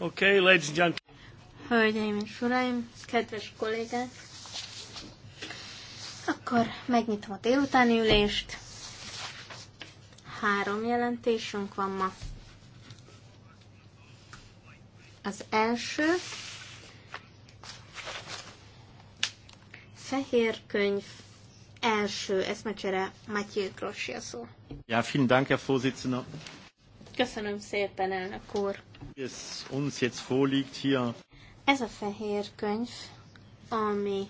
Okay, ladies and gentlemen. Hölgyeim és uraim, kedves kollégák! Akkor megnyitom a délutáni ülést. Három jelentésünk van ma. Az első fehér könyv első eszmecsere Mathieu Grossi a szó. Ja, vielen Dank, Herr Vorsitzender. Köszönöm szépen, elnök úr. Ez a fehér könyv, ami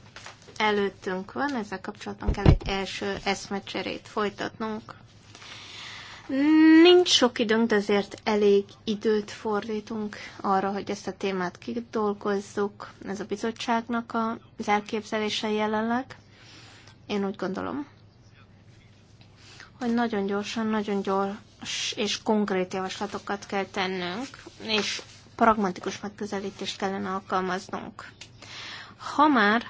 előttünk van, ezzel kapcsolatban kell egy első eszmecserét folytatnunk. Nincs sok időnk, de azért elég időt fordítunk arra, hogy ezt a témát kidolgozzuk. Ez a bizottságnak az elképzelése jelenleg. Én úgy gondolom hogy nagyon gyorsan, nagyon gyors és konkrét javaslatokat kell tennünk, és pragmatikus megközelítést kellene alkalmaznunk. Ha már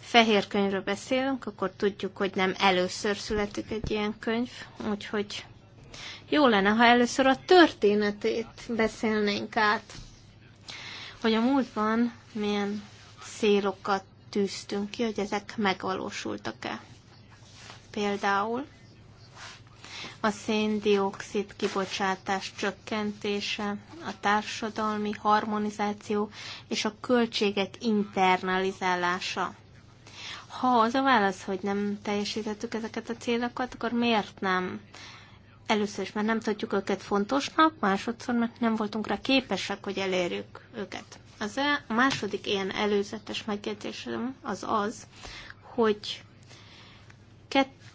fehér könyvről beszélünk, akkor tudjuk, hogy nem először születik egy ilyen könyv, úgyhogy jó lenne, ha először a történetét beszélnénk át, hogy a múltban milyen szélokat tűztünk ki, hogy ezek megvalósultak-e. Például a széndiokszid kibocsátás csökkentése, a társadalmi harmonizáció és a költségek internalizálása. Ha az a válasz, hogy nem teljesítettük ezeket a célokat, akkor miért nem? Először is, mert nem tudjuk őket fontosnak, másodszor, mert nem voltunk rá képesek, hogy elérjük őket. Az e- a második ilyen előzetes megjegyzésem az az, hogy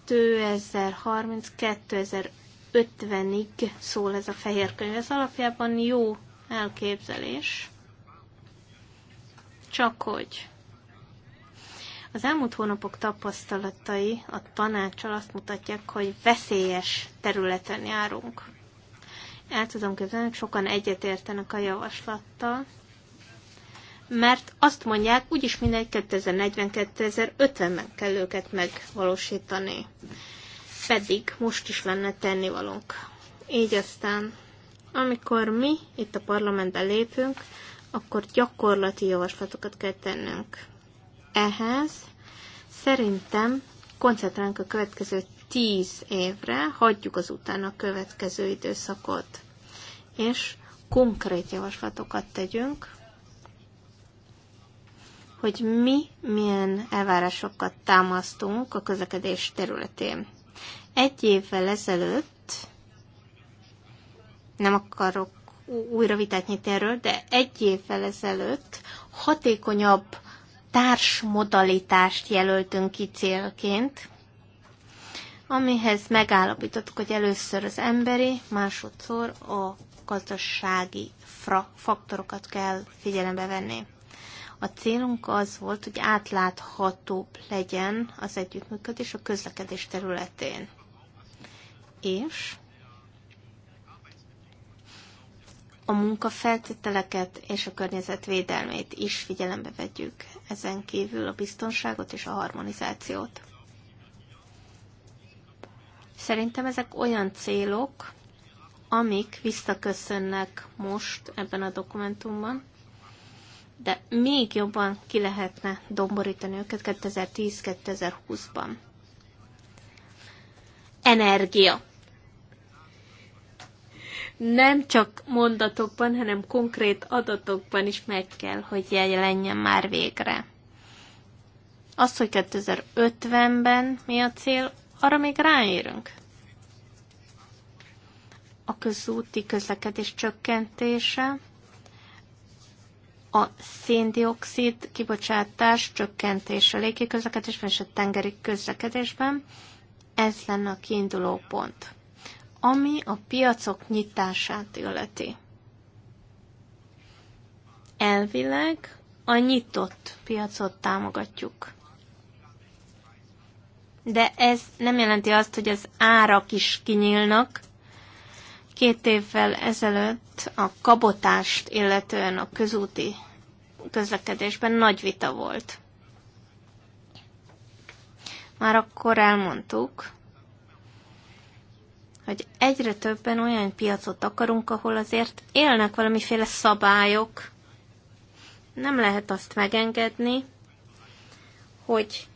2030-2050-ig szól ez a fehér könyv. Ez alapjában jó elképzelés, csak hogy az elmúlt hónapok tapasztalatai a tanácsal azt mutatják, hogy veszélyes területen járunk. El tudom képzelni, hogy sokan egyetértenek a javaslattal, mert azt mondják, úgyis mindegy 2040-2050-ben kell őket megvalósítani. Pedig most is lenne tennivalónk. Így aztán, amikor mi itt a parlamentben lépünk, akkor gyakorlati javaslatokat kell tennünk. Ehhez szerintem koncentrálunk a következő tíz évre, hagyjuk az utána a következő időszakot, és konkrét javaslatokat tegyünk, hogy mi milyen elvárásokat támasztunk a közlekedés területén. Egy évvel ezelőtt, nem akarok újra vitát nyitni erről, de egy évvel ezelőtt hatékonyabb társmodalitást jelöltünk ki célként, amihez megállapítottuk, hogy először az emberi, másodszor a gazdasági faktorokat kell figyelembe venni. A célunk az volt, hogy átláthatóbb legyen az együttműködés a közlekedés területén. És a munkafeltételeket és a környezetvédelmét is figyelembe vegyük, ezen kívül a biztonságot és a harmonizációt. Szerintem ezek olyan célok, amik visszaköszönnek most ebben a dokumentumban, de még jobban ki lehetne domborítani őket 2010-2020-ban. Energia. Nem csak mondatokban, hanem konkrét adatokban is meg kell, hogy jelenjen már végre. Az, hogy 2050-ben mi a cél, arra még ráérünk. A közúti közlekedés csökkentése, a széndiokszid kibocsátás csökkentése a légiközlekedésben és a tengeri közlekedésben. Ez lenne a kiinduló pont, ami a piacok nyitását illeti. Elvileg a nyitott piacot támogatjuk. De ez nem jelenti azt, hogy az árak is kinyílnak, Két évvel ezelőtt a kabotást, illetően a közúti közlekedésben nagy vita volt. Már akkor elmondtuk, hogy egyre többen olyan piacot akarunk, ahol azért élnek valamiféle szabályok. Nem lehet azt megengedni, hogy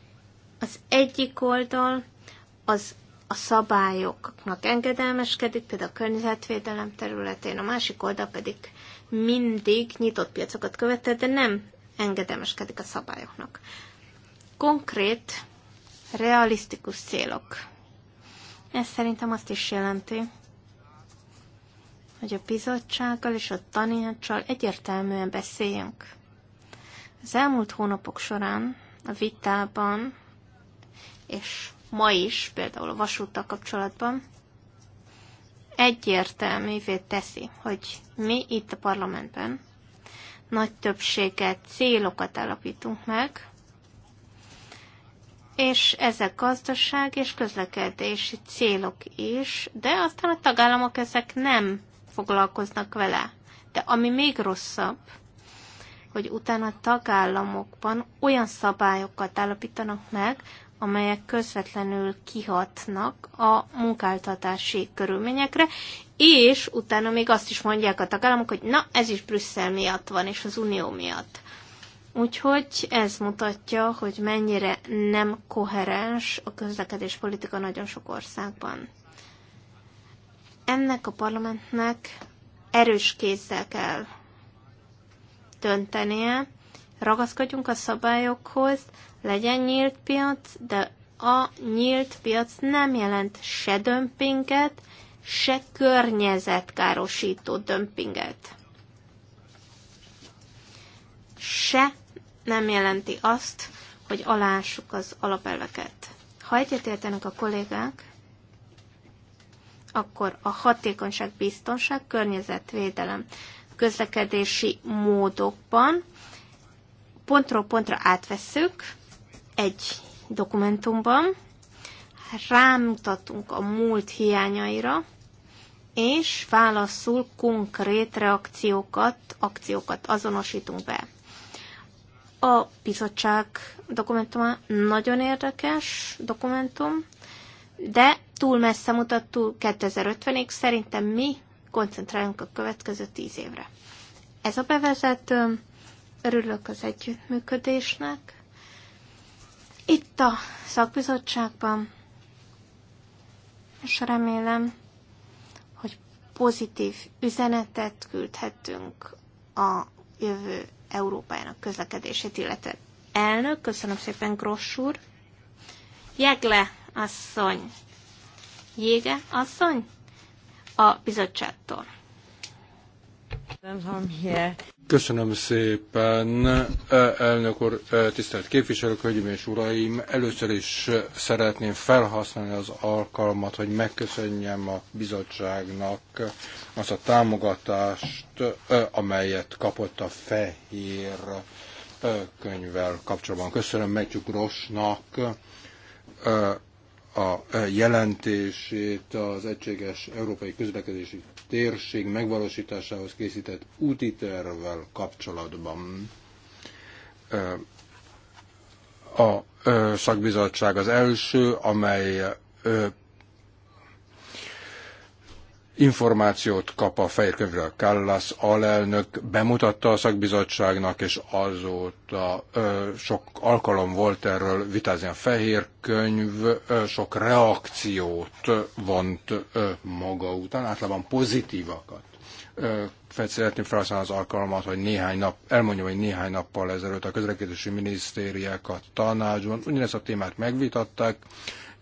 az egyik oldal az a szabályoknak engedelmeskedik, például a környezetvédelem területén, a másik oldal pedig mindig nyitott piacokat követel, de nem engedelmeskedik a szabályoknak. Konkrét, realisztikus célok. Ez szerintem azt is jelenti, hogy a bizottsággal és a tanácssal egyértelműen beszéljünk. Az elmúlt hónapok során a vitában és ma is, például a vasúttal kapcsolatban, egyértelművé teszi, hogy mi itt a parlamentben nagy többséget, célokat állapítunk meg, és ezek gazdaság és közlekedési célok is, de aztán a tagállamok ezek nem foglalkoznak vele. De ami még rosszabb, hogy utána a tagállamokban olyan szabályokat állapítanak meg, amelyek közvetlenül kihatnak a munkáltatási körülményekre, és utána még azt is mondják a tagállamok, hogy na, ez is Brüsszel miatt van, és az Unió miatt. Úgyhogy ez mutatja, hogy mennyire nem koherens a közlekedés politika nagyon sok országban. Ennek a parlamentnek erős kézzel kell döntenie, ragaszkodjunk a szabályokhoz, legyen nyílt piac, de a nyílt piac nem jelent se dömpinget, se környezetkárosító dömpinget. Se nem jelenti azt, hogy alássuk az alapelveket. Ha egyetértenek a kollégák, akkor a hatékonyság, biztonság, környezetvédelem közlekedési módokban pontról pontra átvesszük, egy dokumentumban, rámutatunk a múlt hiányaira, és válaszul konkrét reakciókat, akciókat azonosítunk be. A bizottság dokumentuma nagyon érdekes dokumentum, de túl messze mutat túl 2050-ig, szerintem mi koncentráljunk a következő tíz évre. Ez a bevezető, örülök az együttműködésnek, itt a szakbizottságban, és remélem, hogy pozitív üzenetet küldhetünk a jövő Európájának közlekedését, illetve elnök, köszönöm szépen Gross úr, Jegle asszony, Jége asszony a bizottságtól. Köszönöm szépen, elnök úr, tisztelt képviselők, hölgyeim és uraim! Először is szeretném felhasználni az alkalmat, hogy megköszönjem a bizottságnak azt a támogatást, amelyet kapott a fehér könyvvel kapcsolatban. Köszönöm Matthew Grossnak a e, jelentését az egységes európai közlekedési térség megvalósításához készített úti tervvel kapcsolatban. E, a e, szakbizottság az első, amely információt kap a fehér könyvről. Kallas alelnök bemutatta a szakbizottságnak, és azóta ö, sok alkalom volt erről vitázni. A fehér könyv ö, sok reakciót vont ö, maga után, általában pozitívakat. fel szeretném felhasználni az alkalmat, hogy néhány nap, elmondjam, hogy néhány nappal ezelőtt a közlekedési minisztériák a tanácsban ugyanezt a témát megvitatták,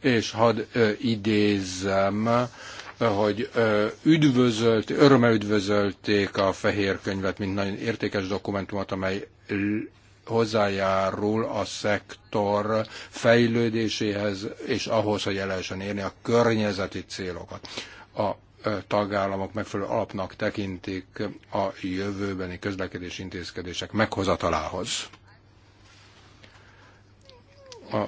és hadd idézem hogy üdvözölt, örömmel üdvözölték a fehér könyvet, mint nagyon értékes dokumentumot, amely hozzájárul a szektor fejlődéséhez, és ahhoz, hogy el érni a környezeti célokat. A tagállamok megfelelő alapnak tekintik a jövőbeni közlekedési intézkedések meghozatalához. A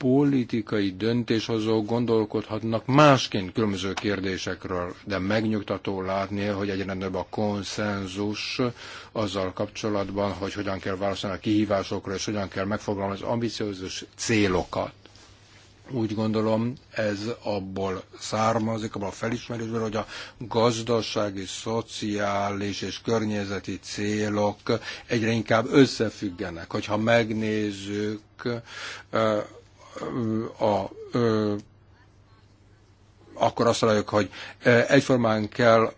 politikai döntéshozók gondolkodhatnak másként különböző kérdésekről, de megnyugtató látni, hogy egyre nagyobb a konszenzus azzal kapcsolatban, hogy hogyan kell válaszolni a kihívásokra, és hogyan kell megfogalmazni az ambiciózus célokat. Úgy gondolom, ez abból származik, abból a felismerésből, hogy a gazdasági, szociális és környezeti célok egyre inkább összefüggenek. Hogyha megnézzük, a, a, akkor azt találjuk, hogy egyformán kell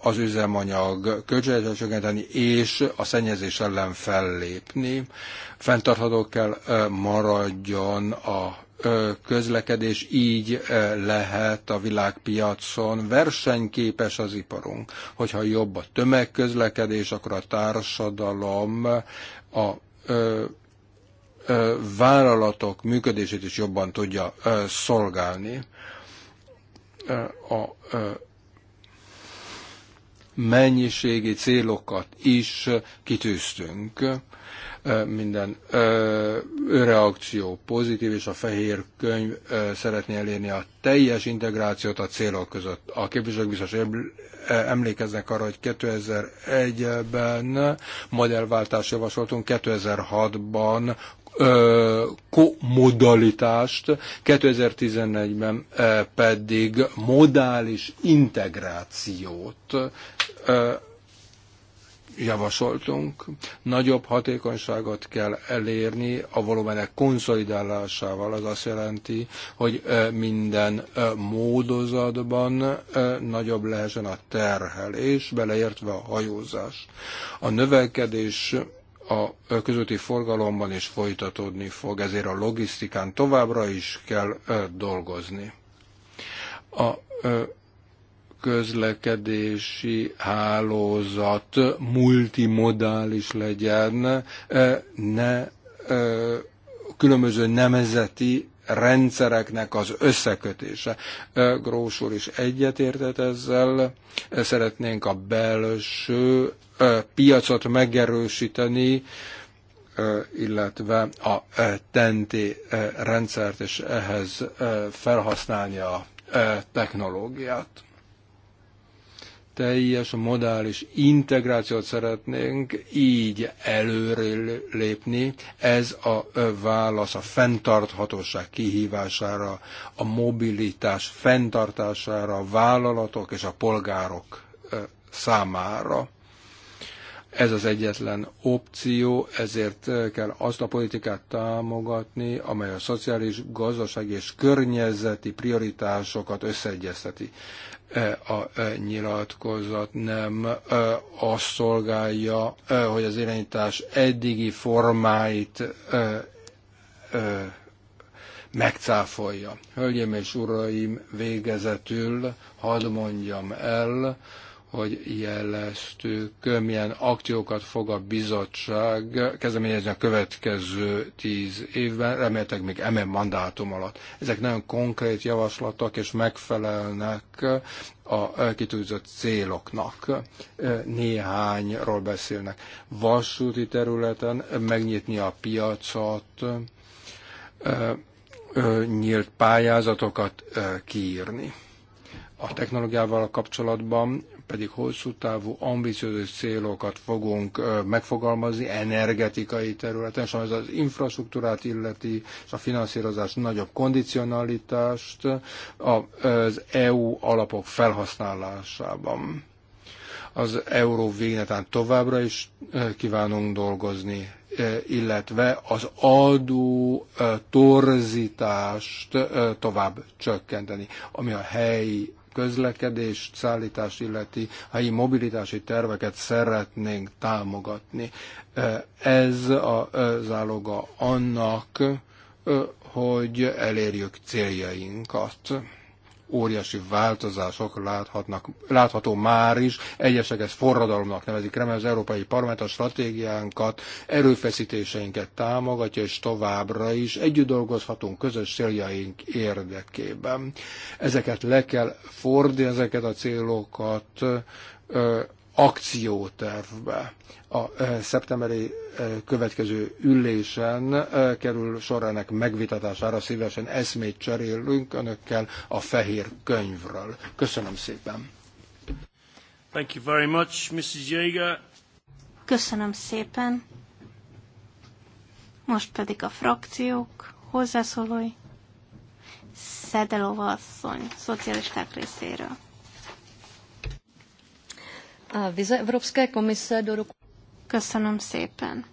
az üzemanyag költségeket csökkenteni, és a szennyezés ellen fellépni. Fenntartható kell maradjon a közlekedés, így lehet a világpiacon versenyképes az iparunk. Hogyha jobb a tömegközlekedés, akkor a társadalom a vállalatok működését is jobban tudja szolgálni. A mennyiségi célokat is kitűztünk. Minden reakció pozitív, és a fehér könyv szeretné elérni a teljes integrációt a célok között. A képviselők biztos emlékeznek arra, hogy 2001-ben modellváltást javasoltunk, 2006-ban komodalitást, 2014 ben pedig modális integrációt javasoltunk. Nagyobb hatékonyságot kell elérni a volumenek konszolidálásával. Az azt jelenti, hogy minden módozatban nagyobb lehessen a terhelés, beleértve a hajózás. A növekedés a közúti forgalomban is folytatódni fog, ezért a logisztikán továbbra is kell dolgozni. A közlekedési hálózat multimodális legyen, ne különböző nemzeti rendszereknek az összekötése. Grós úr is egyetértett ezzel. Szeretnénk a belső piacot megerősíteni, illetve a TNT rendszert, és ehhez felhasználni a technológiát teljes modális integrációt szeretnénk így előre lépni. Ez a válasz a fenntarthatóság kihívására, a mobilitás fenntartására a vállalatok és a polgárok számára. Ez az egyetlen opció, ezért eh, kell azt a politikát támogatni, amely a szociális, gazdasági és környezeti prioritásokat összeegyezteti. Eh, a eh, nyilatkozat nem azt szolgálja, hogy az irányítás eddigi formáit megcáfolja. Hölgyeim és uraim, végezetül hadd mondjam el, hogy jeleztük, milyen akciókat fog a bizottság kezdeményezni a következő tíz évben, reméltek még MM mandátum alatt. Ezek nagyon konkrét javaslatok, és megfelelnek a kitűzött céloknak. Néhányról beszélnek. Vasúti területen megnyitni a piacot, nyílt pályázatokat kiírni a technológiával kapcsolatban pedig hosszú távú ambiciózus célokat fogunk megfogalmazni energetikai területen, és az infrastruktúrát illeti, és a finanszírozás nagyobb kondicionalitást az EU alapok felhasználásában. Az euró végnetán továbbra is kívánunk dolgozni, illetve az adó torzítást tovább csökkenteni, ami a helyi közlekedést, szállítás illeti helyi mobilitási terveket szeretnénk támogatni. Ez a záloga annak, hogy elérjük céljainkat óriási változások láthatnak, látható már is. Egyesek ezt forradalomnak nevezik. Remélem az Európai Parlament a stratégiánkat, erőfeszítéseinket támogatja, és továbbra is együtt dolgozhatunk közös céljaink érdekében. Ezeket le kell fordni, ezeket a célokat akciótervbe. A szeptemberi következő ülésen kerül sor ennek megvitatására szívesen eszmét cserélünk önökkel a fehér könyvről. Köszönöm szépen. Thank you very much, Mrs. Jäger. Köszönöm szépen. Most pedig a frakciók hozzászólói. Szedelova asszony, szocialisták részéről. A vize Evropské komise do roku... Köszönöm szépen.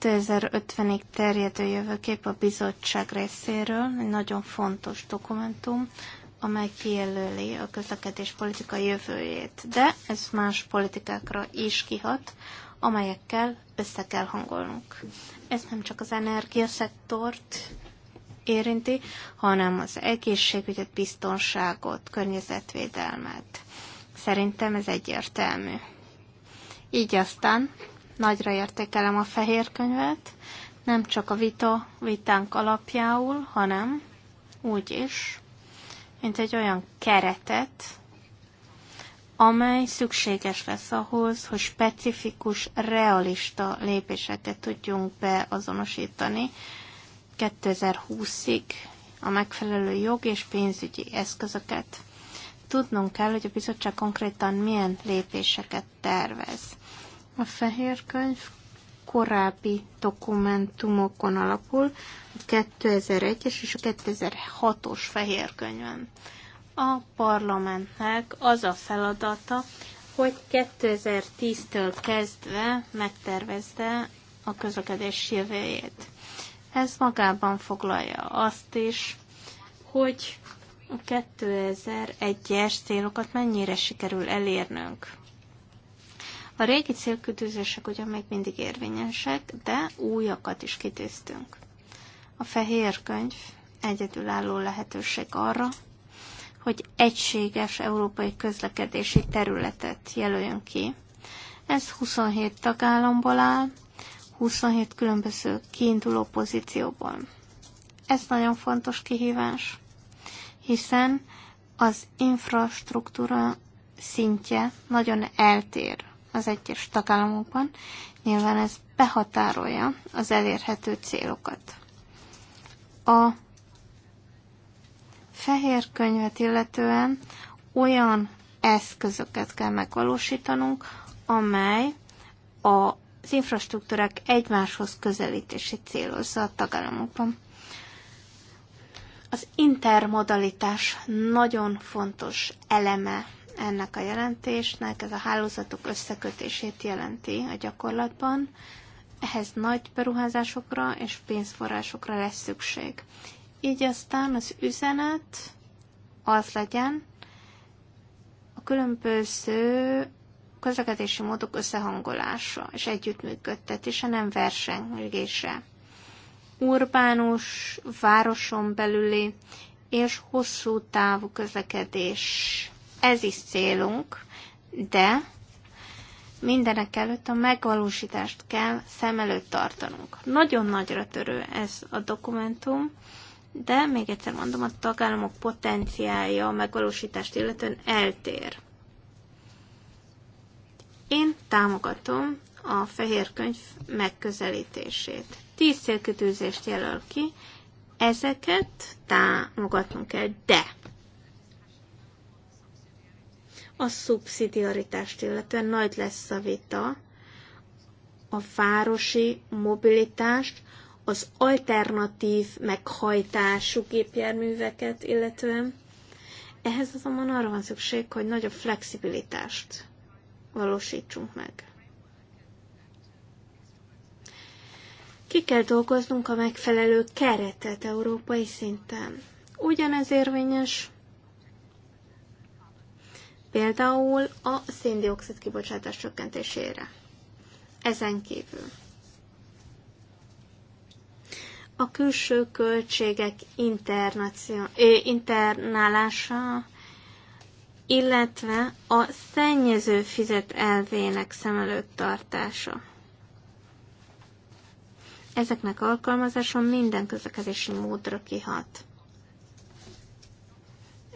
2050-ig terjedő jövőkép a bizottság részéről egy nagyon fontos dokumentum, amely kijelöli a közlekedés politika jövőjét, de ez más politikákra is kihat, amelyekkel össze kell hangolnunk. Ez nem csak az energiaszektort, érinti, hanem az egészségügyet, biztonságot, környezetvédelmet. Szerintem ez egyértelmű. Így aztán nagyra értékelem a fehér könyvet, nem csak a vita, vitánk alapjául, hanem úgy is, mint egy olyan keretet, amely szükséges lesz ahhoz, hogy specifikus, realista lépéseket tudjunk beazonosítani 2020-ig a megfelelő jog és pénzügyi eszközöket. Tudnunk kell, hogy a bizottság konkrétan milyen lépéseket tervez. A fehér könyv korábbi dokumentumokon alapul, a 2001-es és a 2006-os fehér könyvön. A parlamentnek az a feladata, hogy 2010-től kezdve megtervezte a közlekedés jövőjét. Ez magában foglalja azt is, hogy a 2001-es célokat mennyire sikerül elérnünk. A régi célkütőzések ugyan még mindig érvényesek, de újakat is kitűztünk. A fehér könyv egyedülálló lehetőség arra, hogy egységes európai közlekedési területet jelöljön ki. Ez 27 tagállamból áll, 27 különböző kiinduló pozícióban. Ez nagyon fontos kihívás, hiszen az infrastruktúra szintje nagyon eltér az egyes tagállamokban, nyilván ez behatárolja az elérhető célokat. A fehér könyvet illetően olyan eszközöket kell megvalósítanunk, amely a az infrastruktúrák egymáshoz közelítését célozza a tagállamokban. Az intermodalitás nagyon fontos eleme ennek a jelentésnek, ez a hálózatok összekötését jelenti a gyakorlatban. Ehhez nagy beruházásokra és pénzforrásokra lesz szükség. Így aztán az üzenet az legyen, a különböző közlekedési módok összehangolása és együttműködtetése, nem versengése. Urbánus, városon belüli és hosszú távú közlekedés. Ez is célunk, de mindenek előtt a megvalósítást kell szem előtt tartanunk. Nagyon nagyra törő ez a dokumentum, de még egyszer mondom, a tagállamok potenciálja a megvalósítást illetően eltér. Én támogatom a fehér könyv megközelítését. Tíz célkitűzést jelöl ki, ezeket támogatnunk kell, de a szubszidiaritást illetően nagy lesz a vita, a városi mobilitást, az alternatív meghajtású gépjárműveket illetően. Ehhez azonban arra van szükség, hogy nagyobb flexibilitást valósítsunk meg. Ki kell dolgoznunk a megfelelő keretet európai szinten. Ugyanez érvényes például a széndiokszid kibocsátás csökkentésére. Ezen kívül a külső költségek eh, internálása illetve a szennyező fizet elvének szem előtt tartása. Ezeknek alkalmazáson minden közlekedési módra kihat.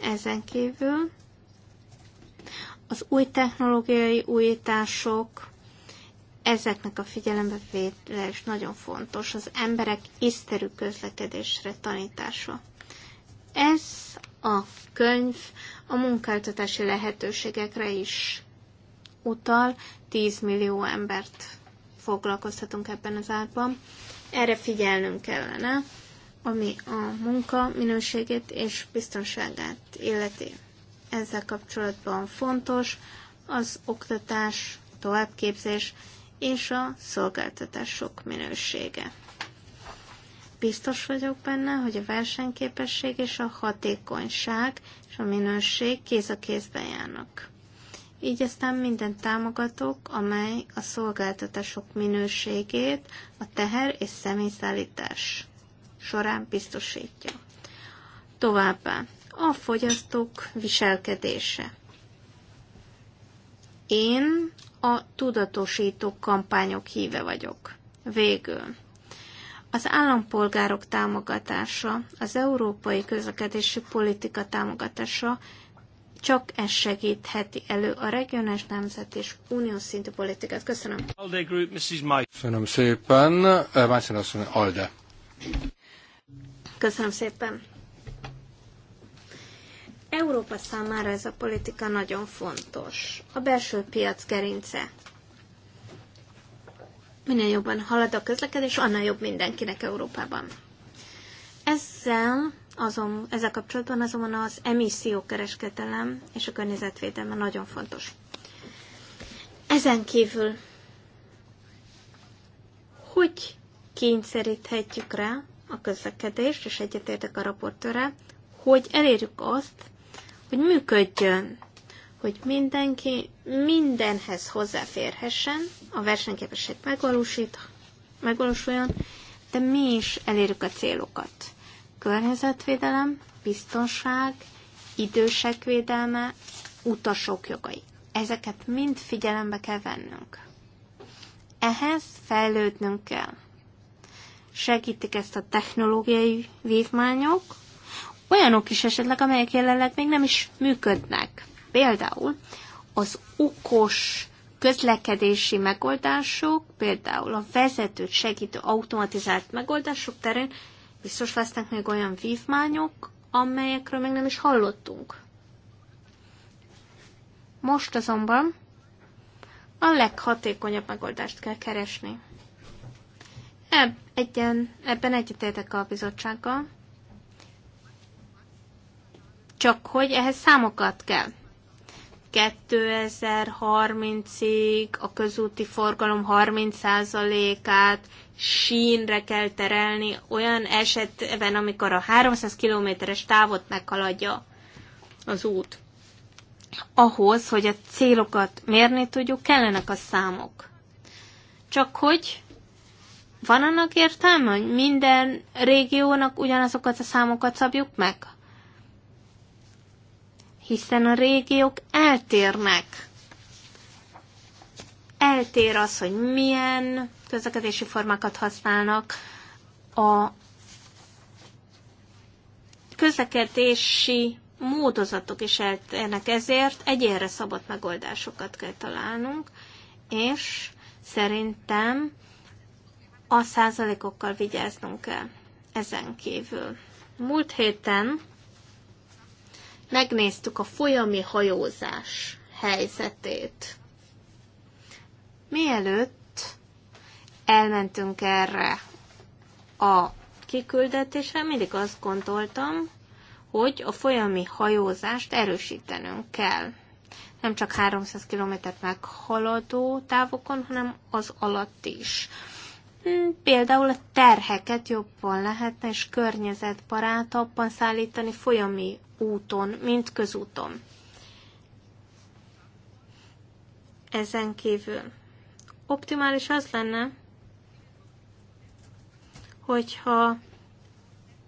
Ezen kívül az új technológiai újítások, ezeknek a figyelembevétele is nagyon fontos, az emberek észterű közlekedésre tanítása. Ez a könyv a munkáltatási lehetőségekre is utal, 10 millió embert foglalkoztatunk ebben az árban. Erre figyelnünk kellene, ami a munka minőségét és biztonságát illeti. Ezzel kapcsolatban fontos az oktatás, továbbképzés és a szolgáltatások minősége. Biztos vagyok benne, hogy a versenyképesség és a hatékonyság és a minőség kéz a kézben járnak. Így aztán minden támogatók, amely a szolgáltatások minőségét a teher és személyszállítás során biztosítja. Továbbá a fogyasztók viselkedése. Én a tudatosító kampányok híve vagyok. Végül az állampolgárok támogatása, az európai közlekedési politika támogatása csak ez segítheti elő a regionális, nemzet és uniós szintű politikát. Köszönöm. Group, Mrs. Köszönöm szépen. Eh, Májszen asszony, Alde. Köszönöm szépen. Európa számára ez a politika nagyon fontos. A belső piac gerince minél jobban halad a közlekedés, annál jobb mindenkinek Európában. Ezzel, azon, ezzel kapcsolatban azonban az emissziókereskedelem és a környezetvédelme nagyon fontos. Ezen kívül, hogy kényszeríthetjük rá a közlekedést, és egyetértek a raportőre, hogy elérjük azt, hogy működjön, hogy mindenki mindenhez hozzáférhessen, a versenyképesség megvalósít, megvalósuljon, de mi is elérjük a célokat. Környezetvédelem, biztonság, idősek védelme, utasok jogai. Ezeket mind figyelembe kell vennünk. Ehhez fejlődnünk kell. Segítik ezt a technológiai vívmányok, olyanok is esetleg, amelyek jelenleg még nem is működnek. Például az okos közlekedési megoldások, például a vezetőt segítő automatizált megoldások terén biztos lesznek még olyan vívmányok, amelyekről még nem is hallottunk. Most azonban a leghatékonyabb megoldást kell keresni. Ebb, egyen, ebben egyetértek a bizottsággal, csak hogy ehhez számokat kell. 2030-ig a közúti forgalom 30%-át sínre kell terelni, olyan esetben, amikor a 300 kilométeres távot meghaladja az út. Ahhoz, hogy a célokat mérni tudjuk, kellenek a számok. Csak hogy van annak értelme, hogy minden régiónak ugyanazokat a számokat szabjuk meg? hiszen a régiók eltérnek. Eltér az, hogy milyen közlekedési formákat használnak, a közlekedési módozatok is eltérnek, ezért egyénre szabott megoldásokat kell találnunk, és szerintem a százalékokkal vigyáznunk kell ezen kívül. Múlt héten megnéztük a folyami hajózás helyzetét. Mielőtt elmentünk erre a kiküldetésre, mindig azt gondoltam, hogy a folyami hajózást erősítenünk kell. Nem csak 300 kilométert meghaladó távokon, hanem az alatt is. Hmm, például a terheket jobban lehetne és környezetbarátabban szállítani folyami úton, mint közúton. Ezen kívül optimális az lenne, hogyha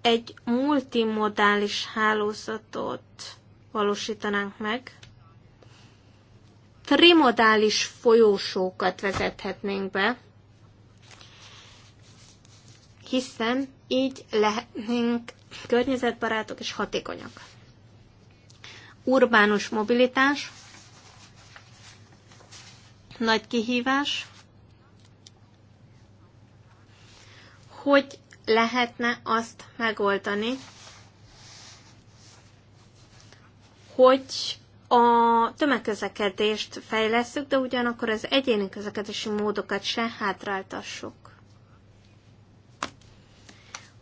egy multimodális hálózatot valósítanánk meg, trimodális folyósókat vezethetnénk be, hiszen így lehetnénk környezetbarátok és hatékonyak urbánus mobilitás, nagy kihívás, hogy lehetne azt megoldani, hogy a tömegközlekedést fejlesztjük, de ugyanakkor az egyéni közlekedési módokat se hátráltassuk.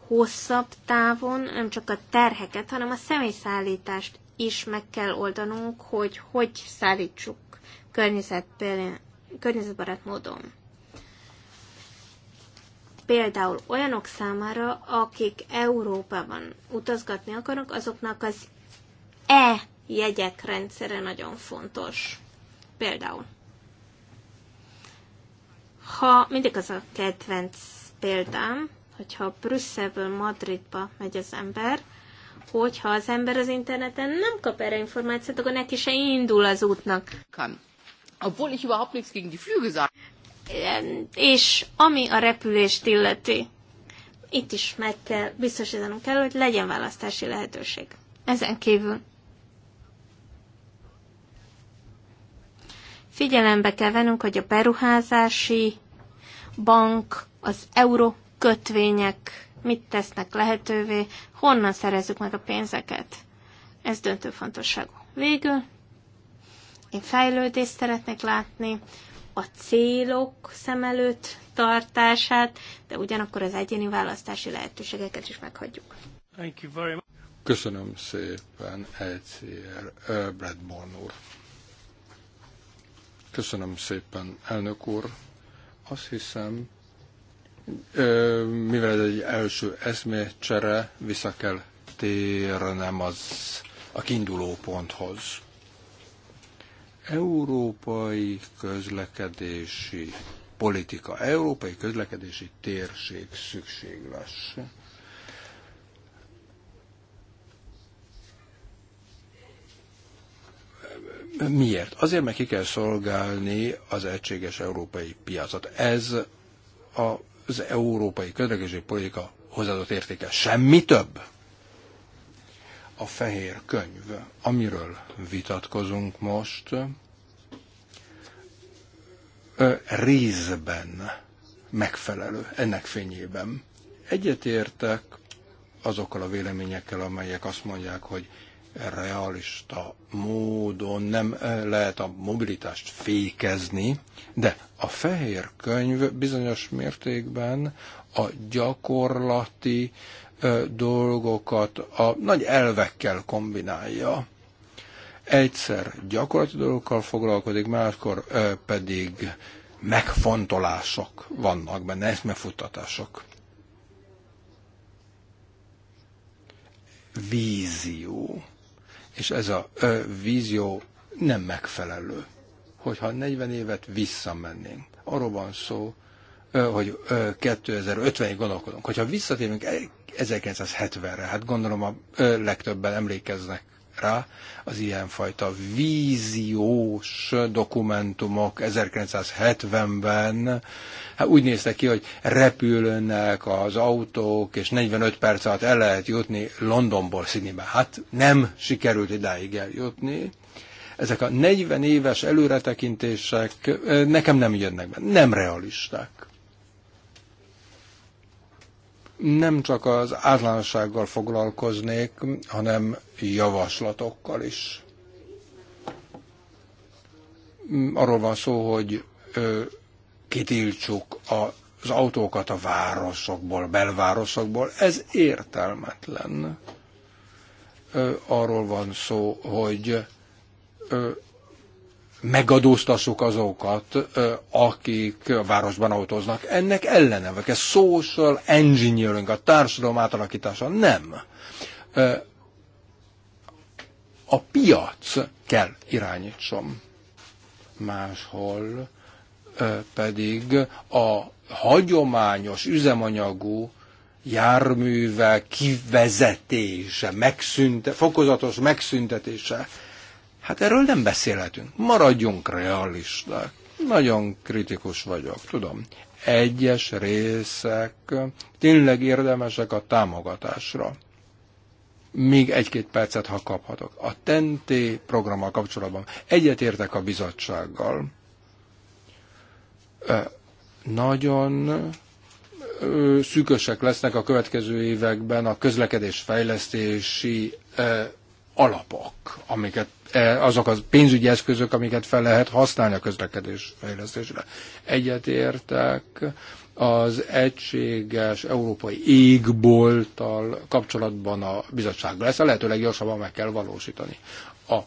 Hosszabb távon nem csak a terheket, hanem a személyszállítást is meg kell oldanunk, hogy hogy szállítsuk környezetbarát módon. Például olyanok számára, akik Európában utazgatni akarnak, azoknak az E jegyek rendszere nagyon fontos. Például. Ha mindig az a kedvenc példám, hogyha Brüsszelből Madridba megy az ember, hogyha az ember az interneten nem kap erre információt, akkor neki se indul az útnak. Kan, Obwohl ich überhaupt nichts gegen die Flüge sage. És ami a repülést illeti, itt is meg kell, biztosítanunk kell, hogy legyen választási lehetőség. Ezen kívül. Figyelembe kell vennünk, hogy a beruházási bank, az euró kötvények mit tesznek lehetővé, honnan szerezzük meg a pénzeket. Ez döntő fontosságú. Végül én fejlődést szeretnék látni, a célok szem előtt tartását, de ugyanakkor az egyéni választási lehetőségeket is meghagyjuk. Thank you very much. Köszönöm szépen, ECR Bradborn úr. Köszönöm szépen, elnök úr. Azt hiszem, mivel ez egy első eszmécsere, vissza kell térnem az a kiinduló ponthoz. Európai közlekedési politika, európai közlekedési térség szükséges. Miért? Azért, mert ki kell szolgálni az egységes európai piacot. Ez a az európai közlekedési politika hozzáadott értéke. Semmi több. A fehér könyv, amiről vitatkozunk most, részben megfelelő ennek fényében. Egyetértek azokkal a véleményekkel, amelyek azt mondják, hogy realista módon nem eh, lehet a mobilitást fékezni, de a fehér könyv bizonyos mértékben a gyakorlati eh, dolgokat a nagy elvekkel kombinálja. Egyszer gyakorlati dolgokkal foglalkozik, máskor eh, pedig megfontolások vannak benne, eszmefuttatások. Vízió és ez a vízió nem megfelelő. Hogyha 40 évet visszamennénk, arról van szó, hogy 2050-ig gondolkodunk. Hogyha visszatérünk 1970-re, hát gondolom a legtöbben emlékeznek rá, az ilyenfajta víziós dokumentumok 1970-ben hát úgy néztek ki, hogy repülnek az autók, és 45 perc alatt el lehet jutni Londonból Sydneybe. Hát nem sikerült idáig eljutni. Ezek a 40 éves előretekintések eh, nekem nem jönnek be, nem realisták nem csak az általánossággal foglalkoznék, hanem javaslatokkal is. Mm, arról van szó, hogy ö, kitiltsuk az autókat a városokból, belvárosokból. Ez értelmetlen. Ö, arról van szó, hogy ö, megadóztassuk azokat, akik a városban autóznak. Ennek ellene vagyok. Ez social engineering, a társadalom átalakítása. Nem. A piac kell irányítsom. Máshol pedig a hagyományos üzemanyagú járművek kivezetése, megszünte, fokozatos megszüntetése Hát erről nem beszélhetünk. Maradjunk realisták. Nagyon kritikus vagyok, tudom. Egyes részek tényleg érdemesek a támogatásra. Még egy-két percet, ha kaphatok. A TENTÉ programmal kapcsolatban egyetértek a bizottsággal. Nagyon szűkösek lesznek a következő években a közlekedésfejlesztési alapok, amiket, e, azok az pénzügyi eszközök, amiket fel lehet használni a közlekedés fejlesztésre. Egyetértek az egységes európai égbolttal kapcsolatban a bizottsággal. Ezt a lehetőleg gyorsabban meg kell valósítani. A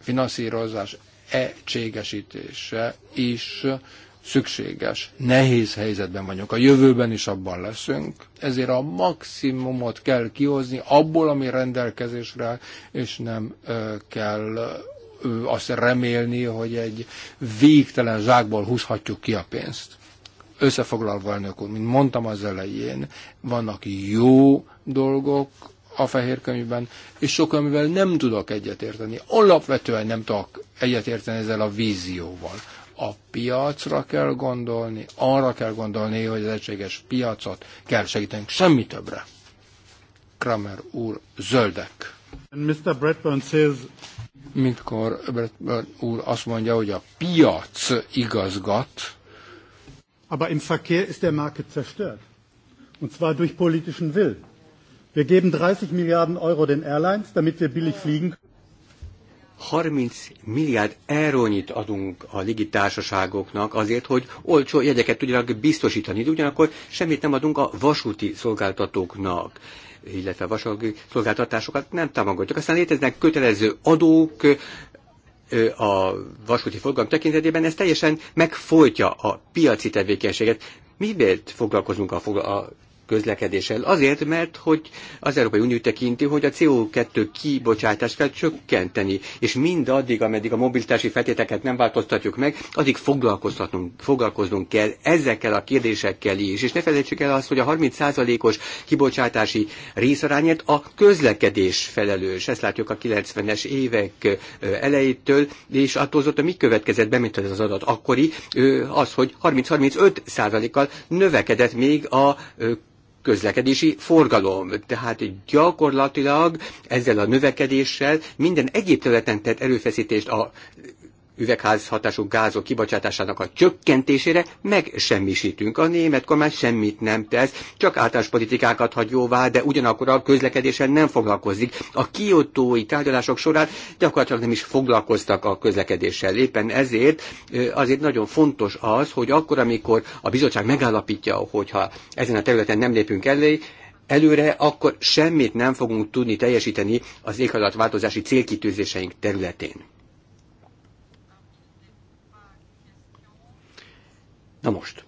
finanszírozás egységesítése is szükséges. Nehéz helyzetben vagyunk, a jövőben is abban leszünk, ezért a maximumot kell kihozni abból, ami rendelkezésre, és nem kell azt remélni, hogy egy végtelen zsákból húzhatjuk ki a pénzt. Összefoglalva, elnök úr, mint mondtam az elején, vannak jó dolgok a fehér könyvben, és sok, amivel nem tudok egyetérteni. Alapvetően nem tudok egyetérteni ezzel a vízióval a piacra kell gondolni, arra kell gondolni, hogy az egységes piacot kell segítenünk, semmi többre. Kramer úr, zöldek. And Mr. Bradburn says... Mikor Bradburn úr azt mondja, hogy a piac igazgat, Aber im Verkehr ist der Markt zerstört. Und zwar durch politischen Willen. Wir geben 30 Milliarden Euro den Airlines, damit wir billig fliegen können. 30 milliárd eurónyit adunk a légitársaságoknak azért, hogy olcsó jegyeket tudjanak biztosítani, de ugyanakkor semmit nem adunk a vasúti szolgáltatóknak illetve vasúti szolgáltatásokat nem támogatjuk. Aztán léteznek kötelező adók, a vasúti forgalom tekintetében, ez teljesen megfolytja a piaci tevékenységet. Miért foglalkozunk a, a közlekedéssel. Azért, mert hogy az Európai Unió tekinti, hogy a CO2 kibocsátást kell csökkenteni, és mindaddig, ameddig a mobilitási feltételeket nem változtatjuk meg, addig foglalkoztatnunk, foglalkoznunk kell ezekkel a kérdésekkel is. És ne felejtsük el azt, hogy a 30%-os kibocsátási részarányért a közlekedés felelős. Ezt látjuk a 90-es évek elejétől, és attól a mi következett be, mint az adat akkori, az, hogy 30-35 százalékkal növekedett még a közlekedési forgalom. Tehát gyakorlatilag ezzel a növekedéssel minden egyéb területen tett erőfeszítést a üvegházhatású gázok kibocsátásának a csökkentésére megsemmisítünk. A német kormány semmit nem tesz, csak általános politikákat hagy jóvá, de ugyanakkor a közlekedéssel nem foglalkozik. A kiotói tárgyalások során gyakorlatilag nem is foglalkoztak a közlekedéssel. Éppen ezért azért nagyon fontos az, hogy akkor, amikor a bizottság megállapítja, hogyha ezen a területen nem lépünk elé, előre, akkor semmit nem fogunk tudni teljesíteni az éghajlatváltozási célkitűzéseink területén. Na most.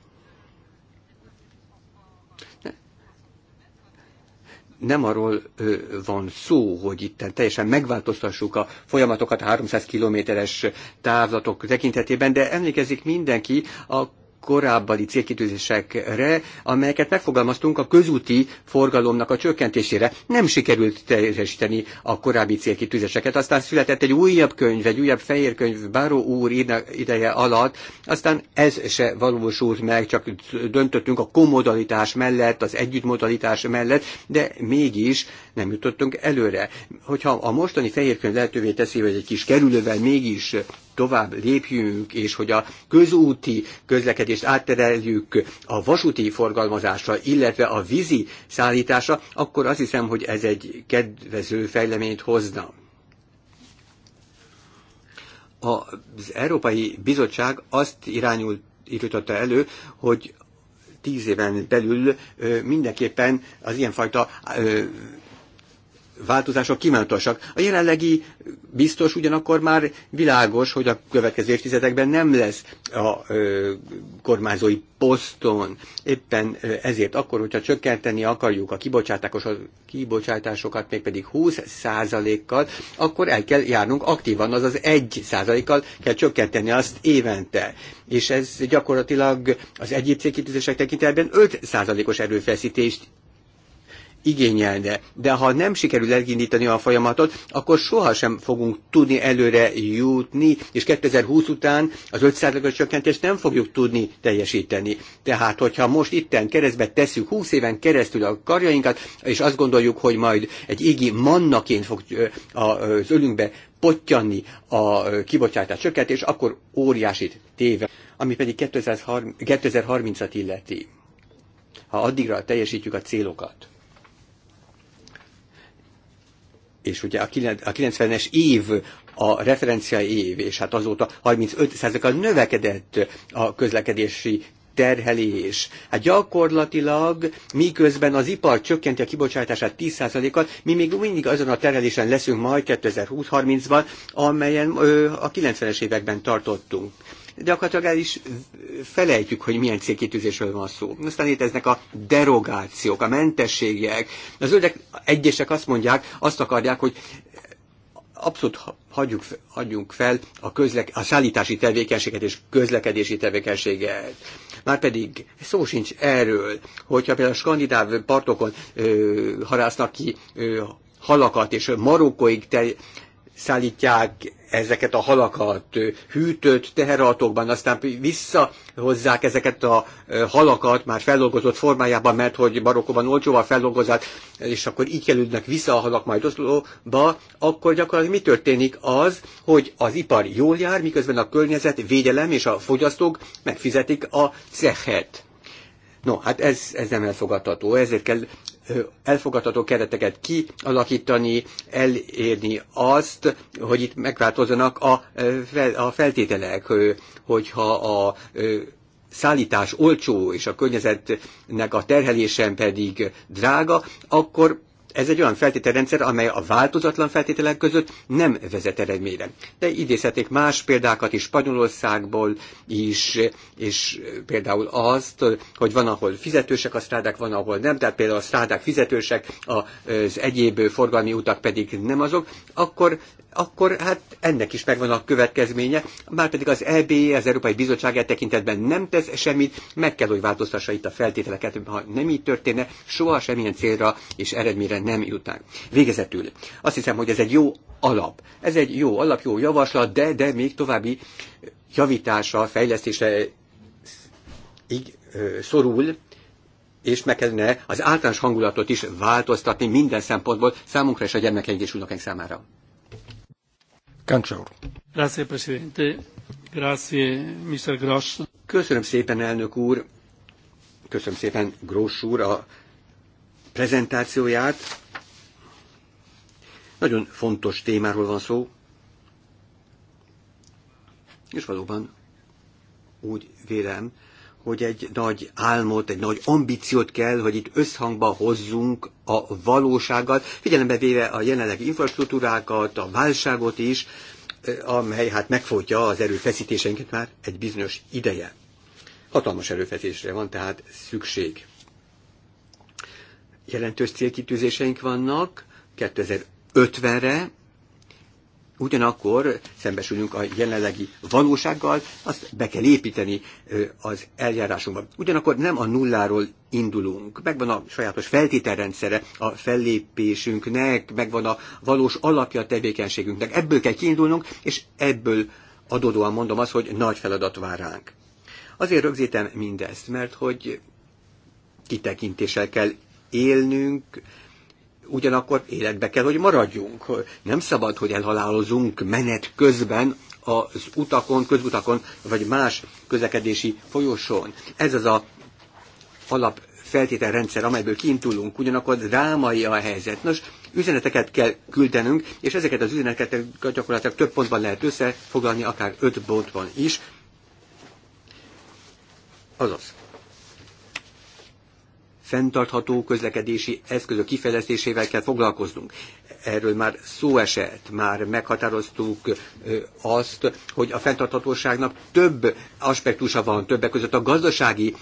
nem arról ö, van szó, hogy itt teljesen megváltoztassuk a folyamatokat a 300 kilométeres távlatok tekintetében, de emlékezik mindenki a korábbi célkitűzésekre, amelyeket megfogalmaztunk a közúti forgalomnak a csökkentésére. Nem sikerült teljesíteni a korábbi célkitűzéseket. Aztán született egy újabb könyv, egy újabb fehér könyv Báró úr ideje alatt, aztán ez se valósult meg, csak döntöttünk a komodalitás mellett, az együttmodalitás mellett, de mégis nem jutottunk előre. Hogyha a mostani fehér könyv lehetővé teszi, hogy egy kis kerülővel mégis tovább lépjünk, és hogy a közúti közlekedést áttereljük a vasúti forgalmazásra, illetve a vízi szállításra, akkor azt hiszem, hogy ez egy kedvező fejleményt hozna az Európai Bizottság azt irányult, írtotta elő, hogy tíz éven belül mindenképpen az ilyenfajta változások kívánatosak. A jelenlegi biztos ugyanakkor már világos, hogy a következő évtizedekben nem lesz a ö, kormányzói poszton. Éppen ezért akkor, hogyha csökkenteni akarjuk a kibocsátásokat, mégpedig 20%-kal, akkor el kell járnunk aktívan, azaz 1%-kal kell csökkenteni azt évente. És ez gyakorlatilag az egyéb célkitűzések tekintetben 5%-os erőfeszítést igényelne. De ha nem sikerül elindítani a folyamatot, akkor sohasem fogunk tudni előre jutni, és 2020 után az 5%-os csökkentést nem fogjuk tudni teljesíteni. Tehát, hogyha most itten keresztbe tesszük 20 éven keresztül a karjainkat, és azt gondoljuk, hogy majd egy égi mannaként fog az ölünkbe pottyanni a kibocsátás csökkentés, akkor óriásit téve, ami pedig 2030-at illeti. Ha addigra teljesítjük a célokat. és ugye a 90-es év a referencia év, és hát azóta 35%-kal növekedett a közlekedési terhelés. Hát gyakorlatilag miközben az ipar csökkenti a kibocsátását 10 at mi még mindig azon a terhelésen leszünk majd 2020-30-ban, amelyen ö, a 90-es években tartottunk gyakorlatilag el is felejtjük, hogy milyen célkitűzésről van szó. Aztán léteznek a derogációk, a mentességek. Az öldek egyesek azt mondják, azt akarják, hogy abszolút hagyjuk, hagyjunk fel a, közlek, a szállítási tevékenységet és közlekedési tevékenységet. Márpedig szó sincs erről, hogyha például a skandináv partokon ö, harásznak ki ö, halakat, és Marokkóig szállítják ezeket a halakat hűtött teherautókban, aztán visszahozzák ezeket a halakat már feldolgozott formájában, mert hogy barokkóban olcsóval feldolgozott, és akkor így kerülnek vissza a halak majd Oszlóba, akkor gyakorlatilag mi történik az, hogy az ipar jól jár, miközben a környezet, védelem és a fogyasztók megfizetik a cehet. No, hát ez, ez nem elfogadható, ezért kell elfogadható kereteket kialakítani, elérni azt, hogy itt megváltozzanak a, a feltételek, hogyha a szállítás olcsó, és a környezetnek a terhelésen pedig drága, akkor ez egy olyan feltételrendszer, amely a változatlan feltételek között nem vezet eredményre. De idézhetik más példákat is Spanyolországból is, és például azt, hogy van, ahol fizetősek a strádák, van, ahol nem, tehát például a strádák fizetősek, az egyéb forgalmi utak pedig nem azok, akkor akkor hát ennek is megvan a következménye, Már pedig az EBE, az Európai Bizottság e tekintetben nem tesz semmit, meg kell, hogy változtassa itt a feltételeket, ha nem így történne, soha semmilyen célra és eredményre nem jutnánk. Végezetül, azt hiszem, hogy ez egy jó alap. Ez egy jó alap, jó javaslat, de, de még további javítása, fejlesztése így, ö, szorul, és meg kellene az általános hangulatot is változtatni minden szempontból számunkra és a gyermekeink és számára. Köszönöm szépen, elnök úr. Köszönöm szépen, Gross úr, a prezentációját. Nagyon fontos témáról van szó, és valóban úgy vélem, hogy egy nagy álmot, egy nagy ambíciót kell, hogy itt összhangba hozzunk a valósággal, figyelembe véve a jelenlegi infrastruktúrákat, a válságot is, eh, amely hát megfogja az erőfeszítéseinket már egy bizonyos ideje. Hatalmas erőfeszítésre van tehát szükség. Jelentős célkitűzéseink vannak 2050-re, Ugyanakkor szembesülünk a jelenlegi valósággal, azt be kell építeni az eljárásunkba. Ugyanakkor nem a nulláról indulunk. Megvan a sajátos feltételrendszere a fellépésünknek, megvan a valós alapja a tevékenységünknek. Ebből kell kiindulnunk, és ebből adódóan mondom azt, hogy nagy feladat vár ránk. Azért rögzítem mindezt, mert hogy kitekintéssel kell élnünk, ugyanakkor életbe kell, hogy maradjunk. Nem szabad, hogy elhalálozunk menet közben az utakon, közutakon, vagy más közlekedési folyosón. Ez az a alap feltételrendszer, amelyből kiintulunk, ugyanakkor drámai a helyzet. Nos, üzeneteket kell küldenünk, és ezeket az üzeneteket gyakorlatilag több pontban lehet összefoglalni, akár öt pontban is. Azaz fenntartható közlekedési eszközök kifejlesztésével kell foglalkoznunk. Erről már szó esett, már meghatároztuk azt, hogy a fenntarthatóságnak több aspektusa van, többek között a gazdasági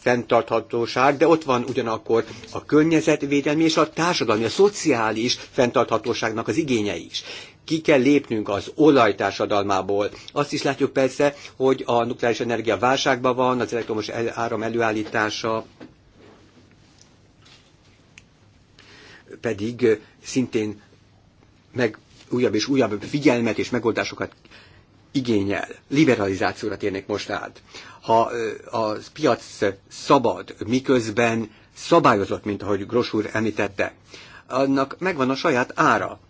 fenntarthatóság, de ott van ugyanakkor a környezetvédelmi és a társadalmi, a szociális fenntarthatóságnak az igénye is ki kell lépnünk az olajtársadalmából. Azt is látjuk persze, hogy a nukleáris energia válságban van, az elektromos áram előállítása pedig szintén meg újabb és újabb figyelmet és megoldásokat igényel. Liberalizációra térnék most át. Ha a piac szabad, miközben szabályozott, mint ahogy Gross úr említette, annak megvan a saját ára.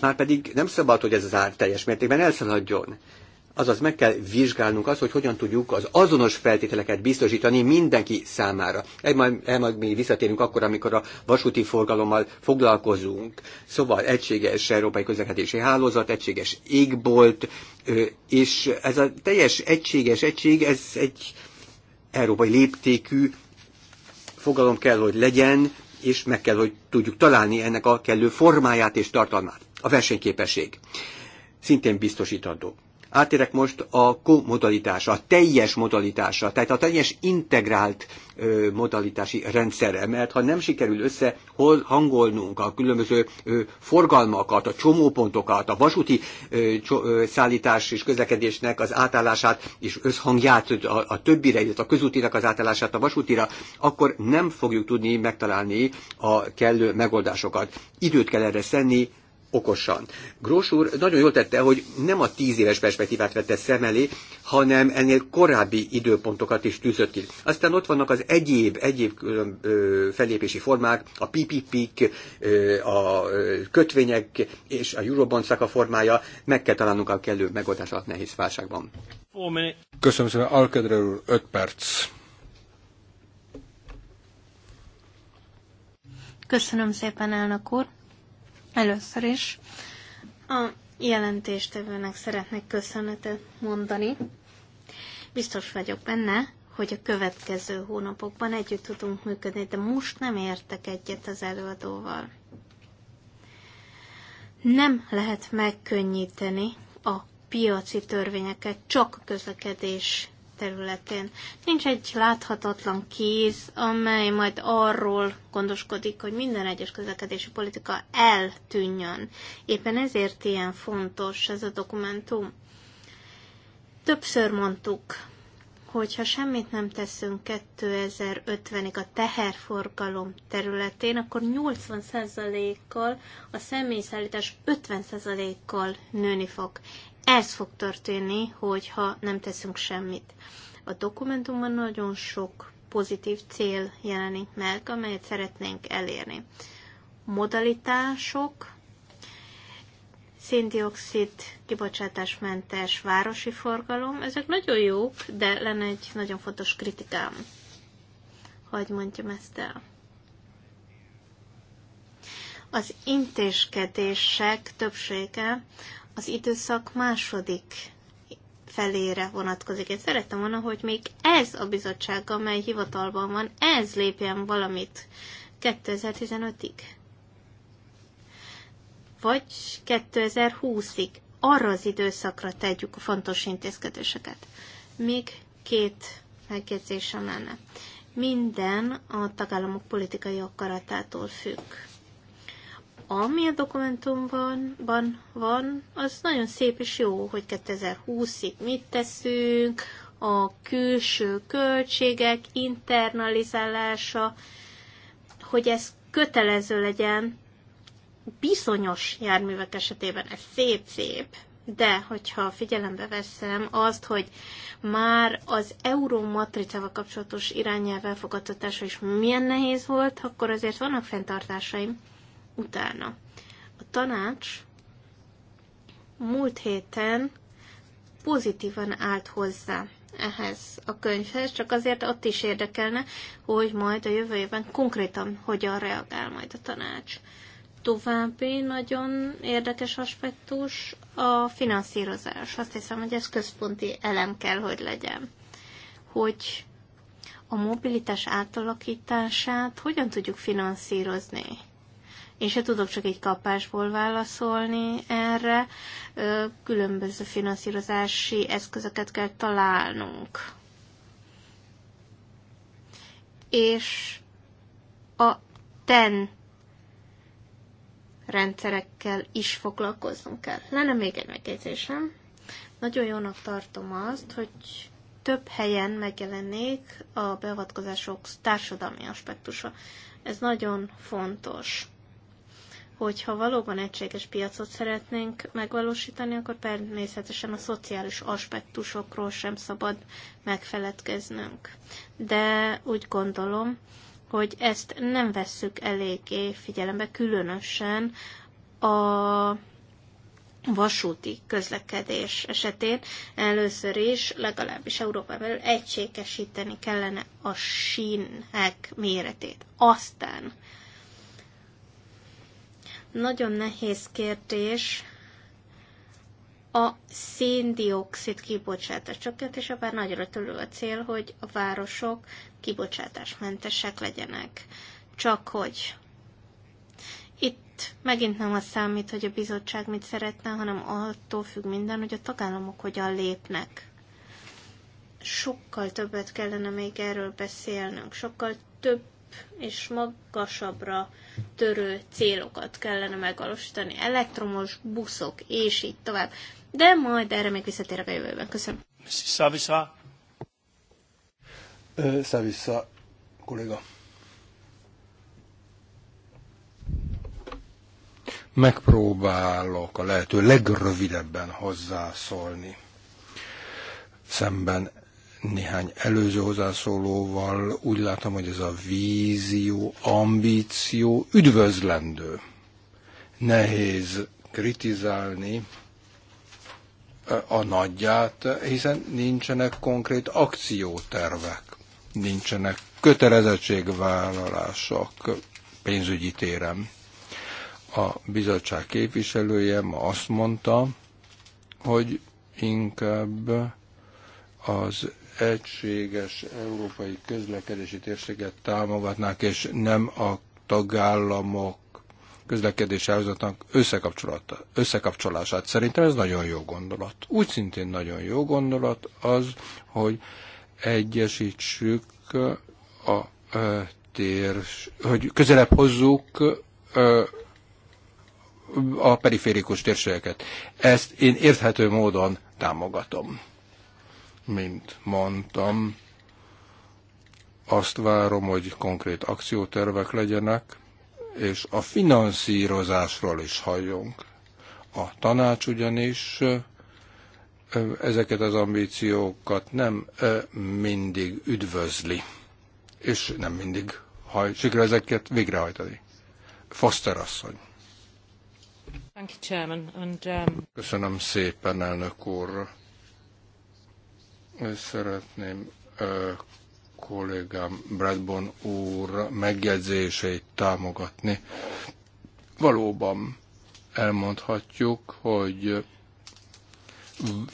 Márpedig nem szabad, hogy ez az ár teljes mértékben elszaladjon. Azaz meg kell vizsgálnunk azt, hogy hogyan tudjuk az azonos feltételeket biztosítani mindenki számára. El majd, el majd mi visszatérünk akkor, amikor a vasúti forgalommal foglalkozunk. Szóval egységes európai közlekedési hálózat, egységes égbolt, és ez a teljes egységes egység, ez egy európai léptékű fogalom kell, hogy legyen, és meg kell, hogy tudjuk találni ennek a kellő formáját és tartalmát. A versenyképesség szintén biztosítandó. Átérek most a komodalitásra, a teljes modalitásra, tehát a teljes integrált ö, modalitási rendszerre, mert ha nem sikerül összehangolnunk a különböző ö, forgalmakat, a csomópontokat, a vasúti ö, cso, ö, szállítás és közlekedésnek az átállását és összhangját a, a többire, illetve a közútinak az átállását a vasútira, akkor nem fogjuk tudni megtalálni a kellő megoldásokat. Időt kell erre szenni, okosan. Grós úr nagyon jól tette, hogy nem a tíz éves perspektívát vette szem elé, hanem ennél korábbi időpontokat is tűzött ki. Aztán ott vannak az egyéb, egyéb fellépési formák, a PPP-k, a kötvények és a Eurobondszak a formája. Meg kell találnunk a kellő megoldás alatt nehéz válságban. Köszönöm szépen, Alkedre úr, 5 perc. Köszönöm szépen, elnök úr. Először is a jelentéstevőnek szeretnék köszönetet mondani. Biztos vagyok benne, hogy a következő hónapokban együtt tudunk működni, de most nem értek egyet az előadóval. Nem lehet megkönnyíteni a piaci törvényeket csak a közlekedés területén. Nincs egy láthatatlan kéz, amely majd arról gondoskodik, hogy minden egyes közlekedési politika eltűnjön. Éppen ezért ilyen fontos ez a dokumentum. Többször mondtuk, hogyha semmit nem teszünk 2050-ig a teherforgalom területén, akkor 80%-kal, a személyszállítás 50%-kal nőni fog. Ez fog történni, hogyha nem teszünk semmit. A dokumentumban nagyon sok pozitív cél jelenik meg, amelyet szeretnénk elérni. Modalitások, széndiokszid, kibocsátásmentes városi forgalom, ezek nagyon jók, de lenne egy nagyon fontos kritikám. Hogy mondjam ezt el? Az intézkedések többsége az időszak második felére vonatkozik. Én szerettem volna, hogy még ez a bizottság, amely hivatalban van, ez lépjen valamit 2015-ig. Vagy 2020-ig. Arra az időszakra tegyük a fontos intézkedéseket. Még két megjegyzésem lenne. Minden a tagállamok politikai akaratától függ ami a dokumentumban van, van, az nagyon szép és jó, hogy 2020-ig mit teszünk, a külső költségek internalizálása, hogy ez kötelező legyen bizonyos járművek esetében. Ez szép-szép, de hogyha figyelembe veszem azt, hogy már az euró matricával kapcsolatos irányelv elfogadtatása is milyen nehéz volt, akkor azért vannak fenntartásaim utána. A tanács múlt héten pozitívan állt hozzá ehhez a könyvhez, csak azért ott is érdekelne, hogy majd a jövő évben konkrétan hogyan reagál majd a tanács. További nagyon érdekes aspektus a finanszírozás. Azt hiszem, hogy ez központi elem kell, hogy legyen. Hogy a mobilitás átalakítását hogyan tudjuk finanszírozni? Én se tudok csak egy kapásból válaszolni erre. Különböző finanszírozási eszközöket kell találnunk. És a TEN rendszerekkel is foglalkoznunk kell. Lenne még egy megjegyzésem. Nagyon jónak tartom azt, hogy több helyen megjelenik a beavatkozások társadalmi aspektusa. Ez nagyon fontos hogyha valóban egységes piacot szeretnénk megvalósítani, akkor természetesen a szociális aspektusokról sem szabad megfeledkeznünk. De úgy gondolom, hogy ezt nem vesszük eléggé figyelembe, különösen a vasúti közlekedés esetén először is, legalábbis Európában belül egységesíteni kellene a sínek méretét. Aztán nagyon nehéz kérdés a széndiokszid kibocsátás csökkentése, bár nagyra törő a cél, hogy a városok kibocsátásmentesek legyenek. Csak hogy itt megint nem az számít, hogy a bizottság mit szeretne, hanem attól függ minden, hogy a tagállamok hogyan lépnek. Sokkal többet kellene még erről beszélnünk, sokkal több és magasabbra törő célokat kellene megvalósítani, elektromos buszok, és így tovább. De majd erre még visszatérek a jövőben. Köszönöm. Szávissza. Szávissza, kolléga. Megpróbálok a lehető legrövidebben hozzászólni szemben néhány előző hozzászólóval úgy látom, hogy ez a vízió, ambíció üdvözlendő. Nehéz kritizálni eh, a nagyját, hiszen nincsenek konkrét akciótervek, nincsenek kötelezettségvállalások pénzügyi téren. A bizottság képviselője ma azt mondta, hogy inkább az egységes európai közlekedési térséget támogatnák, és nem a tagállamok közlekedési hálózatnak összekapcsolását. Szerintem ez nagyon jó gondolat. Úgy szintén nagyon jó gondolat az, hogy egyesítsük a, a tér, hogy közelebb hozzuk a periférikus térségeket. Ezt én érthető módon támogatom mint mondtam, azt várom, hogy konkrét akciótervek legyenek, és a finanszírozásról is halljunk. A tanács ugyanis ezeket az ambíciókat nem mindig üdvözli, és nem mindig haj, sikerül ezeket végrehajtani. Foster asszony. Um, Köszönöm szépen, elnök úr Szeretném kollégám Bradbon úr megjegyzéseit támogatni. Valóban elmondhatjuk, hogy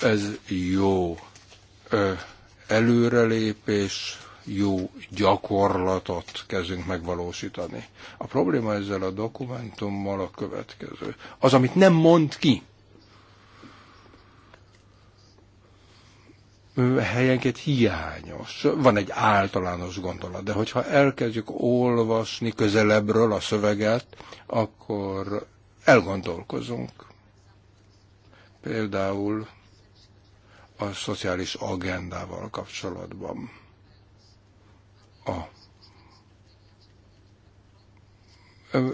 ez jó előrelépés, jó gyakorlatot kezdünk megvalósítani. A probléma ezzel a dokumentummal a következő. Az, amit nem mond ki, helyenként hiányos. Van egy általános gondolat, de hogyha elkezdjük olvasni közelebbről a szöveget, akkor elgondolkozunk. Például a szociális agendával kapcsolatban. A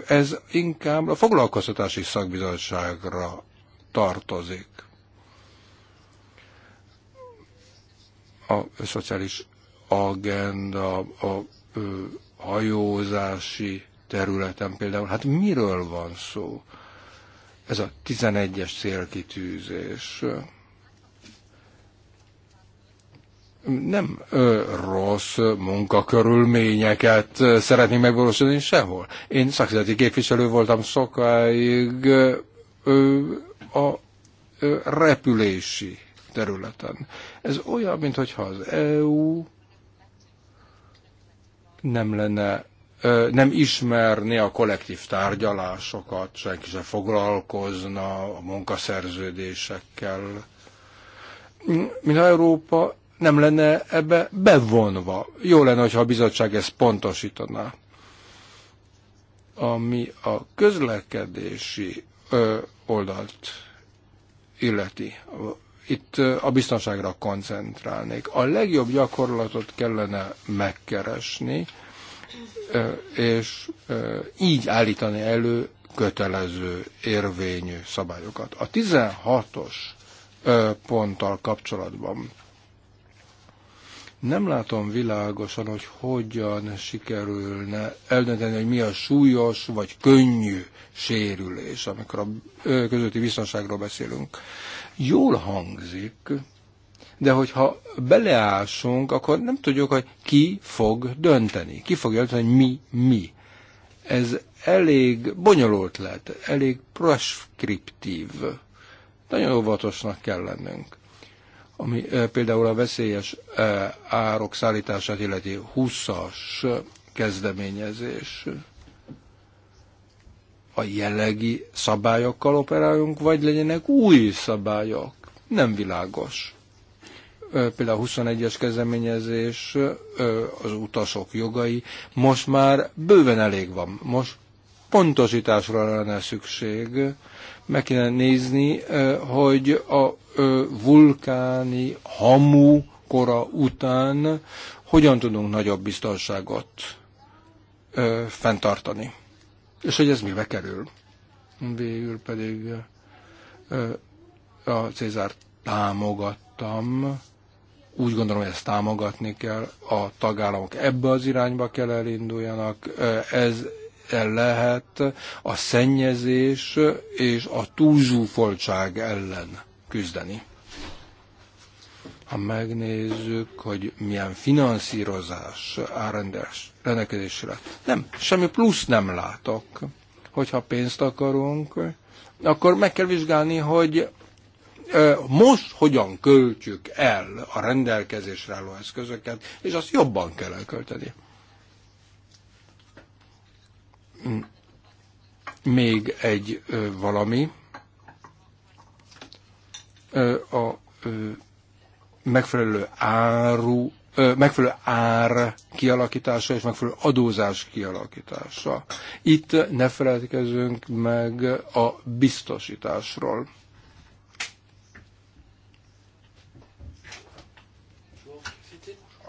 ez inkább a foglalkoztatási szakbizottságra tartozik a szociális agenda, a hajózási területen például. Hát miről van szó? Ez a 11-es célkitűzés nem ö, rossz munkakörülményeket szeretnék megvalósítani sehol. Én szakszereti képviselő voltam sokáig ö, a ö, repülési területen. Ez olyan, mintha az EU nem lenne nem ismerné a kollektív tárgyalásokat, senki sem foglalkozna a munkaszerződésekkel. Mintha Európa nem lenne ebbe bevonva. Jó lenne, hogyha a bizottság ezt pontosítaná. Ami a közlekedési oldalt illeti, itt a biztonságra koncentrálnék. A legjobb gyakorlatot kellene megkeresni, és így állítani elő kötelező érvényű szabályokat. A 16-os ponttal kapcsolatban nem látom világosan, hogy hogyan sikerülne eldönteni, hogy mi a súlyos vagy könnyű sérülés, amikor a közötti biztonságról beszélünk jól hangzik, de hogyha beleásunk, akkor nem tudjuk, hogy ki fog dönteni. Ki fog dönteni, hogy mi, mi. Ez elég bonyolult lett, elég proskriptív. Nagyon óvatosnak kell lennünk. Ami e, például a veszélyes e, árok szállítását illeti 20-as kezdeményezés a jellegi szabályokkal operáljunk, vagy legyenek új szabályok. Nem világos. Például a 21-es kezdeményezés, az utasok jogai, most már bőven elég van. Most pontosításra lenne szükség. Meg kéne nézni, hogy a vulkáni hamu kora után hogyan tudunk nagyobb biztonságot fenntartani és hogy ez mibe kerül. Végül pedig a Cézár támogattam, úgy gondolom, hogy ezt támogatni kell, a tagállamok ebbe az irányba kell elinduljanak, ez lehet a szennyezés és a túlzsúfoltság ellen küzdeni. Ha megnézzük, hogy milyen finanszírozás áll rendelkezésre. Nem, semmi plusz nem látok. Hogyha pénzt akarunk, akkor meg kell vizsgálni, hogy most hogyan költjük el a rendelkezésre álló eszközöket, és azt jobban kell elkölteni. Még egy valami. A megfelelő áru megfelelő ár kialakítása és megfelelő adózás kialakítása. Itt ne feledkezzünk meg a biztosításról.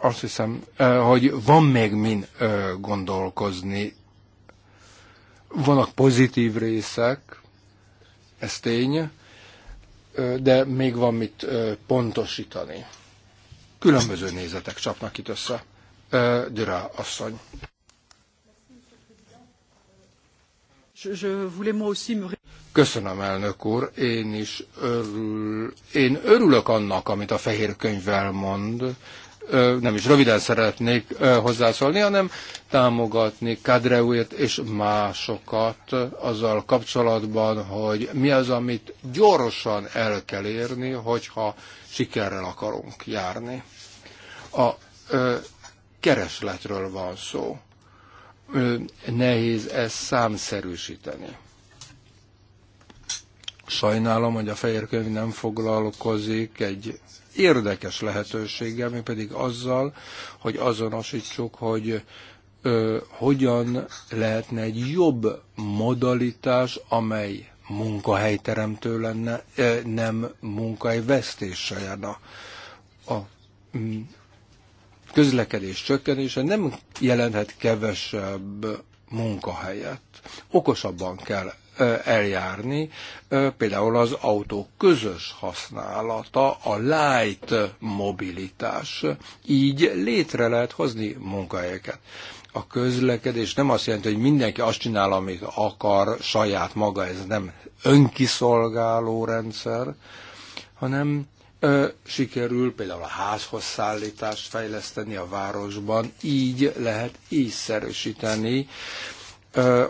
Azt hiszem, hogy van még min gondolkozni. Vannak pozitív részek, ez tény, de még van mit pontosítani. Különböző nézetek csapnak itt össze. Dürá asszony. Köszönöm, elnök úr. Én is örül, én örülök annak, amit a fehér könyvvel mond, nem is röviden szeretnék hozzászólni, hanem támogatni Kadreújét és másokat azzal kapcsolatban, hogy mi az, amit gyorsan el kell érni, hogyha sikerrel akarunk járni. A keresletről van szó. Nehéz ezt számszerűsíteni. Sajnálom, hogy a fehér könyv nem foglalkozik egy érdekes lehetőséggel, mi pedig azzal, hogy azonosítsuk, hogy ö, hogyan lehetne egy jobb modalitás, amely munkahelyteremtő lenne, ö, nem munkahelyvesztéssel járna. A közlekedés csökkenése nem jelenthet kevesebb munkahelyet. Okosabban kell eljárni, például az autó közös használata, a light mobilitás. Így létre lehet hozni munkahelyeket. A közlekedés nem azt jelenti, hogy mindenki azt csinál, amit akar saját maga, ez nem önkiszolgáló rendszer, hanem ö, sikerül például a házhoz szállítást fejleszteni a városban, így lehet ízszerűsíteni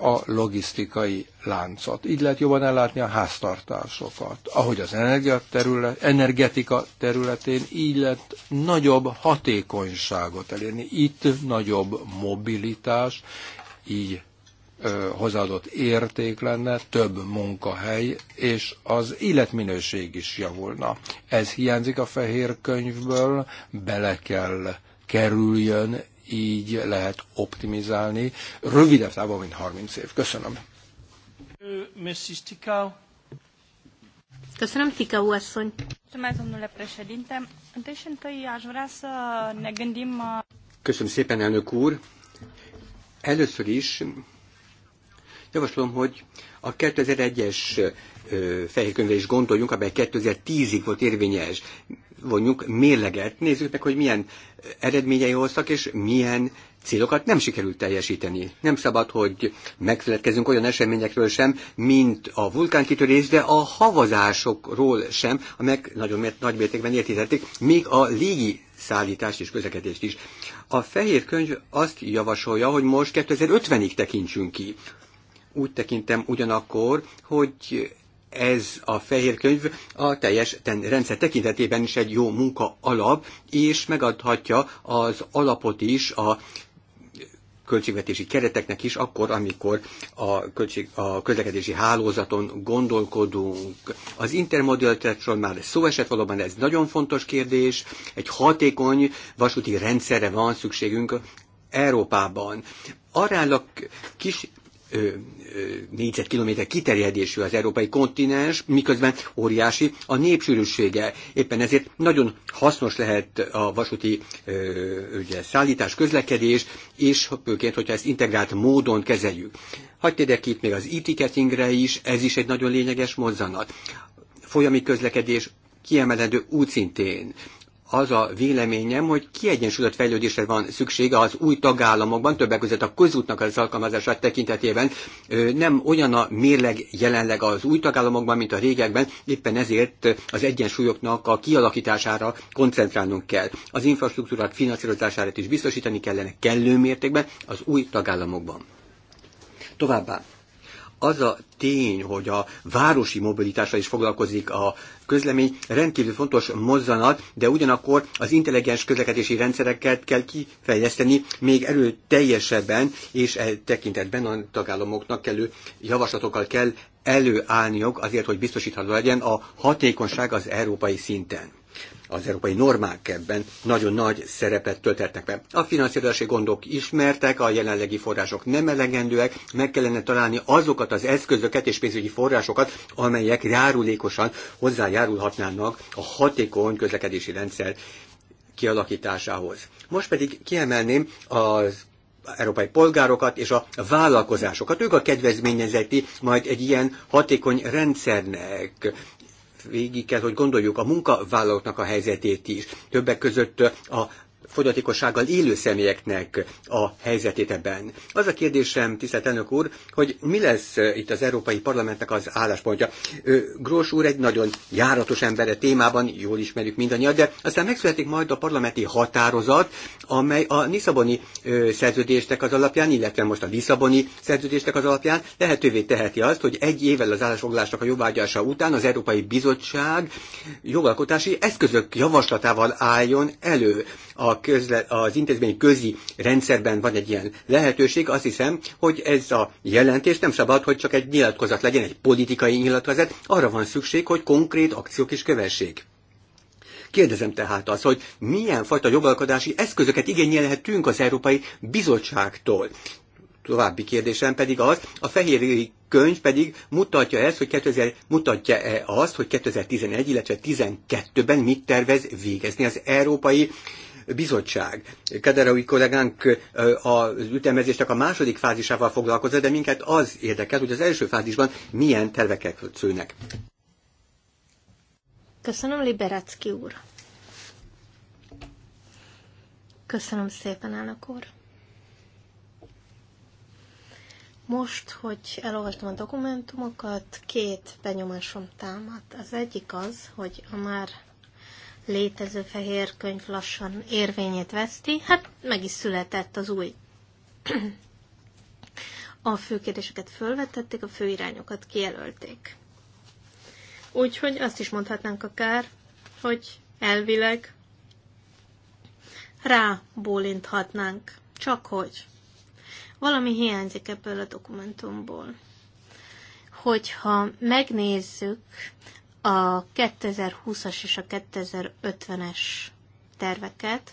a logisztikai láncot. Így lehet jobban ellátni a háztartásokat. Ahogy az energia terület, energetika területén, így lehet nagyobb hatékonyságot elérni. Itt nagyobb mobilitás, így ö, hozzáadott érték lenne, több munkahely, és az életminőség is javulna. Ez hiányzik a fehér könyvből, bele kell kerüljön így lehet optimizálni rövidebb távon, mint 30 év. Köszönöm. Köszönöm Tika Uason. ne uh, Köszönöm szépen, elnök úr. Először is javaslom, hogy a 2001-es fehérkönyvre is gondoljunk, amely 2010-ig volt érvényes. Vonjuk mérleget, nézzük meg, hogy milyen eredményei hoztak, és milyen célokat nem sikerült teljesíteni. Nem szabad, hogy megfeledkezzünk olyan eseményekről sem, mint a vulkánkitörés, de a havazásokról sem, amelyek nagyon nagy mértékben értítették, még a légi szállítást és közlekedést is. A fehér könyv azt javasolja, hogy most 2050-ig tekintsünk ki. Úgy tekintem ugyanakkor, hogy ez a fehér könyv a teljes rendszer tekintetében is egy jó munka alap, és megadhatja az alapot is a költségvetési kereteknek is, akkor, amikor a, költség, a közlekedési hálózaton gondolkodunk. Az intermodalitásról már szó esett, valóban ez nagyon fontos kérdés. Egy hatékony vasúti rendszerre van szükségünk Európában. Aránylag kis négyzetkilométer kiterjedésű az európai kontinens, miközben óriási a népsűrűsége. Éppen ezért nagyon hasznos lehet a vasúti ugye, szállítás, közlekedés, és főként, hogyha ezt integrált módon kezeljük. Hagyj tegyek itt még az e-ticketingre is, ez is egy nagyon lényeges mozzanat. Folyami közlekedés, kiemelendő útszintén az a véleményem, hogy kiegyensúlyozott fejlődésre van szüksége az új tagállamokban, többek között a közútnak az alkalmazását tekintetében. Nem olyan a mérleg jelenleg az új tagállamokban, mint a régekben, éppen ezért az egyensúlyoknak a kialakítására koncentrálnunk kell. Az infrastruktúrák finanszírozását is biztosítani kellene kellő mértékben az új tagállamokban. Továbbá az a tény, hogy a városi mobilitásra is foglalkozik a közlemény, rendkívül fontos mozzanat, de ugyanakkor az intelligens közlekedési rendszereket kell kifejleszteni még erőteljesebben, és e tekintetben a tagállamoknak kellő javaslatokkal kell előállniok azért, hogy biztosítható legyen a hatékonyság az európai szinten az európai normák ebben nagyon nagy szerepet töltetnek be. A finanszírozási gondok ismertek, a jelenlegi források nem elegendőek, meg kellene találni azokat az eszközöket és pénzügyi forrásokat, amelyek járulékosan hozzájárulhatnának a hatékony közlekedési rendszer kialakításához. Most pedig kiemelném az európai polgárokat és a vállalkozásokat. Ők a kedvezményezeti majd egy ilyen hatékony rendszernek végig kell, hogy gondoljuk a munkavállalóknak a helyzetét is. Többek között a fogyatékossággal élő személyeknek a helyzetét ebben. Az a kérdésem, tisztelt elnök úr, hogy mi lesz itt az Európai Parlamentnek az álláspontja. Grós úr egy nagyon járatos embere témában, jól ismerjük mindannyian, de aztán megszületik majd a parlamenti határozat, amely a Lisszaboni szerződésnek az alapján, illetve most a Lisszaboni szerződésnek az alapján lehetővé teheti azt, hogy egy évvel az állásfoglalásnak a jobbágyása után az Európai Bizottság jogalkotási eszközök javaslatával álljon elő a közle, az intézmény közi rendszerben van egy ilyen lehetőség, azt hiszem, hogy ez a jelentés nem szabad, hogy csak egy nyilatkozat legyen, egy politikai nyilatkozat, arra van szükség, hogy konkrét akciók is kövessék. Kérdezem tehát az, hogy milyen fajta jogalkodási eszközöket igényelhetünk az Európai Bizottságtól. További kérdésem pedig az, a fehér könyv pedig mutatja ezt, hogy 2000, mutatja -e azt, hogy 2011, illetve 2012-ben mit tervez végezni az Európai bizottság. Kaderai kollégánk az ütemezésnek a második fázisával foglalkozott, de minket az érdekel, hogy az első fázisban milyen tervekek szülnek. Köszönöm, Liberacki úr. Köszönöm szépen, elnök úr. Most, hogy elolvastam a dokumentumokat, két benyomásom támad. Az egyik az, hogy a már létező fehér könyv lassan érvényét veszti, hát meg is született az új. A fő kérdéseket fölvetették, a fő irányokat kijelölték. Úgyhogy azt is mondhatnánk akár, hogy elvileg rábólinthatnánk, csak hogy valami hiányzik ebből a dokumentumból. Hogyha megnézzük a 2020-as és a 2050-es terveket,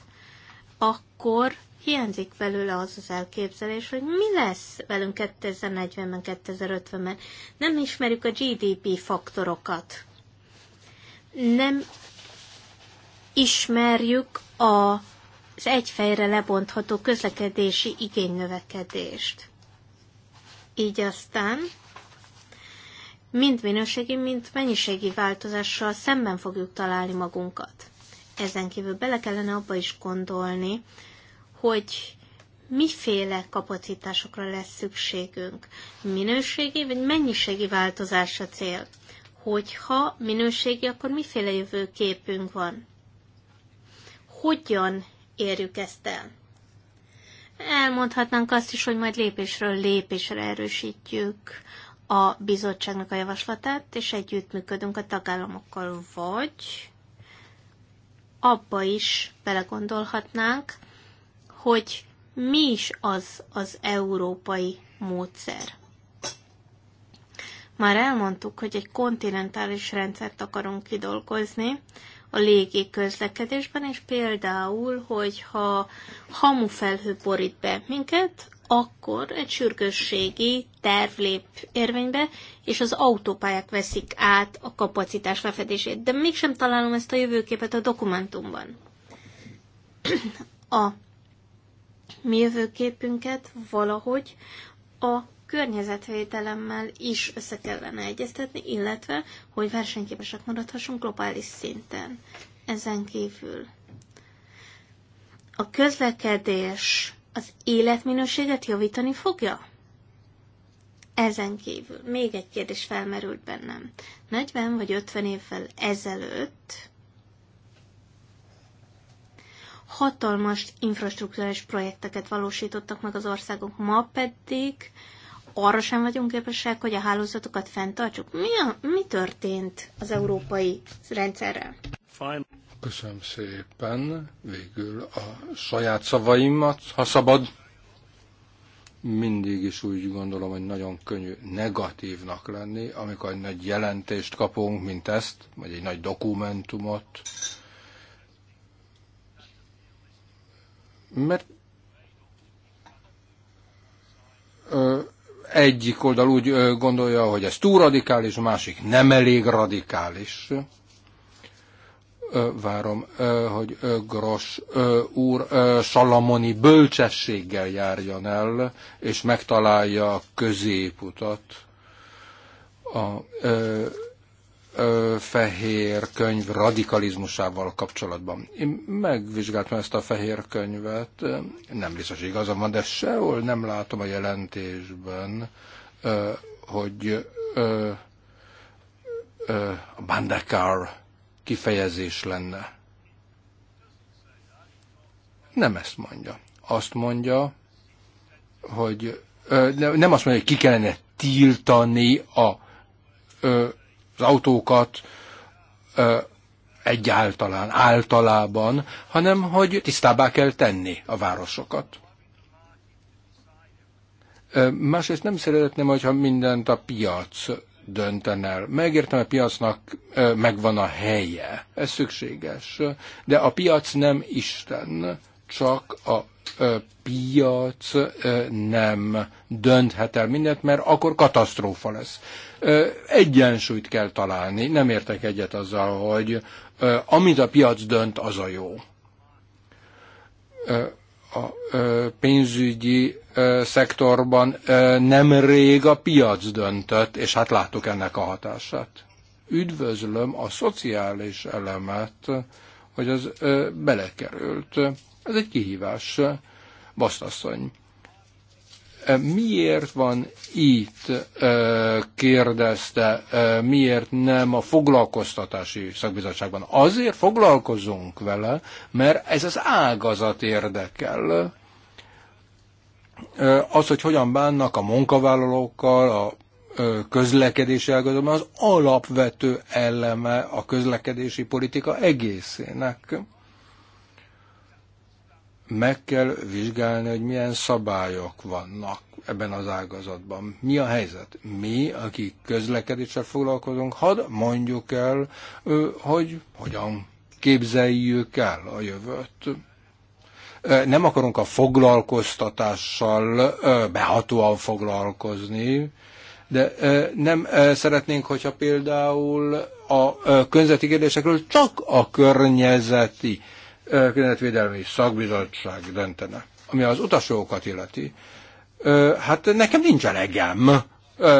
akkor hiányzik belőle az az elképzelés, hogy mi lesz velünk 2040-ben, 2050-ben. Nem ismerjük a GDP faktorokat. Nem ismerjük a, az egyfejre lebontható közlekedési igénynövekedést. Így aztán mind minőségi, mind mennyiségi változással szemben fogjuk találni magunkat. Ezen kívül bele kellene abba is gondolni, hogy miféle kapacitásokra lesz szükségünk. Minőségi vagy mennyiségi változás a cél? Hogyha minőségi, akkor miféle jövőképünk van? Hogyan érjük ezt el? Elmondhatnánk azt is, hogy majd lépésről lépésre erősítjük a bizottságnak a javaslatát, és együttműködünk a tagállamokkal, vagy abba is belegondolhatnánk, hogy mi is az az európai módszer. Már elmondtuk, hogy egy kontinentális rendszert akarunk kidolgozni a légi közlekedésben, és például, hogyha hamufelhő borít be minket, akkor egy sürgősségi terv lép érvénybe, és az autópályák veszik át a kapacitás lefedését. De mégsem találom ezt a jövőképet a dokumentumban. A mi jövőképünket valahogy a környezetvédelemmel is össze kellene egyeztetni, illetve, hogy versenyképesek maradhassunk globális szinten. Ezen kívül a közlekedés az életminőséget javítani fogja? Ezen kívül még egy kérdés felmerült bennem. 40 vagy 50 évvel ezelőtt hatalmas infrastruktúrás projekteket valósítottak meg az országok, ma pedig arra sem vagyunk képesek, hogy a hálózatokat fenntartsuk. Mi, a, mi történt az európai rendszerrel? Fine. Köszönöm szépen. Végül a saját szavaimat, ha szabad. Mindig is úgy gondolom, hogy nagyon könnyű negatívnak lenni, amikor egy nagy jelentést kapunk, mint ezt, vagy egy nagy dokumentumot. Mert ö, egyik oldal úgy gondolja, hogy ez túl radikális, a másik nem elég radikális várom, hogy Grosz úr salamoni bölcsességgel járjon el, és megtalálja a középutat a fehér könyv radikalizmusával kapcsolatban. Én megvizsgáltam ezt a fehér könyvet, nem biztos igazam van, de sehol nem látom a jelentésben, hogy a Bandekar kifejezés lenne. Nem ezt mondja. Azt mondja, hogy nem azt mondja, hogy ki kellene tiltani a, az autókat egyáltalán, általában, hanem hogy tisztábbá kell tenni a városokat. Másrészt nem szeretném, hogyha mindent a piac dönten el. Megértem, a piacnak megvan a helye, ez szükséges, de a piac nem Isten, csak a piac nem dönthet el mindent, mert akkor katasztrófa lesz. Egyensúlyt kell találni, nem értek egyet azzal, hogy amit a piac dönt, az a jó a pénzügyi szektorban nem rég a piac döntött, és hát láttuk ennek a hatását. Üdvözlöm a szociális elemet, hogy az belekerült. Ez egy kihívás, Basztasszony. Miért van itt, kérdezte, miért nem a foglalkoztatási szakbizottságban? Azért foglalkozunk vele, mert ez az ágazat érdekel. Az, hogy hogyan bánnak a munkavállalókkal, a közlekedési ágazatban, az alapvető eleme a közlekedési politika egészének meg kell vizsgálni, hogy milyen szabályok vannak ebben az ágazatban. Mi a helyzet? Mi, akik közlekedéssel foglalkozunk, hadd mondjuk el, hogy hogyan képzeljük el a jövőt. Nem akarunk a foglalkoztatással behatóan foglalkozni, de nem szeretnénk, hogyha például a környezeti kérdésekről csak a környezeti környezetvédelmi szakbizottság döntene. Ami az utasokat illeti, hát nekem nincs elegem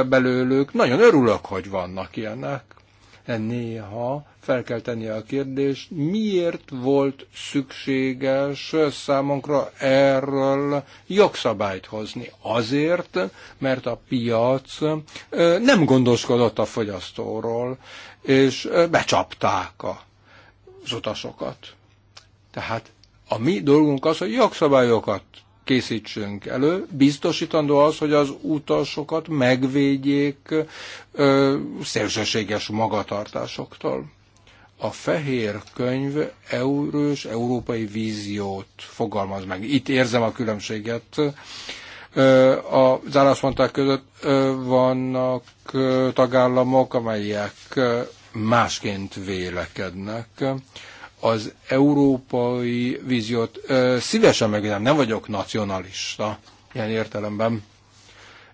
belőlük, nagyon örülök, hogy vannak ilyenek. De néha fel kell tenni a kérdést, miért volt szükséges számunkra erről jogszabályt hozni? Azért, mert a piac nem gondoskodott a fogyasztóról, és becsapták az utasokat. Tehát a mi dolgunk az, hogy jogszabályokat készítsünk elő, biztosítandó az, hogy az utasokat megvédjék ö, szélsőséges magatartásoktól. A fehér könyv eurős európai víziót fogalmaz meg. Itt érzem a különbséget. Ö, az állásponták között ö, vannak ö, tagállamok, amelyek ö, másként vélekednek az európai víziót szívesen megvédem, nem vagyok nacionalista ilyen értelemben,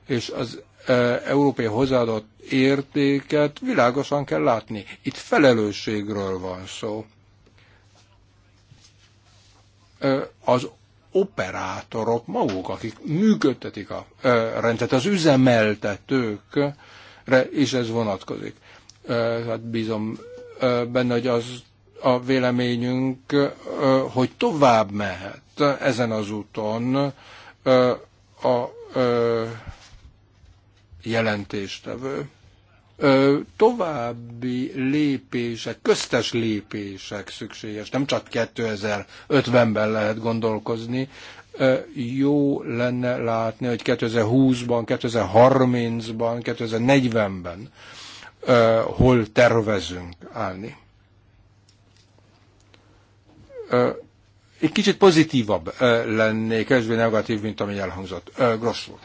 és az európai hozzáadott értéket világosan kell látni. Itt felelősségről van szó. Az operátorok maguk, akik működtetik a rendszert, az üzemeltetőkre is ez vonatkozik. Hát bízom benne, hogy azt a véleményünk, hogy tovább mehet ezen az úton a jelentéstevő. További lépések, köztes lépések szükséges, nem csak 2050-ben lehet gondolkozni, jó lenne látni, hogy 2020-ban, 2030-ban, 2040-ben hol tervezünk állni egy kicsit pozitívabb lennék, kezdve negatív, mint ami elhangzott. Grosszul.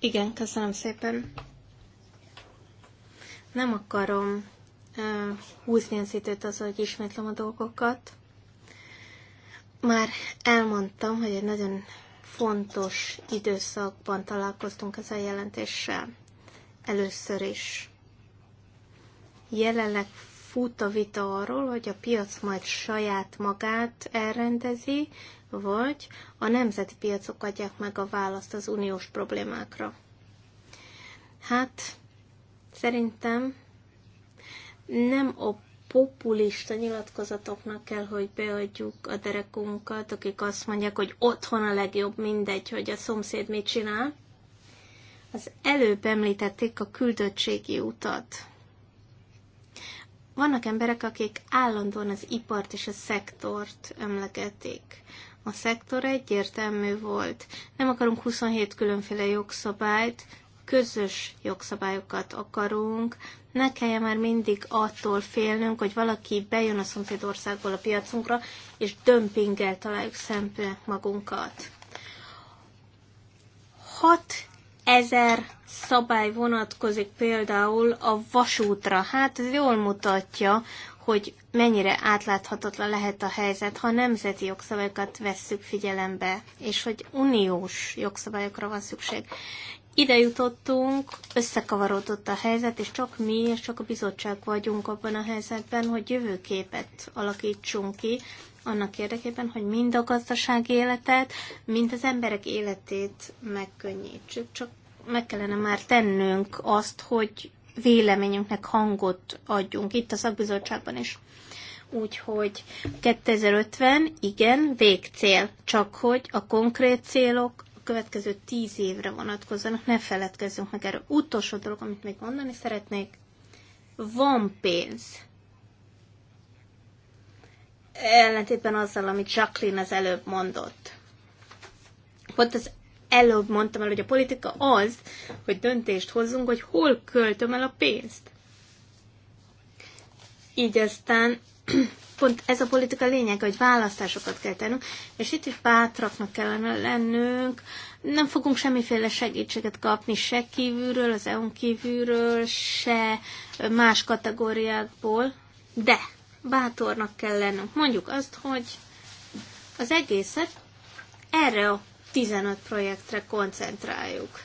Igen, köszönöm szépen. Nem akarom húzni az időt az, hogy ismétlem a dolgokat. Már elmondtam, hogy egy nagyon fontos időszakban találkoztunk ezzel a jelentéssel. Először is. Jelenleg fut a vita arról, hogy a piac majd saját magát elrendezi, vagy a nemzeti piacok adják meg a választ az uniós problémákra. Hát, szerintem nem a populista nyilatkozatoknak kell, hogy beadjuk a derekunkat, akik azt mondják, hogy otthon a legjobb, mindegy, hogy a szomszéd mit csinál. Az előbb említették a küldöttségi utat. Vannak emberek, akik állandóan az ipart és a szektort emlegetik. A szektor egyértelmű volt. Nem akarunk 27 különféle jogszabályt, közös jogszabályokat akarunk, ne kelljen már mindig attól félnünk, hogy valaki bejön a szomszédországból a piacunkra, és dömpinggel találjuk szembe magunkat. Hat ezer szabály vonatkozik például a vasútra. Hát ez jól mutatja, hogy mennyire átláthatatlan lehet a helyzet, ha nemzeti jogszabályokat vesszük figyelembe, és hogy uniós jogszabályokra van szükség. Ide jutottunk, összekavarodott a helyzet, és csak mi, és csak a bizottság vagyunk abban a helyzetben, hogy jövőképet alakítsunk ki annak érdekében, hogy mind a gazdaság életet, mind az emberek életét megkönnyítsük. Csak meg kellene már tennünk azt, hogy véleményünknek hangot adjunk itt a szakbizottságban is. Úgyhogy 2050, igen, végcél, csak hogy a konkrét célok a következő tíz évre vonatkozzanak, ne feledkezzünk meg erről. Utolsó dolog, amit még mondani szeretnék, van pénz ellentétben azzal, amit Jacqueline az előbb mondott. Pont az előbb mondtam el, hogy a politika az, hogy döntést hozzunk, hogy hol költöm el a pénzt. Így aztán pont ez a politika lényege, hogy választásokat kell tennünk, és itt is bátraknak kellene lennünk, nem fogunk semmiféle segítséget kapni, se kívülről, az EU-n kívülről, se más kategóriákból, de bátornak kell lennünk. Mondjuk azt, hogy az egészet erre a 15 projektre koncentráljuk,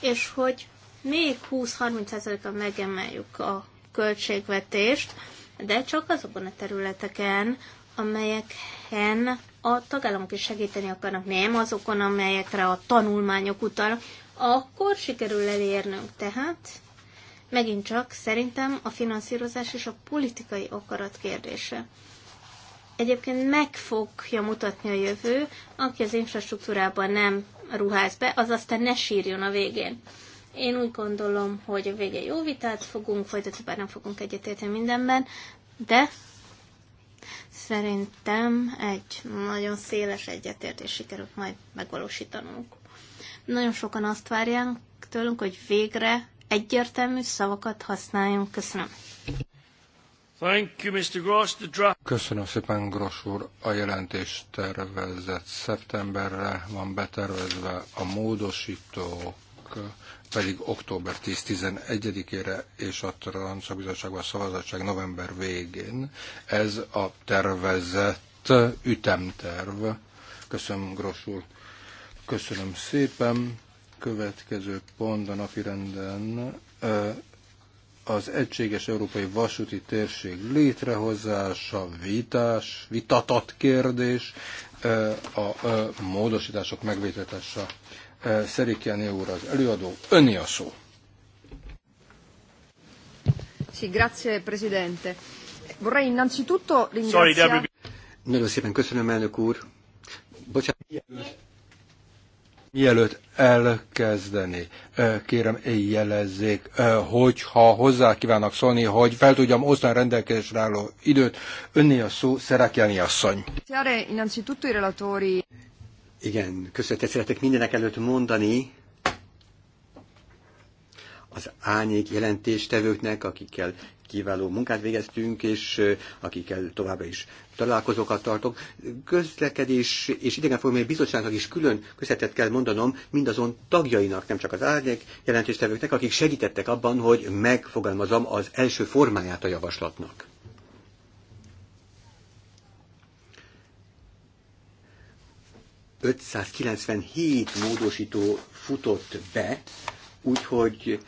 és hogy még 20-30%-a megemeljük a költségvetést, de csak azokon a területeken, amelyeken a tagállamok is segíteni akarnak, nem azokon, amelyekre a tanulmányok utalnak, akkor sikerül elérnünk. Tehát Megint csak szerintem a finanszírozás és a politikai akarat kérdése. Egyébként meg fogja mutatni a jövő, aki az infrastruktúrában nem ruház be, az aztán ne sírjon a végén. Én úgy gondolom, hogy a végén jó vitát fogunk folytatni, bár nem fogunk egyetérteni mindenben, de szerintem egy nagyon széles egyetértés sikerült majd megvalósítanunk. Nagyon sokan azt várják tőlünk, hogy végre egyértelmű szavakat használjon. Köszönöm. Thank you, Mr. Gross. The draft... Köszönöm szépen, Gross úr. A jelentés tervezett szeptemberre van betervezve a módosítók pedig október 10-11-ére és a Transzakbizottságban szavazatság november végén. Ez a tervezett ütemterv. Köszönöm, Gross úr. Köszönöm szépen következő pont a napirenden az egységes európai vasúti térség létrehozása, vitás, vitatott kérdés, a módosítások megvétetése. Szerik Jáné úr az előadó, öni a szó. grazie Presidente. Vorrei innanzitutto ringraziare... Nagyon szépen köszönöm, elnök úr. Bocsánat. Mielőtt elkezdeni, kérem jelezzék, hogyha hozzá kívánnak szólni, hogy fel tudjam osztani rendelkezésre álló időt, önné a szó, Szerekjelni asszony. Igen, köszönetet szeretek mindenek előtt mondani az ányék jelentéstevőknek, akikkel kiváló munkát végeztünk, és akikkel továbbra is találkozókat tartok. Közlekedés és idegenformai bizottságnak is külön köszönetet kell mondanom mindazon tagjainak, nem csak az árnyék jelentéstevőknek, akik segítettek abban, hogy megfogalmazom az első formáját a javaslatnak. ...597 módosító futott be, úgyhogy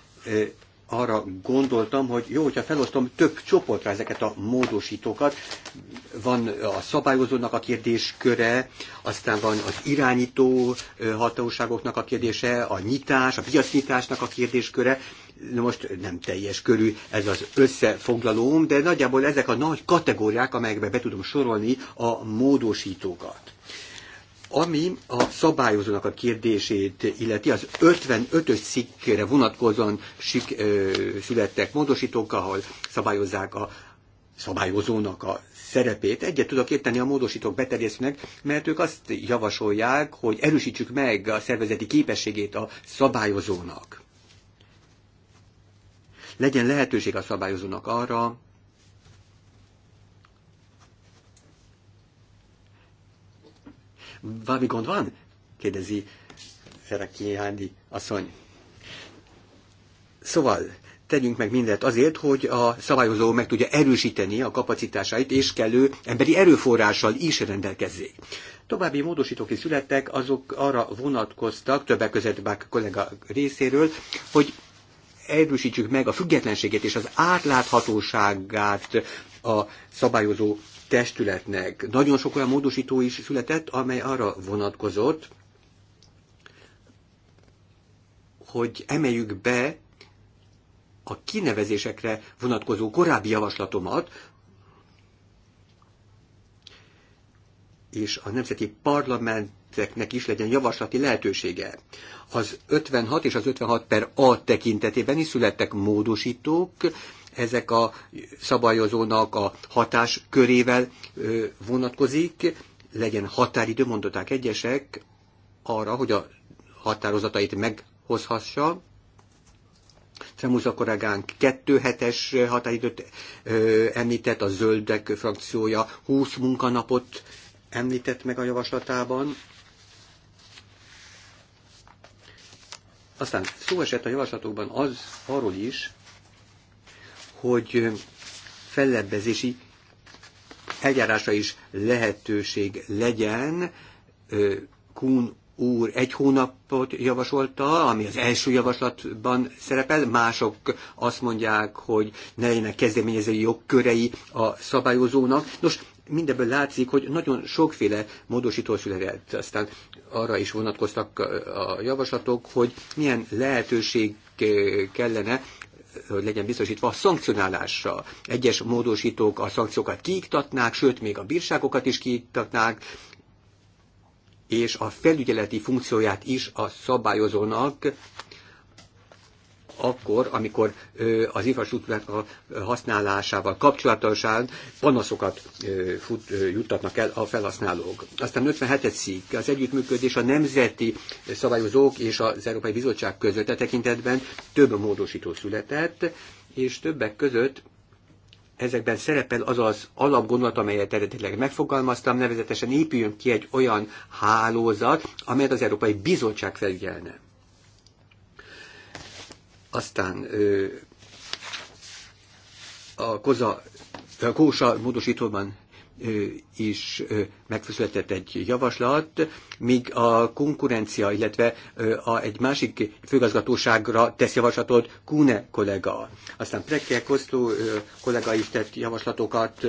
arra gondoltam, hogy jó, hogyha felosztom több csoportra ezeket a módosítókat. Van a szabályozónak a kérdésköre, aztán van az irányító hatóságoknak a kérdése, a nyitás, a piacnyitásnak a kérdésköre. Most nem teljes körű ez az összefoglalóm, de nagyjából ezek a nagy kategóriák, amelyekbe be tudom sorolni a módosítókat. Ami a szabályozónak a kérdését illeti, az 55-ös cikkre vonatkozóan sik, ö, születtek módosítók, ahol szabályozzák a szabályozónak a szerepét. Egyet tudok érteni a módosítók beterjesztőnek, mert ők azt javasolják, hogy erősítsük meg a szervezeti képességét a szabályozónak. Legyen lehetőség a szabályozónak arra, Valami gond van? kérdezi Szereki Hándi asszony. Szóval, tegyünk meg mindent azért, hogy a szabályozó meg tudja erősíteni a kapacitásait, és kellő emberi erőforrással is rendelkezzék. További módosítók is születtek, azok arra vonatkoztak, többek között Bák kollega részéről, hogy erősítsük meg a függetlenségét és az átláthatóságát a szabályozó testületnek. Nagyon sok olyan módosító is született, amely arra vonatkozott, hogy emeljük be a kinevezésekre vonatkozó korábbi javaslatomat, és a nemzeti parlamenteknek is legyen javaslati lehetősége. Az 56 és az 56 per A tekintetében is születtek módosítók, ezek a szabályozónak a hatás körével vonatkozik, legyen határidő, mondották egyesek, arra, hogy a határozatait meghozhassa. Tremuza koragánk kettő hetes határidőt említett, a zöldek frakciója 20 munkanapot említett meg a javaslatában. Aztán szó esett a javaslatokban az arról is, hogy fellebbezési eljárásra is lehetőség legyen. kún úr egy hónapot javasolta, ami az első javaslatban szerepel, mások azt mondják, hogy ne legyenek kezdeményezői jogkörei a szabályozónak. Nos, mindebből látszik, hogy nagyon sokféle módosító született. Aztán arra is vonatkoztak a javaslatok, hogy milyen lehetőség kellene hogy legyen biztosítva a szankcionálásra. Egyes módosítók a szankciókat kiiktatnák, sőt, még a bírságokat is kiiktatnák, és a felügyeleti funkcióját is a szabályozónak akkor, amikor az infrastruktúrák használásával kapcsolatosan panaszokat fut, juttatnak el a felhasználók. Aztán 57. szik, az együttműködés a nemzeti szabályozók és az Európai Bizottság között a e tekintetben több módosító született, és többek között ezekben szerepel az az alapgondolat, amelyet eredetileg megfogalmaztam, nevezetesen épüljön ki egy olyan hálózat, amelyet az Európai Bizottság felügyelne. Aztán a koza, a kósa módosítóban is megszületett egy javaslat, míg a konkurencia, illetve a, egy másik főgazgatóságra tesz javaslatot Kune kollega. Aztán Prekke Koszló kollega is tett javaslatokat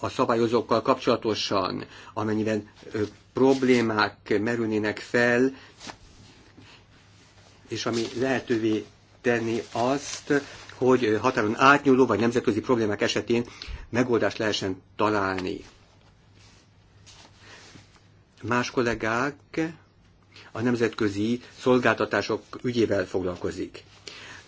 a szabályozókkal kapcsolatosan, amennyiben problémák merülnének fel, és ami lehetővé tenni azt, hogy határon átnyúló vagy nemzetközi problémák esetén megoldást lehessen találni. Más kollégák a nemzetközi szolgáltatások ügyével foglalkozik.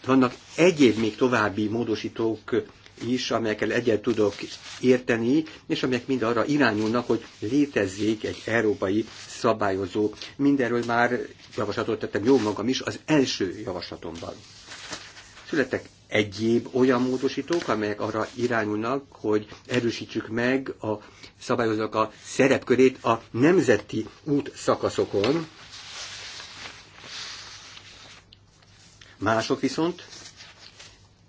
Vannak egyéb még további módosítók is, amelyekkel egyet tudok érteni, és amelyek mind arra irányulnak, hogy létezzék egy európai szabályozó. Mindenről már javaslatot tettem jó magam is az első javaslatomban. Születtek egyéb olyan módosítók, amelyek arra irányulnak, hogy erősítsük meg a szabályozók a szerepkörét a nemzeti út szakaszokon. Mások viszont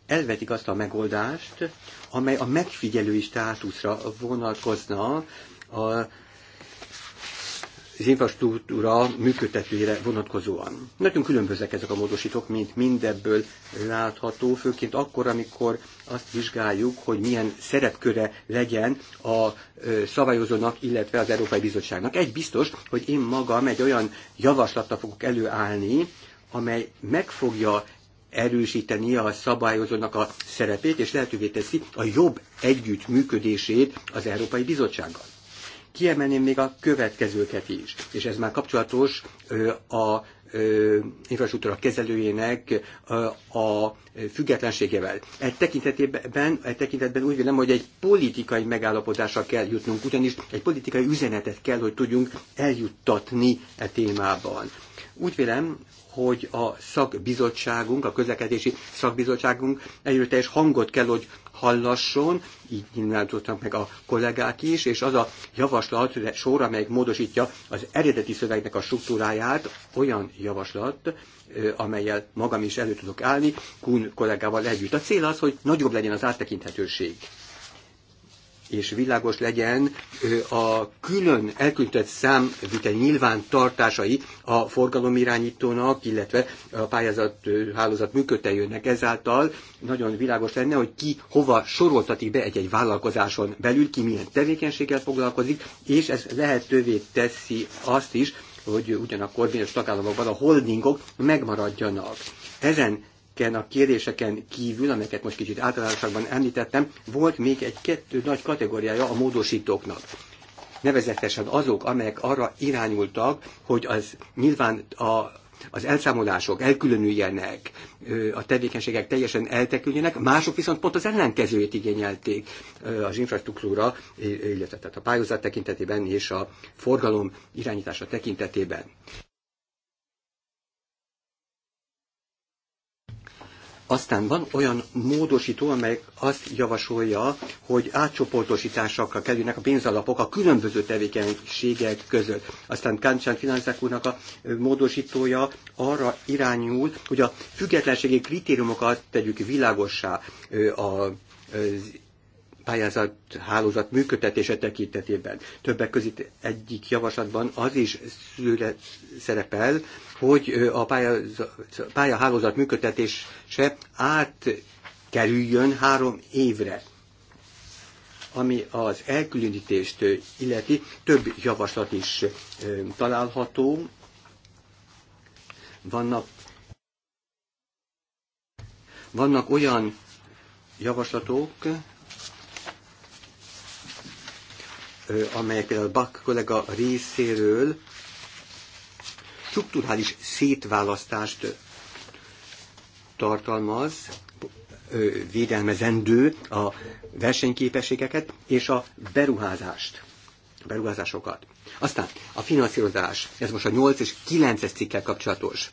elvetik azt a megoldást, amely a megfigyelői státuszra vonatkozna a az infrastruktúra működtetőjére vonatkozóan. Nagyon különbözek ezek a módosítók, mint mindebből látható, főként akkor, amikor azt vizsgáljuk, hogy milyen szerepköre legyen a szabályozónak, illetve az Európai Bizottságnak. Egy biztos, hogy én magam egy olyan javaslattal fogok előállni, amely meg fogja erősíteni a szabályozónak a szerepét, és lehetővé teszi a jobb együttműködését az Európai Bizottsággal. Kiemelném még a következőket is, és ez már kapcsolatos a infrastruktúra kezelőjének a függetlenségével. E e tekintetben úgy vélem, hogy egy politikai megállapodásra kell jutnunk, ugyanis egy politikai üzenetet kell, hogy tudjunk eljuttatni e témában. Úgy vélem, hogy a szakbizottságunk, a közlekedési szakbizottságunk erőteljes hangot kell, hogy hallasson, így nyilvánultak meg a kollégák is, és az a javaslat sor, amelyik módosítja az eredeti szövegnek a struktúráját, olyan javaslat, amelyel magam is elő tudok állni, Kun kollégával együtt. A cél az, hogy nagyobb legyen az áttekinthetőség és világos legyen a külön elküldött számvitel tartásai a forgalomirányítónak, illetve a pályázat hálózat működtejőnek ezáltal nagyon világos lenne, hogy ki hova soroltatik be egy-egy vállalkozáson belül, ki milyen tevékenységgel foglalkozik, és ez lehetővé teszi azt is, hogy ugyanakkor bizonyos tagállamokban a holdingok megmaradjanak. Ezen ezeken a kérdéseken kívül, amelyeket most kicsit általánosakban említettem, volt még egy kettő nagy kategóriája a módosítóknak nevezetesen azok, amelyek arra irányultak, hogy az nyilván a, az elszámolások elkülönüljenek, a tevékenységek teljesen eltekülnek, mások viszont pont az ellenkezőjét igényelték az infrastruktúra, illetve tehát a pályázat tekintetében és a forgalom irányítása tekintetében. Aztán van olyan módosító, amely azt javasolja, hogy átcsoportosításokra kerülnek a pénzalapok a különböző tevékenységek között. Aztán Káncsán Finanszák úrnak a módosítója arra irányul, hogy a függetlenségi kritériumokat tegyük világossá az pályázat hálózat működtetése tekintetében. Többek között egyik javaslatban az is szület, szerepel, hogy a pályázat, pályahálózat működtetése átkerüljön három évre ami az elkülönítést illeti, több javaslat is található. Vannak, vannak olyan javaslatok, amely például Bach kollega részéről strukturális szétválasztást tartalmaz, védelmezendő a versenyképességeket és a beruházást, a beruházásokat. Aztán a finanszírozás, ez most a 8 és 9 cikkel kapcsolatos.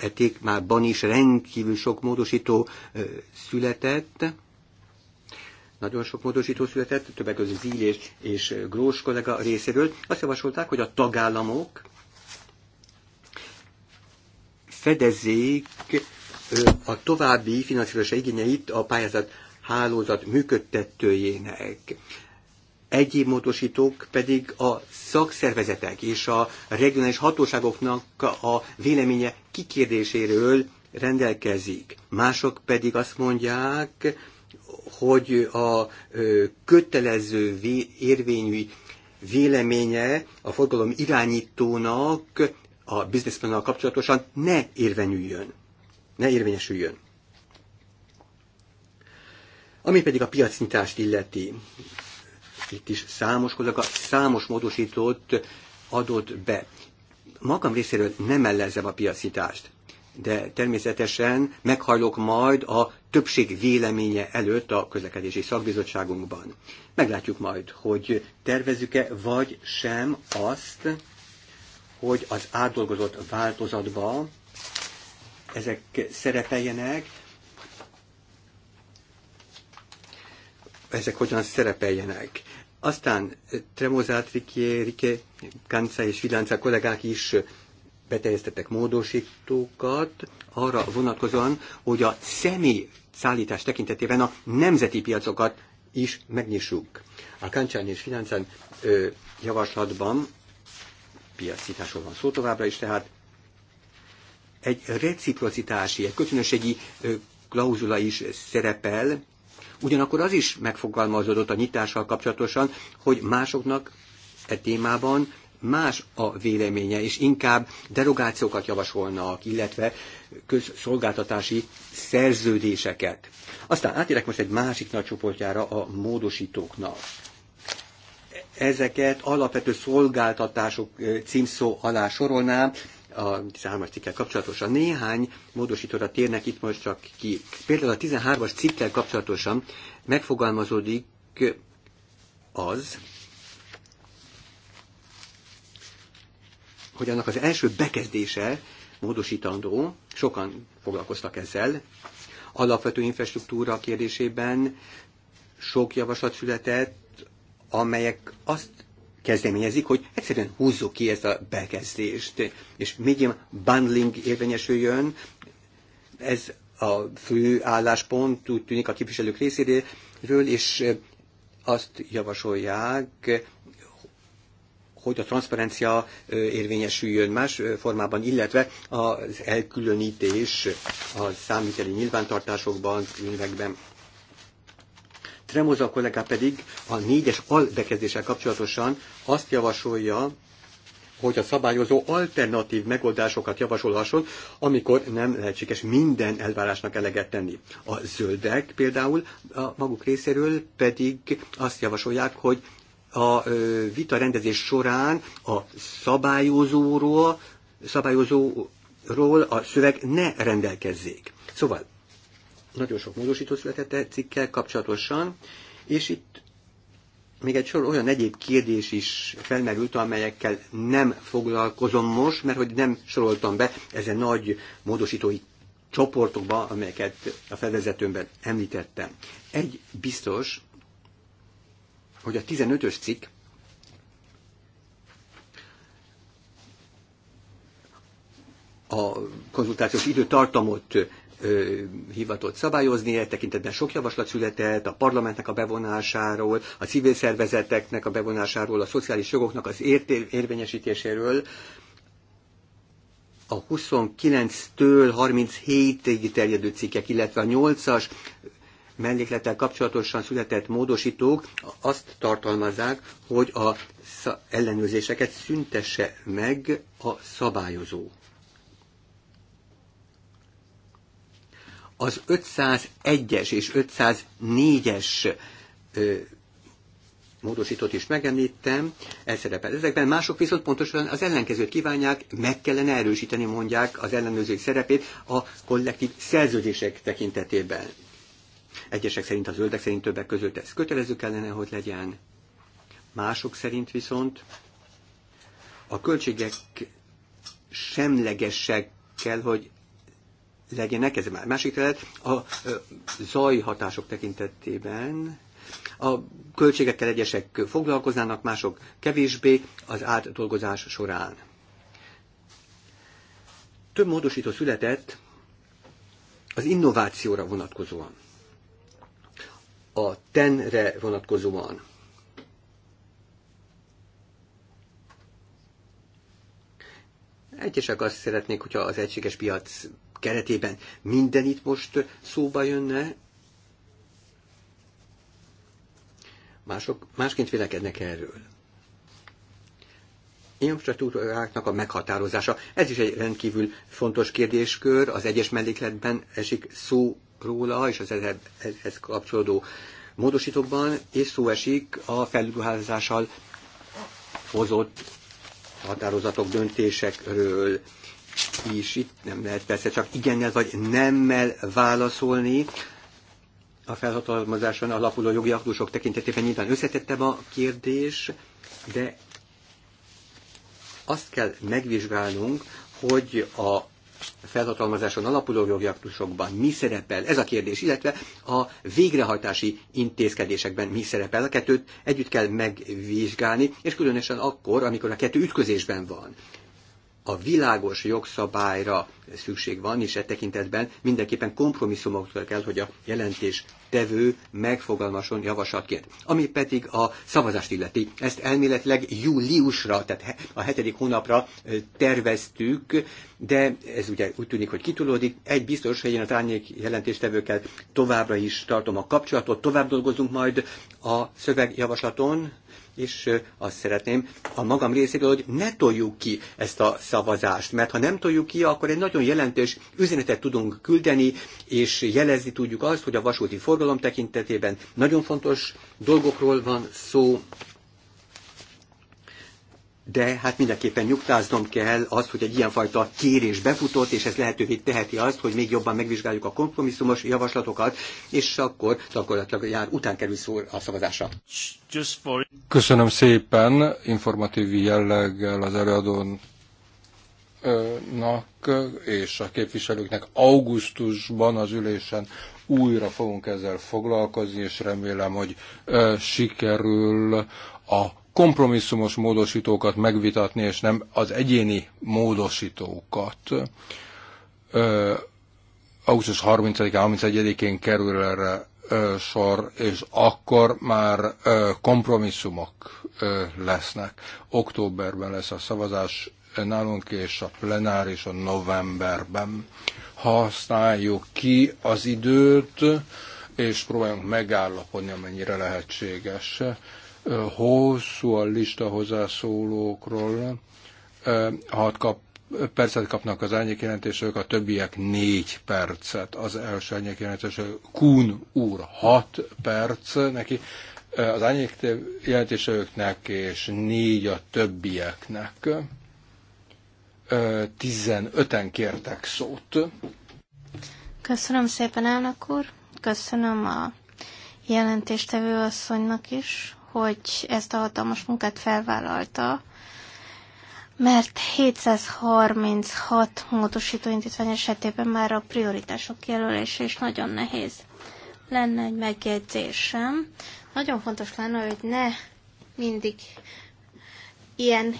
Eték már ban is rendkívül sok módosító született, nagyon sok módosító született, többek között Zíl és, és Grós kollega részéről. Azt javasolták, hogy a tagállamok fedezzék a további finanszírozási igényeit a pályázat hálózat működtetőjének. Egyéb módosítók pedig a szakszervezetek és a regionális hatóságoknak a véleménye kikérdéséről rendelkezik. Mások pedig azt mondják, hogy a kötelező érvényű véleménye a forgalom irányítónak a bizniszplannal kapcsolatosan ne érvényüljön, ne érvényesüljön. Ami pedig a piacnyitást illeti, itt is számos kollega számos módosítót adott be. Magam részéről nem ellenzem a piacnyitást de természetesen meghajlok majd a többség véleménye előtt a közlekedési szakbizottságunkban. Meglátjuk majd, hogy tervezzük-e vagy sem azt, hogy az átdolgozott változatba ezek szerepeljenek, ezek hogyan szerepeljenek. Aztán Tremozát, Riké, Riké, és Vilánca kollégák is beterjesztettek módosítókat arra vonatkozóan, hogy a személy szállítás tekintetében a nemzeti piacokat is megnyissuk. A Kancsán és ö, javaslatban piacításról van szó továbbra is, tehát egy reciprocitási, egy kölcsönösségi klauzula is szerepel, ugyanakkor az is megfogalmazódott a nyitással kapcsolatosan, hogy másoknak e témában más a véleménye, és inkább derogációkat javasolnak, illetve közszolgáltatási szerződéseket. Aztán átérek most egy másik nagy csoportjára, a módosítóknak ezeket alapvető szolgáltatások címszó alá sorolnám, a 13-as cikkel kapcsolatosan. Néhány módosítóra térnek itt most csak ki. Például a 13-as cikkel kapcsolatosan megfogalmazódik az, hogy annak az első bekezdése módosítandó, sokan foglalkoztak ezzel, alapvető infrastruktúra kérdésében sok javaslat született, amelyek azt kezdeményezik, hogy egyszerűen húzzuk ki ezt a bekezdést, és még ilyen bundling érvényesüljön, ez a fő álláspont úgy tűnik a képviselők részéről, és azt javasolják, hogy a transzparencia érvényesüljön más formában, illetve az elkülönítés a számviteli nyilvántartásokban, könyvekben. Tremoza kollega pedig a négyes albekezdéssel kapcsolatosan azt javasolja, hogy a szabályozó alternatív megoldásokat javasolhasson, amikor nem lehetséges minden elvárásnak eleget tenni. A zöldek például a maguk részéről pedig azt javasolják, hogy a vita rendezés során a szabályozóról, szabályozóról a szöveg ne rendelkezzék. Szóval nagyon sok módosító született -e cikkel kapcsolatosan, és itt még egy sor olyan egyéb kérdés is felmerült, amelyekkel nem foglalkozom most, mert hogy nem soroltam be ezen nagy módosítói csoportokba, amelyeket a fedezetőmben említettem. Egy biztos, hogy a 15-ös cikk a konzultációs időtartamot hivatott szabályozni, e tekintetben sok javaslat született a parlamentnek a bevonásáról, a civil szervezeteknek a bevonásáról, a szociális jogoknak az ér- érvényesítéséről. A 29-től 37-ig terjedő cikkek, illetve a 8-as melléklettel kapcsolatosan született módosítók azt tartalmazzák, hogy a ellenőrzéseket szüntesse meg a szabályozó. Az 501-es és 504-es módosítót is megemlítem, ez szerepel ezekben, mások viszont pontosan az ellenkezőt kívánják, meg kellene erősíteni, mondják az ellenőrzők szerepét a kollektív szerződések tekintetében. Egyesek szerint, a zöldek szerint többek között ez kötelező kellene, hogy legyen. Mások szerint viszont a költségek semlegesek kell, hogy legyenek. Ez már másik terület. A zaj hatások tekintetében a költségekkel egyesek foglalkoznának, mások kevésbé az átdolgozás során. Több módosító született az innovációra vonatkozóan a tenre vonatkozóan. Egyesek azt szeretnék, hogyha az egységes piac keretében minden itt most szóba jönne, Mások másként vélekednek erről. Infrastruktúráknak a meghatározása. Ez is egy rendkívül fontos kérdéskör, az egyes mellékletben esik szó róla, és az ehhez kapcsolódó módosítókban, és szó esik a felügyházással hozott határozatok, döntésekről is. Itt nem lehet persze csak igennel vagy nemmel válaszolni. A felhatalmazáson alapuló jogi aktusok tekintetében nyilván összetettem a kérdés, de azt kell megvizsgálnunk, hogy a felhatalmazáson alapuló jogi aktusokban mi szerepel, ez a kérdés, illetve a végrehajtási intézkedésekben mi szerepel. A kettőt együtt kell megvizsgálni, és különösen akkor, amikor a kettő ütközésben van a világos jogszabályra szükség van, és e tekintetben mindenképpen kompromisszumokra kell, hogy a jelentés tevő megfogalmason javaslatként. Ami pedig a szavazást illeti. Ezt elméletileg júliusra, tehát a hetedik hónapra terveztük, de ez ugye úgy tűnik, hogy kitulódik. Egy biztos, hogy én a árnyék jelentéstevőkkel továbbra is tartom a kapcsolatot, tovább dolgozunk majd a szövegjavaslaton, és azt szeretném a magam részéről, hogy ne toljuk ki ezt a szavazást, mert ha nem toljuk ki, akkor egy nagyon jelentős üzenetet tudunk küldeni, és jelezni tudjuk azt, hogy a vasúti forgalom tekintetében nagyon fontos dolgokról van szó, de hát mindenképpen nyugtáznom kell azt, hogy egy ilyenfajta kérés befutott, és ez lehetővé teheti azt, hogy még jobban megvizsgáljuk a kompromisszumos javaslatokat, és akkor gyakorlatilag jár, után kerül szó a szavazásra. Köszönöm szépen informatív jelleggel az előadónak és a képviselőknek augusztusban az ülésen újra fogunk ezzel foglalkozni, és remélem, hogy sikerül a kompromisszumos módosítókat megvitatni, és nem az egyéni módosítókat. Ö, augusztus 30-án, 31-én kerül erre ö, sor, és akkor már ö, kompromisszumok ö, lesznek. Októberben lesz a szavazás nálunk, és a plenáris a novemberben. Használjuk ki az időt, és próbáljunk megállapodni, amennyire lehetséges Hosszú a lista hozzászólókról, hat kap, percet kapnak az jelentésők, a többiek négy percet. Az első árnyékjelentéső Kun úr hat perc neki, az jelentésőknek és négy a többieknek. 15-en kértek szót. Köszönöm szépen, elnök úr. Köszönöm a jelentéstevő asszonynak is hogy ezt a hatalmas munkát felvállalta, mert 736 módosító intézmény esetében már a prioritások jelölése is nagyon nehéz. Lenne egy megjegyzésem. Nagyon fontos lenne, hogy ne mindig ilyen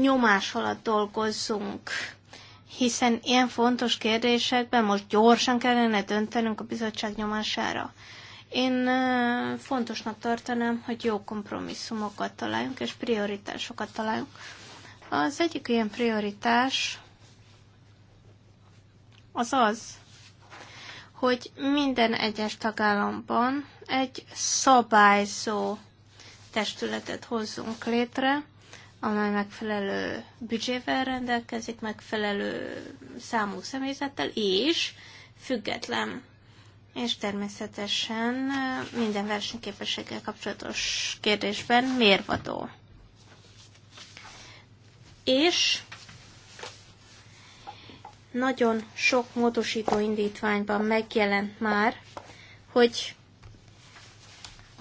nyomás alatt dolgozzunk, hiszen ilyen fontos kérdésekben most gyorsan kellene döntenünk a bizottság nyomására. Én fontosnak tartanám, hogy jó kompromisszumokat találjunk, és prioritásokat találjunk. Az egyik ilyen prioritás az az, hogy minden egyes tagállamban egy szabályzó testületet hozzunk létre, amely megfelelő büdzsével rendelkezik, megfelelő számú személyzettel, és független és természetesen minden versenyképességgel kapcsolatos kérdésben mérvadó. És nagyon sok módosító indítványban megjelent már, hogy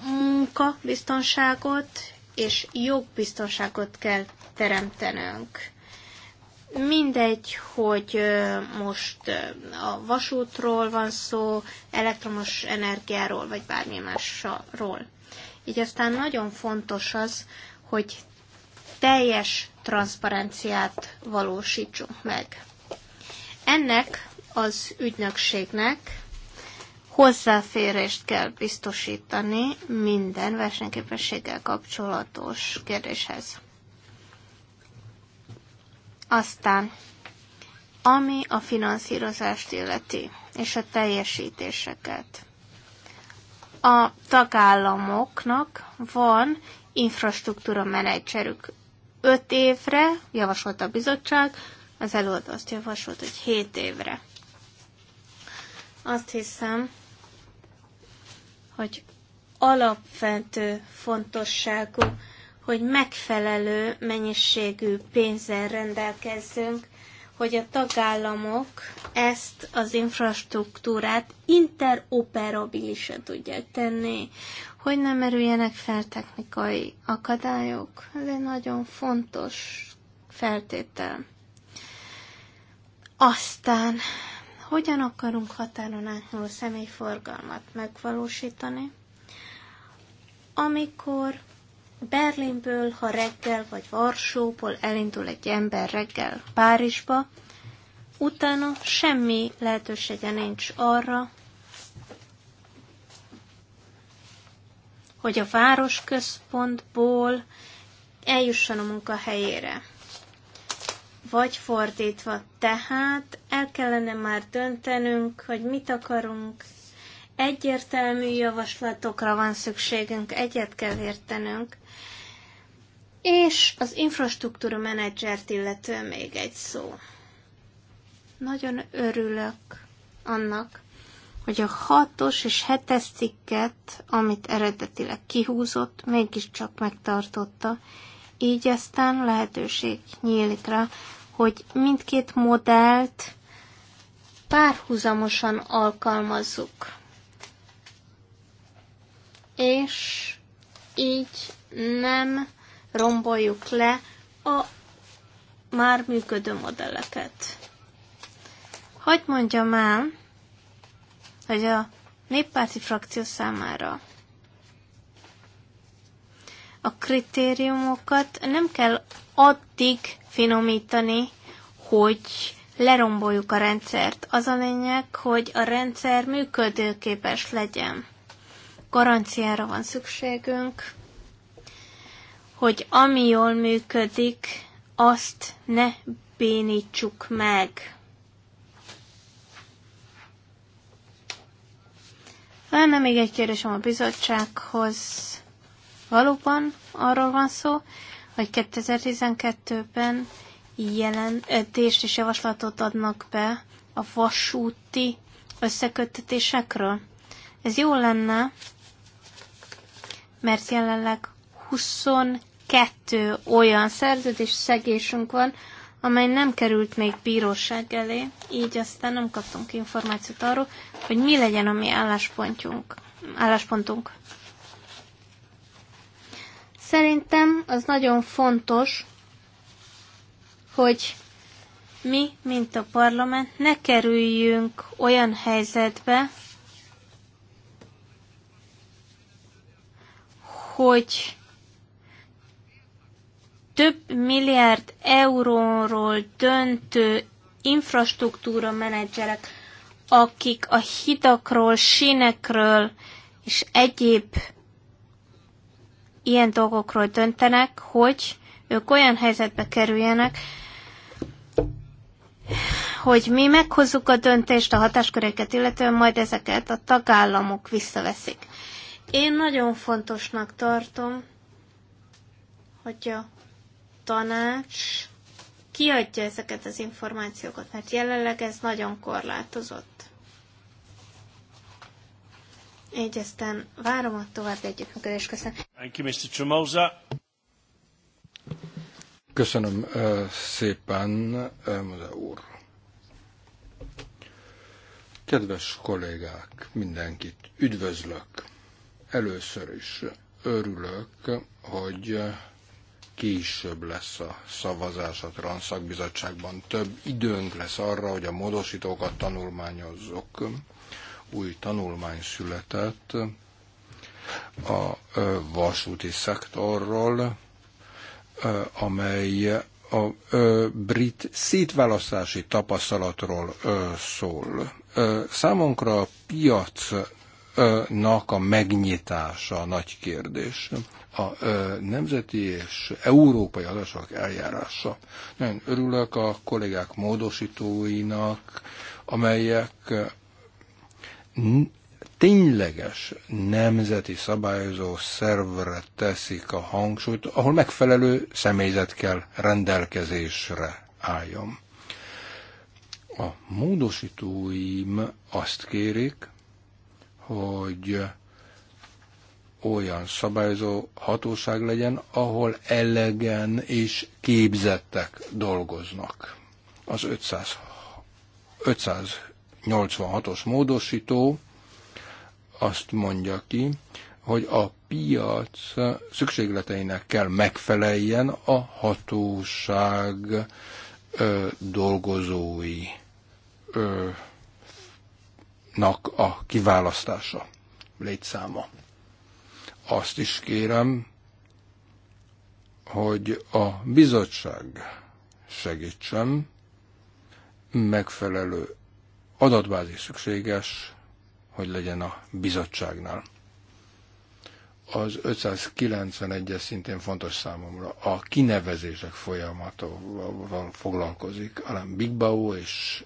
munkabiztonságot és jogbiztonságot kell teremtenünk. Mindegy, hogy most a vasútról van szó, elektromos energiáról, vagy bármi másról. Így aztán nagyon fontos az, hogy teljes transzparenciát valósítsunk meg. Ennek az ügynökségnek hozzáférést kell biztosítani minden versenyképességgel kapcsolatos kérdéshez. Aztán, ami a finanszírozást illeti, és a teljesítéseket. A tagállamoknak van infrastruktúra menedzserük. Öt évre javasolt a bizottság, az előadó azt javasolt, hogy 7 évre. Azt hiszem, hogy alapvető fontosságú hogy megfelelő mennyiségű pénzzel rendelkezzünk, hogy a tagállamok ezt az infrastruktúrát interoperabilisen tudják tenni, hogy nem merüljenek fel technikai akadályok. Ez egy nagyon fontos feltétel. Aztán, hogyan akarunk határon átnyúló személyforgalmat megvalósítani, amikor Berlinből, ha reggel, vagy Varsóból elindul egy ember reggel Párizsba, utána semmi lehetősége nincs arra, hogy a városközpontból eljusson a munkahelyére. Vagy fordítva, tehát el kellene már döntenünk, hogy mit akarunk, egyértelmű javaslatokra van szükségünk, egyet kell értenünk, és az infrastruktúra menedzsert illetően még egy szó. Nagyon örülök annak, hogy a hatos és hetes cikket, amit eredetileg kihúzott, mégiscsak megtartotta, így aztán lehetőség nyílik rá, hogy mindkét modellt párhuzamosan alkalmazzuk. És így nem romboljuk le a már működő modelleket. Hogy mondjam el, hogy a néppárti frakció számára a kritériumokat nem kell addig finomítani, hogy leromboljuk a rendszert. Az a lényeg, hogy a rendszer működőképes legyen. Garanciára van szükségünk, hogy ami jól működik, azt ne bénítsuk meg. Lenne még egy kérdésem a bizottsághoz. Valóban arról van szó, hogy 2012-ben jelentést és javaslatot adnak be a vasúti összeköttetésekről. Ez jó lenne, mert jelenleg kettő olyan szerződés szegésünk van, amely nem került még bíróság elé, így aztán nem kaptunk információt arról, hogy mi legyen a mi álláspontunk. álláspontunk. Szerintem az nagyon fontos, hogy mi, mint a parlament, ne kerüljünk olyan helyzetbe, hogy több milliárd euróról döntő infrastruktúra menedzserek, akik a hidakról, sínekről és egyéb ilyen dolgokról döntenek, hogy ők olyan helyzetbe kerüljenek, hogy mi meghozzuk a döntést a hatásköröket, illetően majd ezeket a tagállamok visszaveszik. Én nagyon fontosnak tartom, hogy a tanács kiadja ezeket az információkat, mert jelenleg ez nagyon korlátozott. Így aztán várom a további együttműködést. Köszönöm. Thank you, Mr. Tremosa. Köszönöm szépen, Mode úr. Kedves kollégák, mindenkit üdvözlök. Először is örülök, hogy később lesz a szavazás a Transzakbizottságban. Több időnk lesz arra, hogy a módosítókat tanulmányozzuk. Új tanulmány született a vasúti szektorról, amely a brit szétválasztási tapasztalatról szól. Számunkra a piac a megnyitása a nagy kérdés a nemzeti és európai adások eljárása. Nagyon örülök a kollégák módosítóinak, amelyek tényleges nemzeti szabályozó szervre teszik a hangsúlyt, ahol megfelelő személyzet kell rendelkezésre álljon. A módosítóim azt kérik, hogy olyan szabályozó hatóság legyen, ahol elegen és képzettek dolgoznak. Az 500, 586-os módosító azt mondja ki, hogy a piac szükségleteinek kell megfeleljen a hatóság ö, dolgozói ö, nak a kiválasztása létszáma. Azt is kérem, hogy a bizottság segítsen, megfelelő adatbázis szükséges, hogy legyen a bizottságnál. Az 591-es szintén fontos számomra. A kinevezések folyamatával foglalkozik, hanem Big Bau és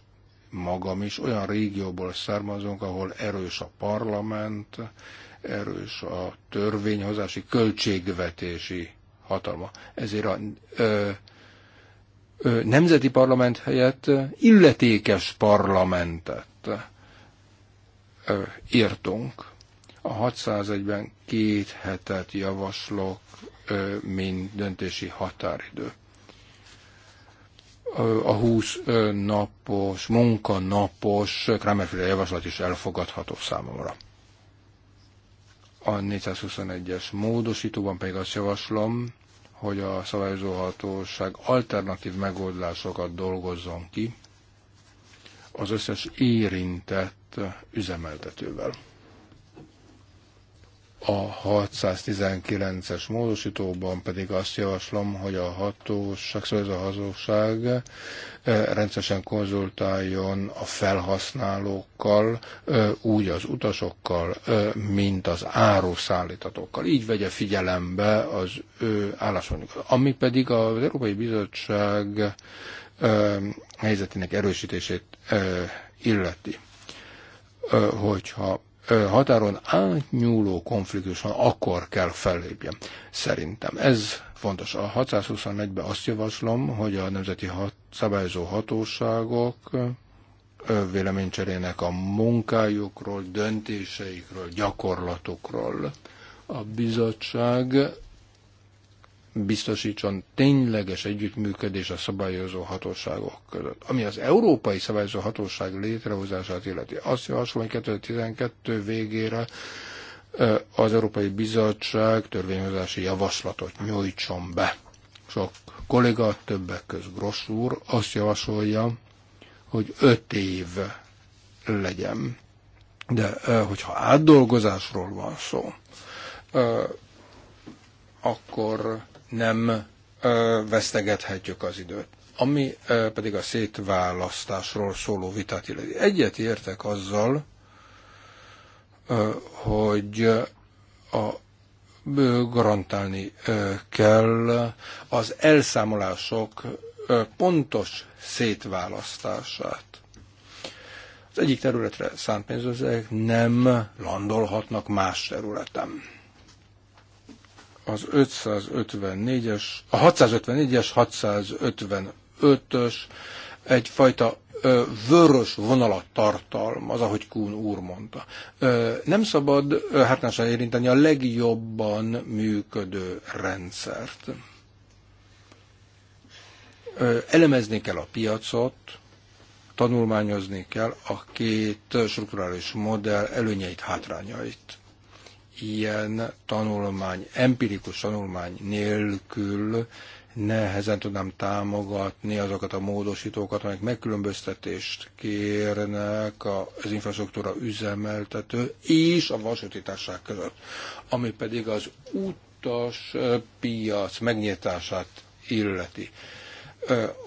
magam is olyan régióból származunk, ahol erős a parlament, erős a törvényhozási költségvetési hatalma. Ezért a ö, ö, nemzeti parlament helyett illetékes parlamentet ö, írtunk. A 601-ben két hetet javaslok, ö, mint döntési határidő. A 20 napos, munkanapos Kramerféle javaslat is elfogadható számomra. A 421-es módosítóban pedig azt javaslom, hogy a szabályozóhatóság alternatív megoldásokat dolgozzon ki az összes érintett üzemeltetővel. A 619-es módosítóban pedig azt javaslom, hogy a hatóság, szóval ez a hazugság eh, rendszeresen konzultáljon a felhasználókkal, eh, úgy az utasokkal, eh, mint az áruszállítatókkal. Így vegye figyelembe az ő álláspontjukat. Ami pedig az Európai Bizottság helyzetének erősítését illeti hogyha határon átnyúló konfliktus van, akkor kell fellépjen. Szerintem ez fontos. A 621-ben azt javaslom, hogy a nemzeti hat, szabályozó hatóságok véleménycserének a munkájukról, döntéseikről, gyakorlatukról. A bizottság biztosítson tényleges együttműködés a szabályozó hatóságok között. Ami az Európai Szabályozó Hatóság létrehozását illeti, azt javaslom, hogy 2012 végére az Európai Bizottság törvényhozási javaslatot nyújtson be. Sok kolléga, többek köz Gross úr azt javasolja, hogy öt év legyen. De hogyha átdolgozásról van szó, akkor nem vesztegethetjük az időt. Ami pedig a szétválasztásról szóló vitát illeti. Egyet értek azzal, hogy a garantálni kell az elszámolások pontos szétválasztását. Az egyik területre szánt pénzözek nem landolhatnak más területen az 554-es, a 654-es, 655-ös egyfajta ö, vörös vonalat tartalmaz, ahogy Kuhn úr mondta. Ö, nem szabad hátnással érinteni a legjobban működő rendszert. Ö, elemezni kell a piacot, tanulmányozni kell a két strukturális modell előnyeit, hátrányait ilyen tanulmány, empirikus tanulmány nélkül nehezen tudnám támogatni azokat a módosítókat, amelyek megkülönböztetést kérnek az infrastruktúra üzemeltető és a vasúti társaság között, ami pedig az utas piac megnyitását illeti.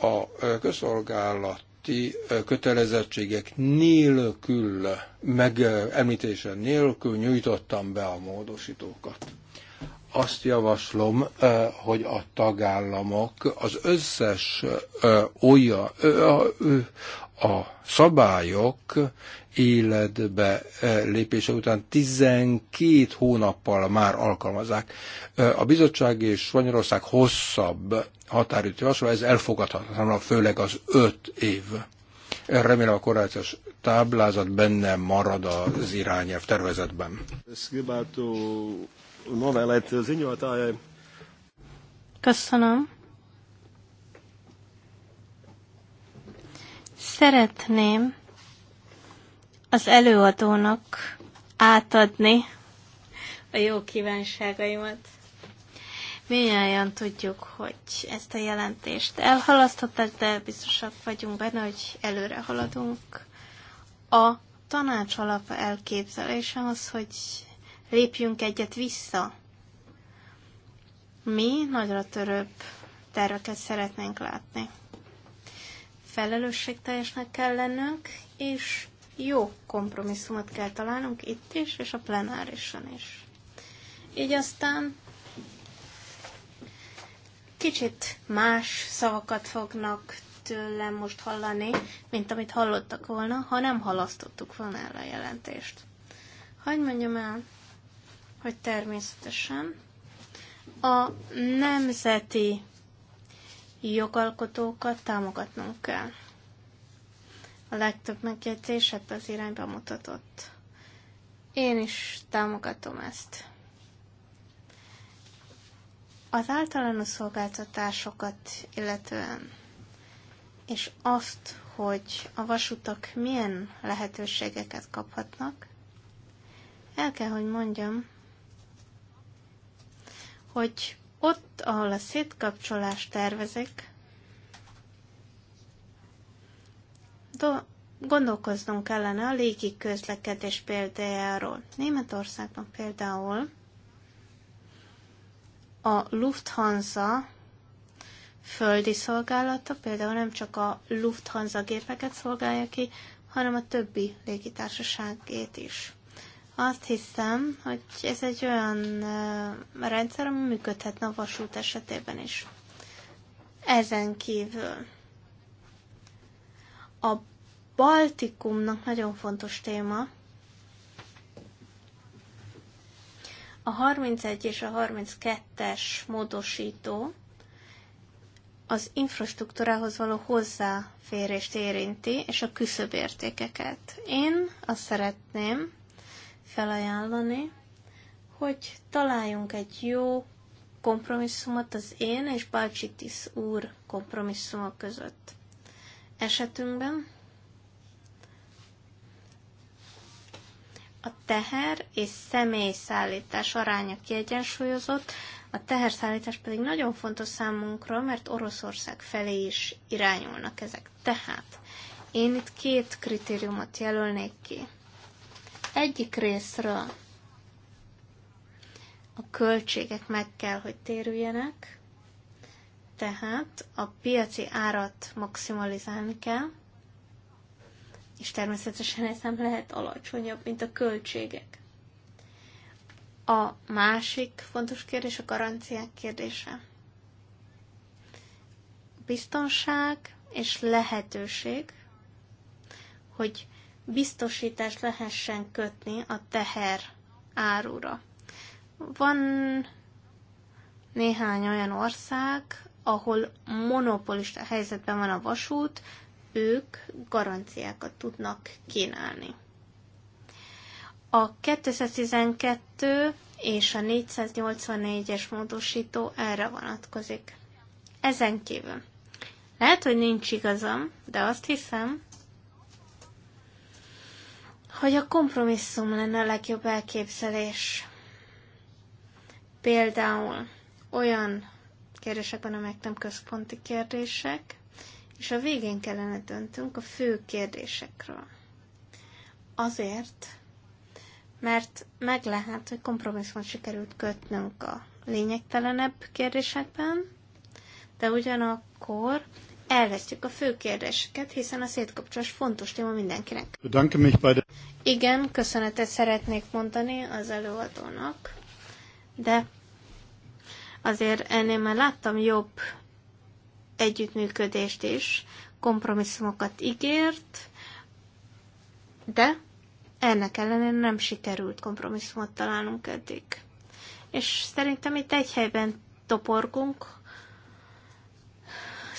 A közszolgálat közötti kötelezettségek nélkül, megemlítése nélkül nyújtottam be a módosítókat. Azt javaslom, hogy a tagállamok az összes olyan, a szabályok életbe eh, lépése után 12 hónappal már alkalmazzák. Eh, a bizottság és Spanyolország hosszabb határidőt javasol, ez elfogadhatatlan, főleg az 5 év. Eh, remélem a korrelációs táblázat benne marad az irányelv tervezetben. Köszönöm. Szeretném az előadónak átadni a jó kívánságaimat. Milyen tudjuk, hogy ezt a jelentést elhalasztották, de biztosak vagyunk benne, hogy előre haladunk. A tanács alap elképzelése az, hogy lépjünk egyet vissza. Mi nagyra törőbb terveket szeretnénk látni felelősségteljesnek kell lennünk, és jó kompromisszumot kell találnunk itt is, és a plenárison is. Így aztán kicsit más szavakat fognak tőlem most hallani, mint amit hallottak volna, ha nem halasztottuk volna el a jelentést. Hogy mondjam el, hogy természetesen a nemzeti jogalkotókat támogatnunk kell. A legtöbb megjegyzés hát az irányba mutatott. Én is támogatom ezt. Az általános szolgáltatásokat illetően, és azt, hogy a vasutak milyen lehetőségeket kaphatnak, el kell, hogy mondjam, hogy ott, ahol a szétkapcsolást tervezik, do- gondolkoznunk kellene a légi közlekedés példájáról. Németországban például a Lufthansa földi szolgálata például nem csak a Lufthansa gépeket szolgálja ki, hanem a többi légitársaságét is. Azt hiszem, hogy ez egy olyan rendszer, ami működhetne a vasút esetében is. Ezen kívül a Baltikumnak nagyon fontos téma. A 31 és a 32-es módosító az infrastruktúrához való hozzáférést érinti, és a küszöbértékeket. Én azt szeretném, felajánlani, hogy találjunk egy jó kompromisszumot az én és Balcsitis úr kompromisszuma között. Esetünkben a teher és személyszállítás aránya kiegyensúlyozott, a teherszállítás pedig nagyon fontos számunkra, mert Oroszország felé is irányulnak ezek. Tehát én itt két kritériumot jelölnék ki egyik részről a költségek meg kell, hogy térüljenek, tehát a piaci árat maximalizálni kell, és természetesen ez nem lehet alacsonyabb, mint a költségek. A másik fontos kérdés a garanciák kérdése. Biztonság és lehetőség, hogy biztosítást lehessen kötni a teher árura. Van néhány olyan ország, ahol monopolista helyzetben van a vasút, ők garanciákat tudnak kínálni. A 212 és a 484-es módosító erre vonatkozik. Ezen kívül. Lehet, hogy nincs igazam, de azt hiszem, hogy a kompromisszum lenne a legjobb elképzelés. Például olyan kérdésekben, amelyek nem központi kérdések, és a végén kellene döntünk a fő kérdésekről. Azért, mert meg lehet, hogy kompromisszumot sikerült kötnünk a lényegtelenebb kérdésekben, de ugyanakkor elvesztjük a fő kérdéseket, hiszen a szétkapcsolás fontos téma mindenkinek. Igen, köszönetet szeretnék mondani az előadónak, de azért ennél már láttam jobb együttműködést is, kompromisszumokat ígért, de ennek ellenére nem sikerült kompromisszumot találnunk eddig. És szerintem itt egy helyben toporgunk,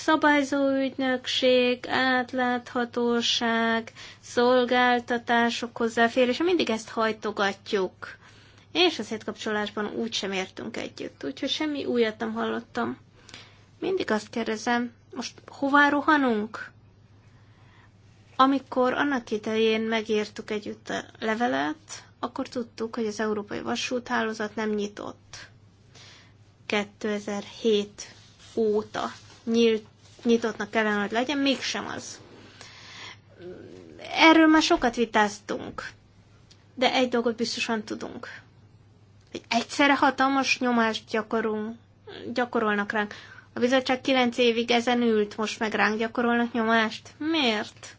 szabályzóügynökség, átláthatóság, szolgáltatások hozzáférés, mindig ezt hajtogatjuk. És a szétkapcsolásban úgy sem értünk együtt, úgyhogy semmi újat nem hallottam. Mindig azt kérdezem, most hová rohanunk? Amikor annak idején megértük együtt a levelet, akkor tudtuk, hogy az európai vasúthálózat nem nyitott. 2007 óta nyílt nyitottnak kellene, hogy legyen, mégsem az. Erről már sokat vitáztunk, de egy dolgot biztosan tudunk. Hogy egyszerre hatalmas nyomást gyakorunk, gyakorolnak ránk. A bizottság kilenc évig ezen ült, most meg ránk gyakorolnak nyomást. Miért?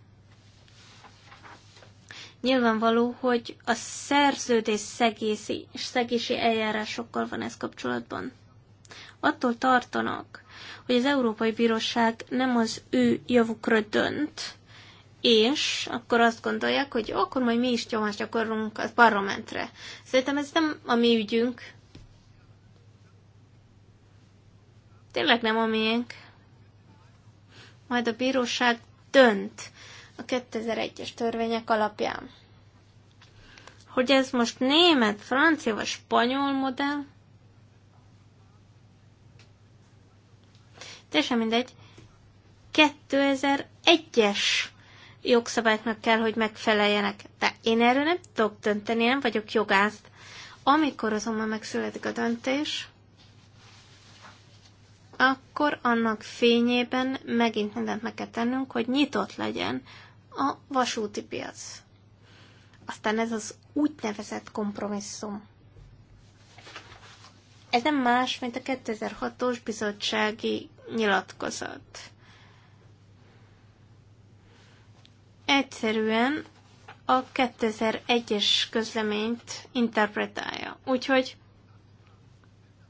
Nyilvánvaló, hogy a szerződés szegési, és szegési eljárásokkal van ez kapcsolatban. Attól tartanak, hogy az Európai Bíróság nem az ő javukra dönt, és akkor azt gondolják, hogy jó, akkor majd mi is nyomást gyakorlunk a parlamentre. Szerintem ez nem a mi ügyünk. Tényleg nem a miénk. Majd a bíróság dönt a 2001-es törvények alapján. Hogy ez most német, francia vagy spanyol modell, teljesen mindegy, 2001-es jogszabályoknak kell, hogy megfeleljenek. De én erről nem tudok dönteni, nem vagyok jogász. Amikor azonban megszületik a döntés, akkor annak fényében megint mindent meg kell tennünk, hogy nyitott legyen a vasúti piac. Aztán ez az úgynevezett kompromisszum. Ez nem más, mint a 2006-os bizottsági nyilatkozat. Egyszerűen a 2001-es közleményt interpretálja. Úgyhogy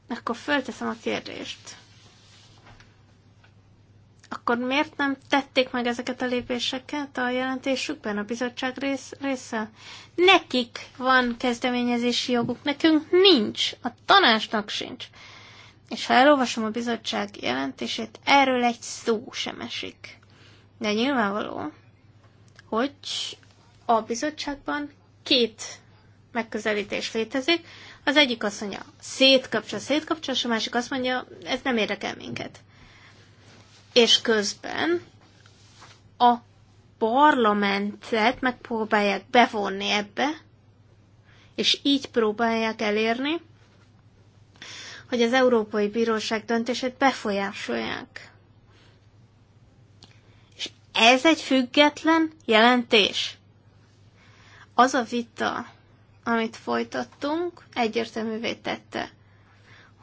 akkor fölteszem a kérdést. Akkor miért nem tették meg ezeket a lépéseket a jelentésükben a bizottság rész, része? Nekik van kezdeményezési joguk, nekünk nincs, a tanácsnak sincs. És ha elolvasom a bizottság jelentését, erről egy szó sem esik. De nyilvánvaló, hogy a bizottságban két megközelítés létezik. Az egyik azt mondja, szétkapcsol, szétkapcsol, és a másik azt mondja, ez nem érdekel minket. És közben a parlamentet megpróbálják bevonni ebbe, és így próbálják elérni, hogy az Európai Bíróság döntését befolyásolják. És ez egy független jelentés. Az a vita, amit folytattunk, egyértelművé tette,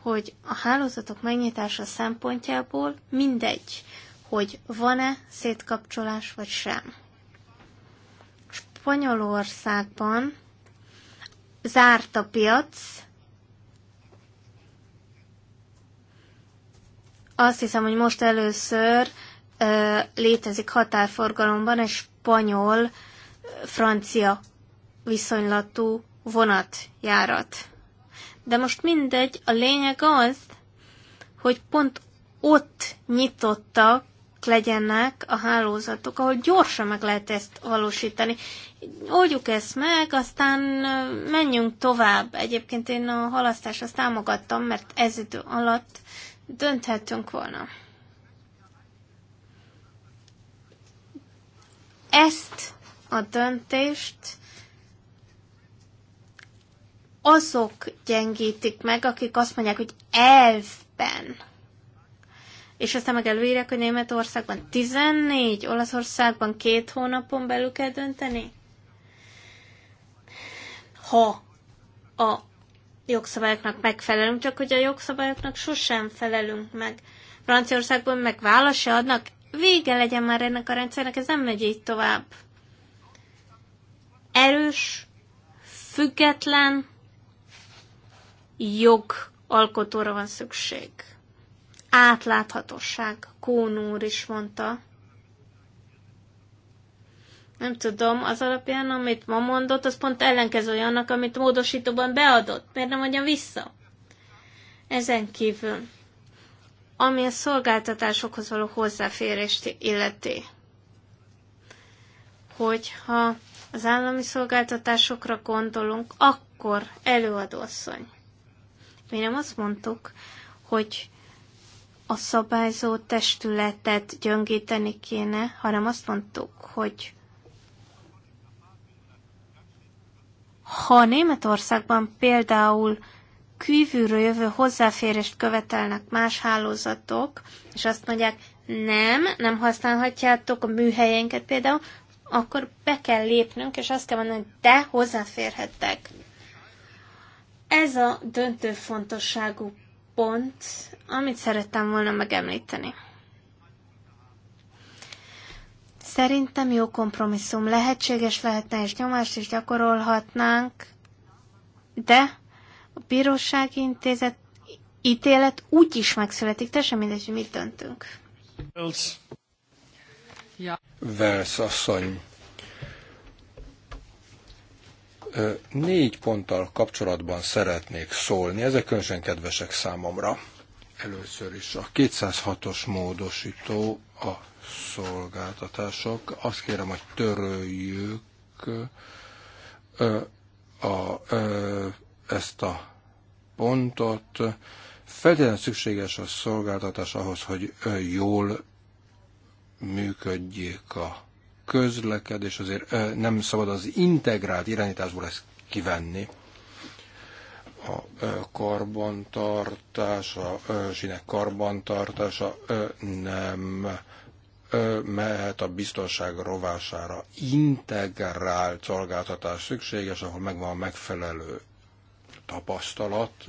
hogy a hálózatok megnyitása szempontjából mindegy, hogy van-e szétkapcsolás vagy sem. Spanyolországban zárt a piac, Azt hiszem, hogy most először ö, létezik határforgalomban egy spanyol-francia viszonylatú vonatjárat. De most mindegy, a lényeg az, hogy pont ott nyitottak legyenek a hálózatok, ahol gyorsan meg lehet ezt valósítani. Oldjuk ezt meg, aztán menjünk tovább. Egyébként én a halasztást azt támogattam, mert ez idő alatt dönthettünk volna. Ezt a döntést azok gyengítik meg, akik azt mondják, hogy elvben. És aztán meg előírják, hogy Németországban 14, Olaszországban két hónapon belül kell dönteni. Ha a jogszabályoknak megfelelünk, csak hogy a jogszabályoknak sosem felelünk meg. Franciaországban meg választ adnak, vége legyen már ennek a rendszernek, ez nem megy így tovább. Erős, független jogalkotóra van szükség. Átláthatóság, Kónúr is mondta. Nem tudom, az alapján, amit ma mondott, az pont ellenkezője annak, amit módosítóban beadott. Miért nem mondja vissza? Ezen kívül, ami a szolgáltatásokhoz való hozzáférést illeti, hogyha az állami szolgáltatásokra gondolunk, akkor előadóasszony. Mi nem azt mondtuk, hogy a szabályzó testületet gyöngíteni kéne, hanem azt mondtuk, hogy Ha Németországban például kívülről jövő hozzáférést követelnek más hálózatok, és azt mondják, nem, nem használhatjátok a műhelyénket például, akkor be kell lépnünk, és azt kell mondani, hogy de hozzáférhettek. Ez a döntő fontosságú pont, amit szerettem volna megemlíteni. Szerintem jó kompromisszum lehetséges lehetne, és nyomást is gyakorolhatnánk, de a bírósági intézet ítélet úgy is megszületik, sem mindegy, hogy mit döntünk. Vels. asszony. Négy ponttal kapcsolatban szeretnék szólni, ezek különösen kedvesek számomra. Először is a 206-os módosító a szolgáltatások. Azt kérem, hogy töröljük a, a, ezt a pontot. Feltétlenül szükséges a szolgáltatás ahhoz, hogy jól működjék a közlekedés, azért nem szabad az integrált irányításból ezt kivenni. A karbantartása, sinek karbantartása nem mehet a biztonság rovására. Integrált szolgáltatás szükséges, ahol megvan a megfelelő tapasztalat.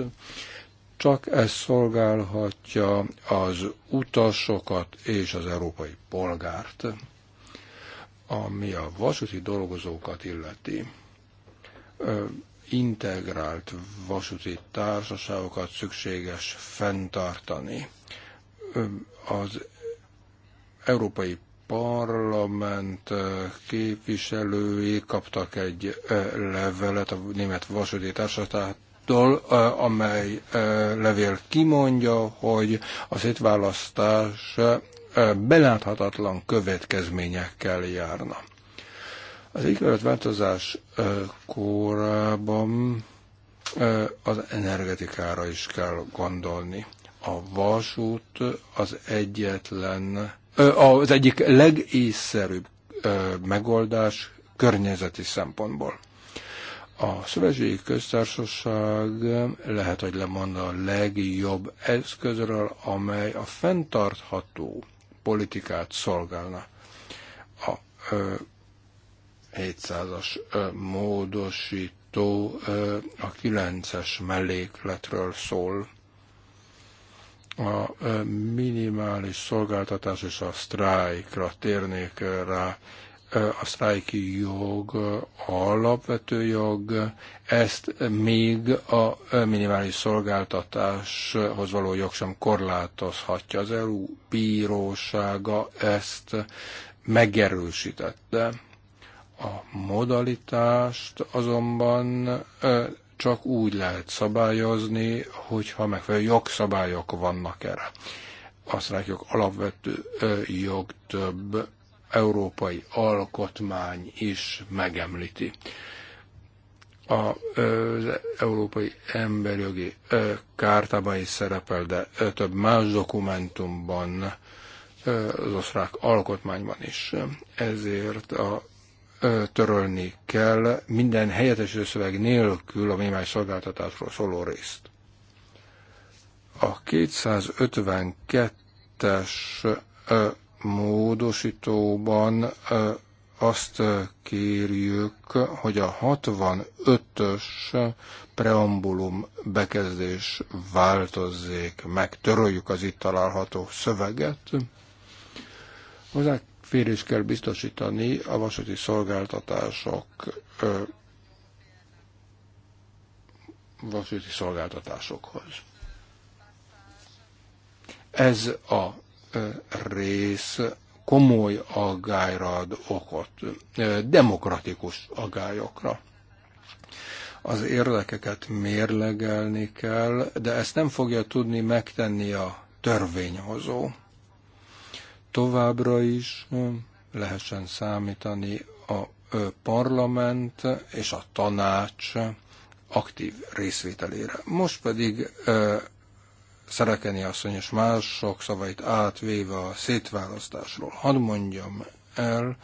Csak ez szolgálhatja az utasokat és az európai polgárt, ami a vasúti dolgozókat illeti integrált vasúti társaságokat szükséges fenntartani. Az Európai Parlament képviselői kaptak egy levelet a Német Vasúti Társaságtól, amely levél kimondja, hogy a szétválasztás beláthatatlan következményekkel járna. Az változás korában az energetikára is kell gondolni. A vasút az egyetlen az egyik legészszerűbb megoldás környezeti szempontból. A szövetségi köztársaság lehet, hogy lemond a legjobb eszközről, amely a fenntartható politikát szolgálna. A 700-as módosító a 9-es mellékletről szól. A minimális szolgáltatás és a sztrájkra térnék rá. A sztrájki jog alapvető jog, ezt még a minimális szolgáltatáshoz való jog sem korlátozhatja. Az EU bírósága ezt megerősítette. A modalitást azonban csak úgy lehet szabályozni, hogyha megfelelő jogszabályok vannak erre. A sztrájkok alapvető jog több európai alkotmány is megemlíti. A, az Európai Emberjogi Kártában is szerepel, de több más dokumentumban, az osztrák alkotmányban is. Ezért a törölni kell minden helyettesítő szöveg nélkül a mémás szolgáltatásról szóló részt. A 252-es módosítóban azt kérjük, hogy a 65-ös preambulum bekezdés változzék meg, töröljük az itt található szöveget. Hozzá férés kell biztosítani a vasúti szolgáltatások vasúti szolgáltatásokhoz. Ez a rész komoly aggályra ad okot, demokratikus aggályokra. Az érdekeket mérlegelni kell, de ezt nem fogja tudni megtenni a törvényhozó továbbra is lehessen számítani a parlament és a tanács aktív részvételére. Most pedig Szerekeni asszony és mások szavait átvéve a szétválasztásról. Hadd mondjam el,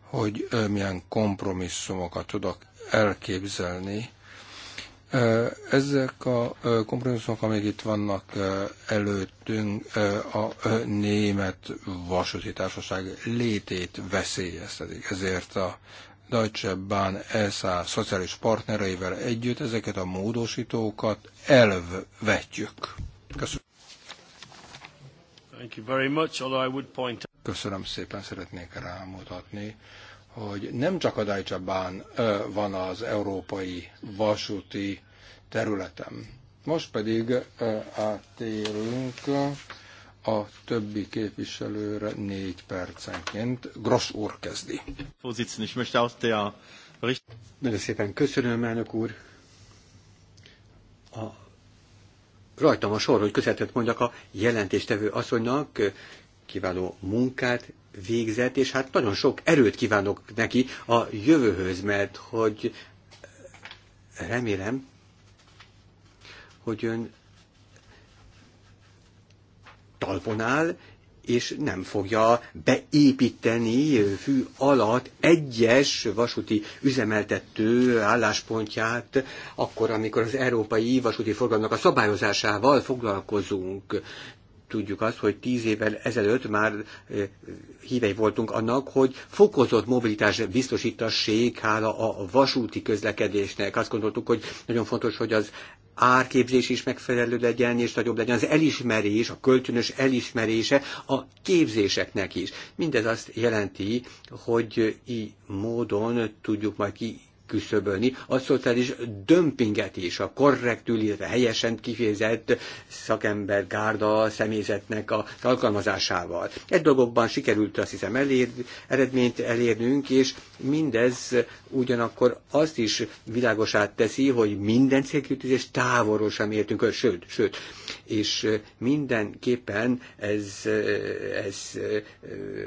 hogy milyen kompromisszumokat tudok elképzelni ezek a kompromisszumok, amik itt vannak előttünk, a német vasúti társaság létét veszélyeztetik. Ezért a Deutsche Bahn SA szociális partnereivel együtt ezeket a módosítókat elvetjük. Köszönöm. Thank you very much, although I would point Köszönöm szépen, szeretnék rámutatni, hogy nem csak a Dajcsabán van az európai vasúti területem. Most pedig áttérünk a többi képviselőre négy percenként. Gross úr kezdi. Nagyon szépen köszönöm, elnök úr. A, rajtam a sor, hogy köszönetet mondjak a jelentéstevő asszonynak, kiváló munkát végzett, és hát nagyon sok erőt kívánok neki a jövőhöz, mert hogy eh, remélem, hogy ön talpon áll, és nem fogja beépíteni fű alatt egyes vasúti üzemeltető álláspontját, akkor, amikor az európai vasúti forgalomnak a szabályozásával foglalkozunk tudjuk azt, hogy tíz évvel ezelőtt már hívei voltunk annak, hogy fokozott mobilitás biztosítassék hála a vasúti közlekedésnek. Azt gondoltuk, hogy nagyon fontos, hogy az árképzés is megfelelő legyen, és nagyobb legyen az elismerés, a kölcsönös elismerése a képzéseknek is. Mindez azt jelenti, hogy így módon tudjuk majd ki kiküszöbölni a szociális dömpinget is, a korrektül, illetve helyesen kifejezett szakember gárda személyzetnek a alkalmazásával. Egy dolgokban sikerült azt hiszem elér, eredményt elérnünk, és mindez ugyanakkor azt is világosát teszi, hogy minden célkütőzés távolról sem értünk sőt, sőt, és mindenképpen ez, ez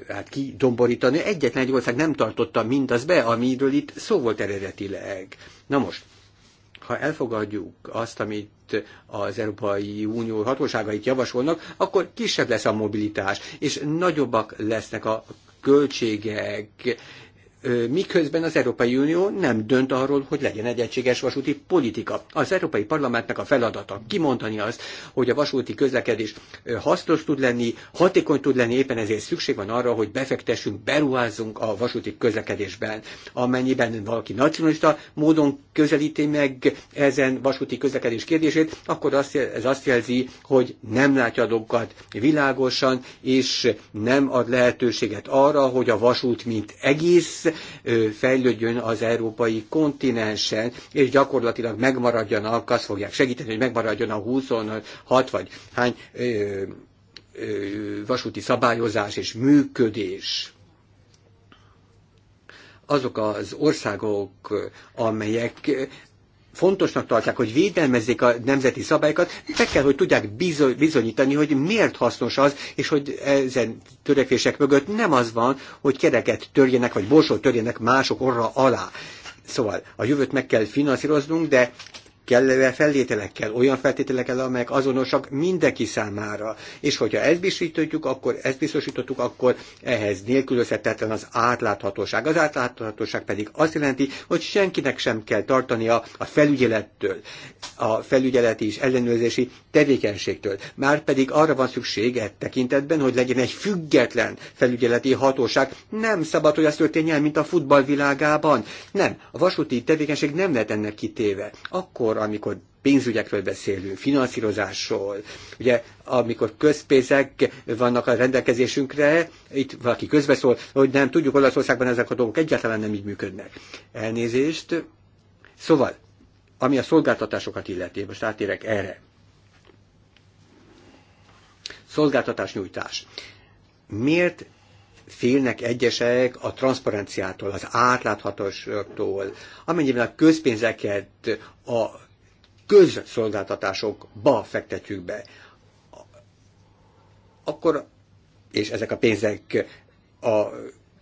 hát kidomborítani. Egyetlen egy ország nem tartotta mindaz be, amiről itt szó volt eredet elméletileg. Na most, ha elfogadjuk azt, amit az Európai Unió hatóságait javasolnak, akkor kisebb lesz a mobilitás, és nagyobbak lesznek a költségek, miközben az Európai Unió nem dönt arról, hogy legyen egy egységes vasúti politika. Az Európai Parlamentnek a feladata kimondani azt, hogy a vasúti közlekedés hasznos tud lenni, hatékony tud lenni, éppen ezért szükség van arra, hogy befektessünk, beruházzunk a vasúti közlekedésben. Amennyiben valaki nacionalista módon közelíti meg ezen vasúti közlekedés kérdését, akkor azt, ez azt jelzi, hogy nem látja a dolgokat világosan, és nem ad lehetőséget arra, hogy a vasút mint egész fejlődjön az európai kontinensen, és gyakorlatilag megmaradjanak, azt fogják segíteni, hogy megmaradjon a 26 vagy hány vasúti szabályozás és működés azok az országok, amelyek fontosnak tartják, hogy védelmezzék a nemzeti szabályokat, meg kell, hogy tudják bizonyítani, hogy miért hasznos az, és hogy ezen törekvések mögött nem az van, hogy kereket törjenek, vagy borsót törjenek mások orra alá. Szóval a jövőt meg kell finanszíroznunk, de kellő feltételekkel, olyan feltételekkel, amelyek azonosak mindenki számára. És hogyha ezt biztosítottuk, akkor ezt biztosítottuk, akkor ehhez nélkülözhetetlen az átláthatóság. Az átláthatóság pedig azt jelenti, hogy senkinek sem kell tartania a felügyelettől, a felügyeleti és ellenőrzési tevékenységtől. Már pedig arra van szükség e tekintetben, hogy legyen egy független felügyeleti hatóság. Nem szabad, hogy ez történjen, mint a futballvilágában. Nem, a vasúti tevékenység nem lehet ennek kitéve. Akkor akkor, amikor pénzügyekről beszélünk, finanszírozásról, ugye amikor közpénzek vannak a rendelkezésünkre, itt valaki közbeszól, hogy nem tudjuk, Olaszországban ezek a dolgok egyáltalán nem így működnek. Elnézést. Szóval, ami a szolgáltatásokat illeti, most átérek erre. Szolgáltatásnyújtás. Miért félnek egyesek a transzparenciától, az átláthatóságtól, amennyiben a közpénzeket a közszolgáltatásokba fektetjük be, akkor, és ezek a pénzek a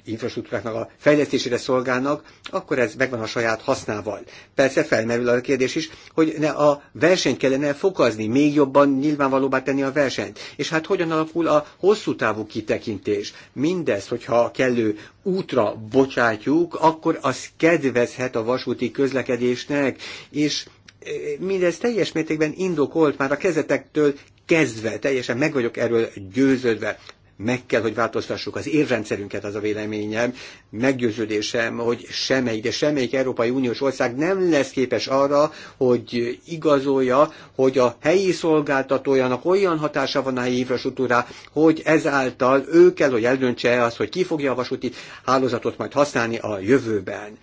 infrastruktúráknak a fejlesztésére szolgálnak, akkor ez megvan a saját hasznával. Persze felmerül a kérdés is, hogy ne a versenyt kellene fokozni, még jobban nyilvánvalóbbá tenni a versenyt. És hát hogyan alakul a hosszú távú kitekintés? Mindez, hogyha kellő útra bocsátjuk, akkor az kedvezhet a vasúti közlekedésnek, és eh, mindez teljes mértékben indokolt már a kezetektől kezdve, teljesen meg vagyok erről győződve meg kell, hogy változtassuk az érrendszerünket, az a véleményem, meggyőződésem, hogy semmelyik, de semmelyik Európai Uniós ország nem lesz képes arra, hogy igazolja, hogy a helyi szolgáltatójának olyan hatása van a helyi infrastruktúrá, hogy ezáltal ő kell, hogy eldöntse azt, hogy ki fogja a vasúti hálózatot majd használni a jövőben.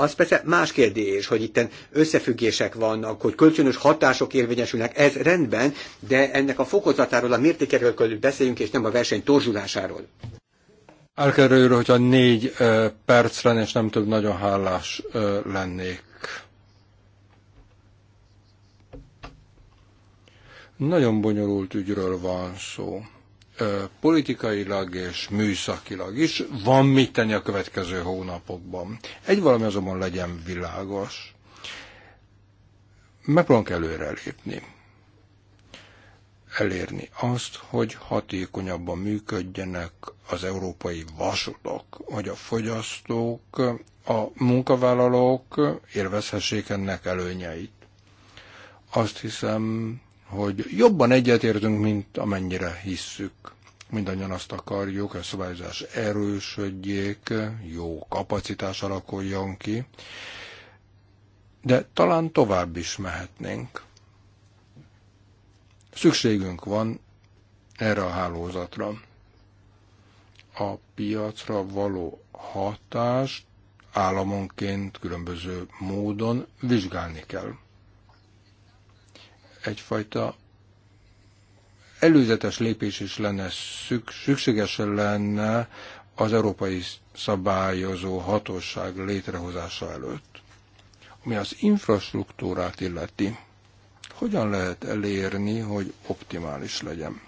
Az persze más kérdés, hogy itten összefüggések vannak, hogy kölcsönös hatások érvényesülnek, ez rendben, de ennek a fokozatáról, a mértékeről körül beszéljünk, és nem a verseny torzulásáról. Elkerül, hogyha négy perc lenne, és nem több, nagyon hálás lennék. Nagyon bonyolult ügyről van szó politikailag és műszakilag is. Van mit tenni a következő hónapokban. Egy valami azonban legyen világos. Megpróbálunk előrelépni. Elérni azt, hogy hatékonyabban működjenek az európai vasutok, hogy a fogyasztók, a munkavállalók élvezhessék ennek előnyeit. Azt hiszem, hogy jobban egyetértünk, mint amennyire hisszük. Mindannyian azt akarjuk, hogy a szabályozás erősödjék, jó kapacitás alakuljon ki, de talán tovább is mehetnénk. Szükségünk van erre a hálózatra. A piacra való hatást államonként különböző módon vizsgálni kell egyfajta előzetes lépés is lenne szükséges lenne az európai szabályozó hatóság létrehozása előtt. Ami az infrastruktúrát illeti, hogyan lehet elérni, hogy optimális legyen?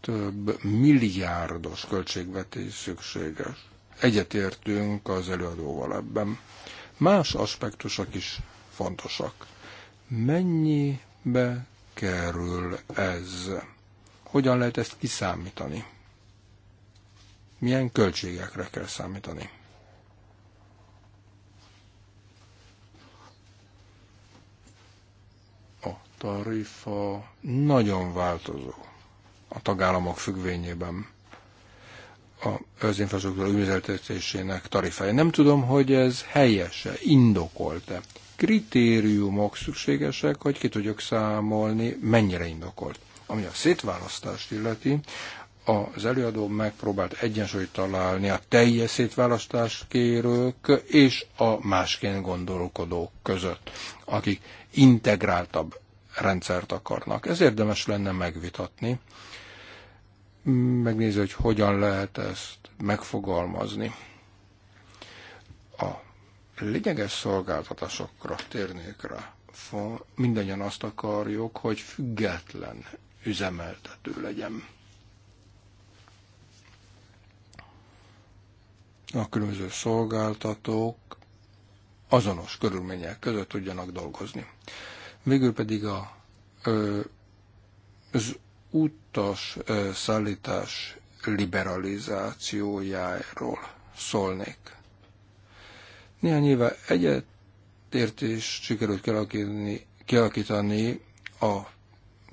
Több milliárdos költségvetés szükséges. Egyetértünk az előadóval ebben. Más aspektusok is fontosak. Mennyibe kerül ez? Hogyan lehet ezt kiszámítani? Milyen költségekre kell számítani? A tarifa nagyon változó a tagállamok függvényében az infrastruktúra üzemeltetésének tarifája. Nem tudom, hogy ez helyese, indokolt-e. Kritériumok szükségesek, hogy ki tudjuk számolni, mennyire indokolt. Ami a szétválasztást illeti, az előadó megpróbált egyensúlyt találni a teljes szétválasztás kérők és a másként gondolkodók között, akik integráltabb rendszert akarnak. Ez érdemes lenne megvitatni, megnézi, hogy hogyan lehet ezt megfogalmazni. A lényeges szolgáltatásokra térnék rá. Mindannyian azt akarjuk, hogy független üzemeltető legyen. A különböző szolgáltatók azonos körülmények között tudjanak dolgozni. Végül pedig a, az utas szállítás liberalizációjáról szólnék. Néhány éve egyetértés sikerült kialakítani, kialakítani a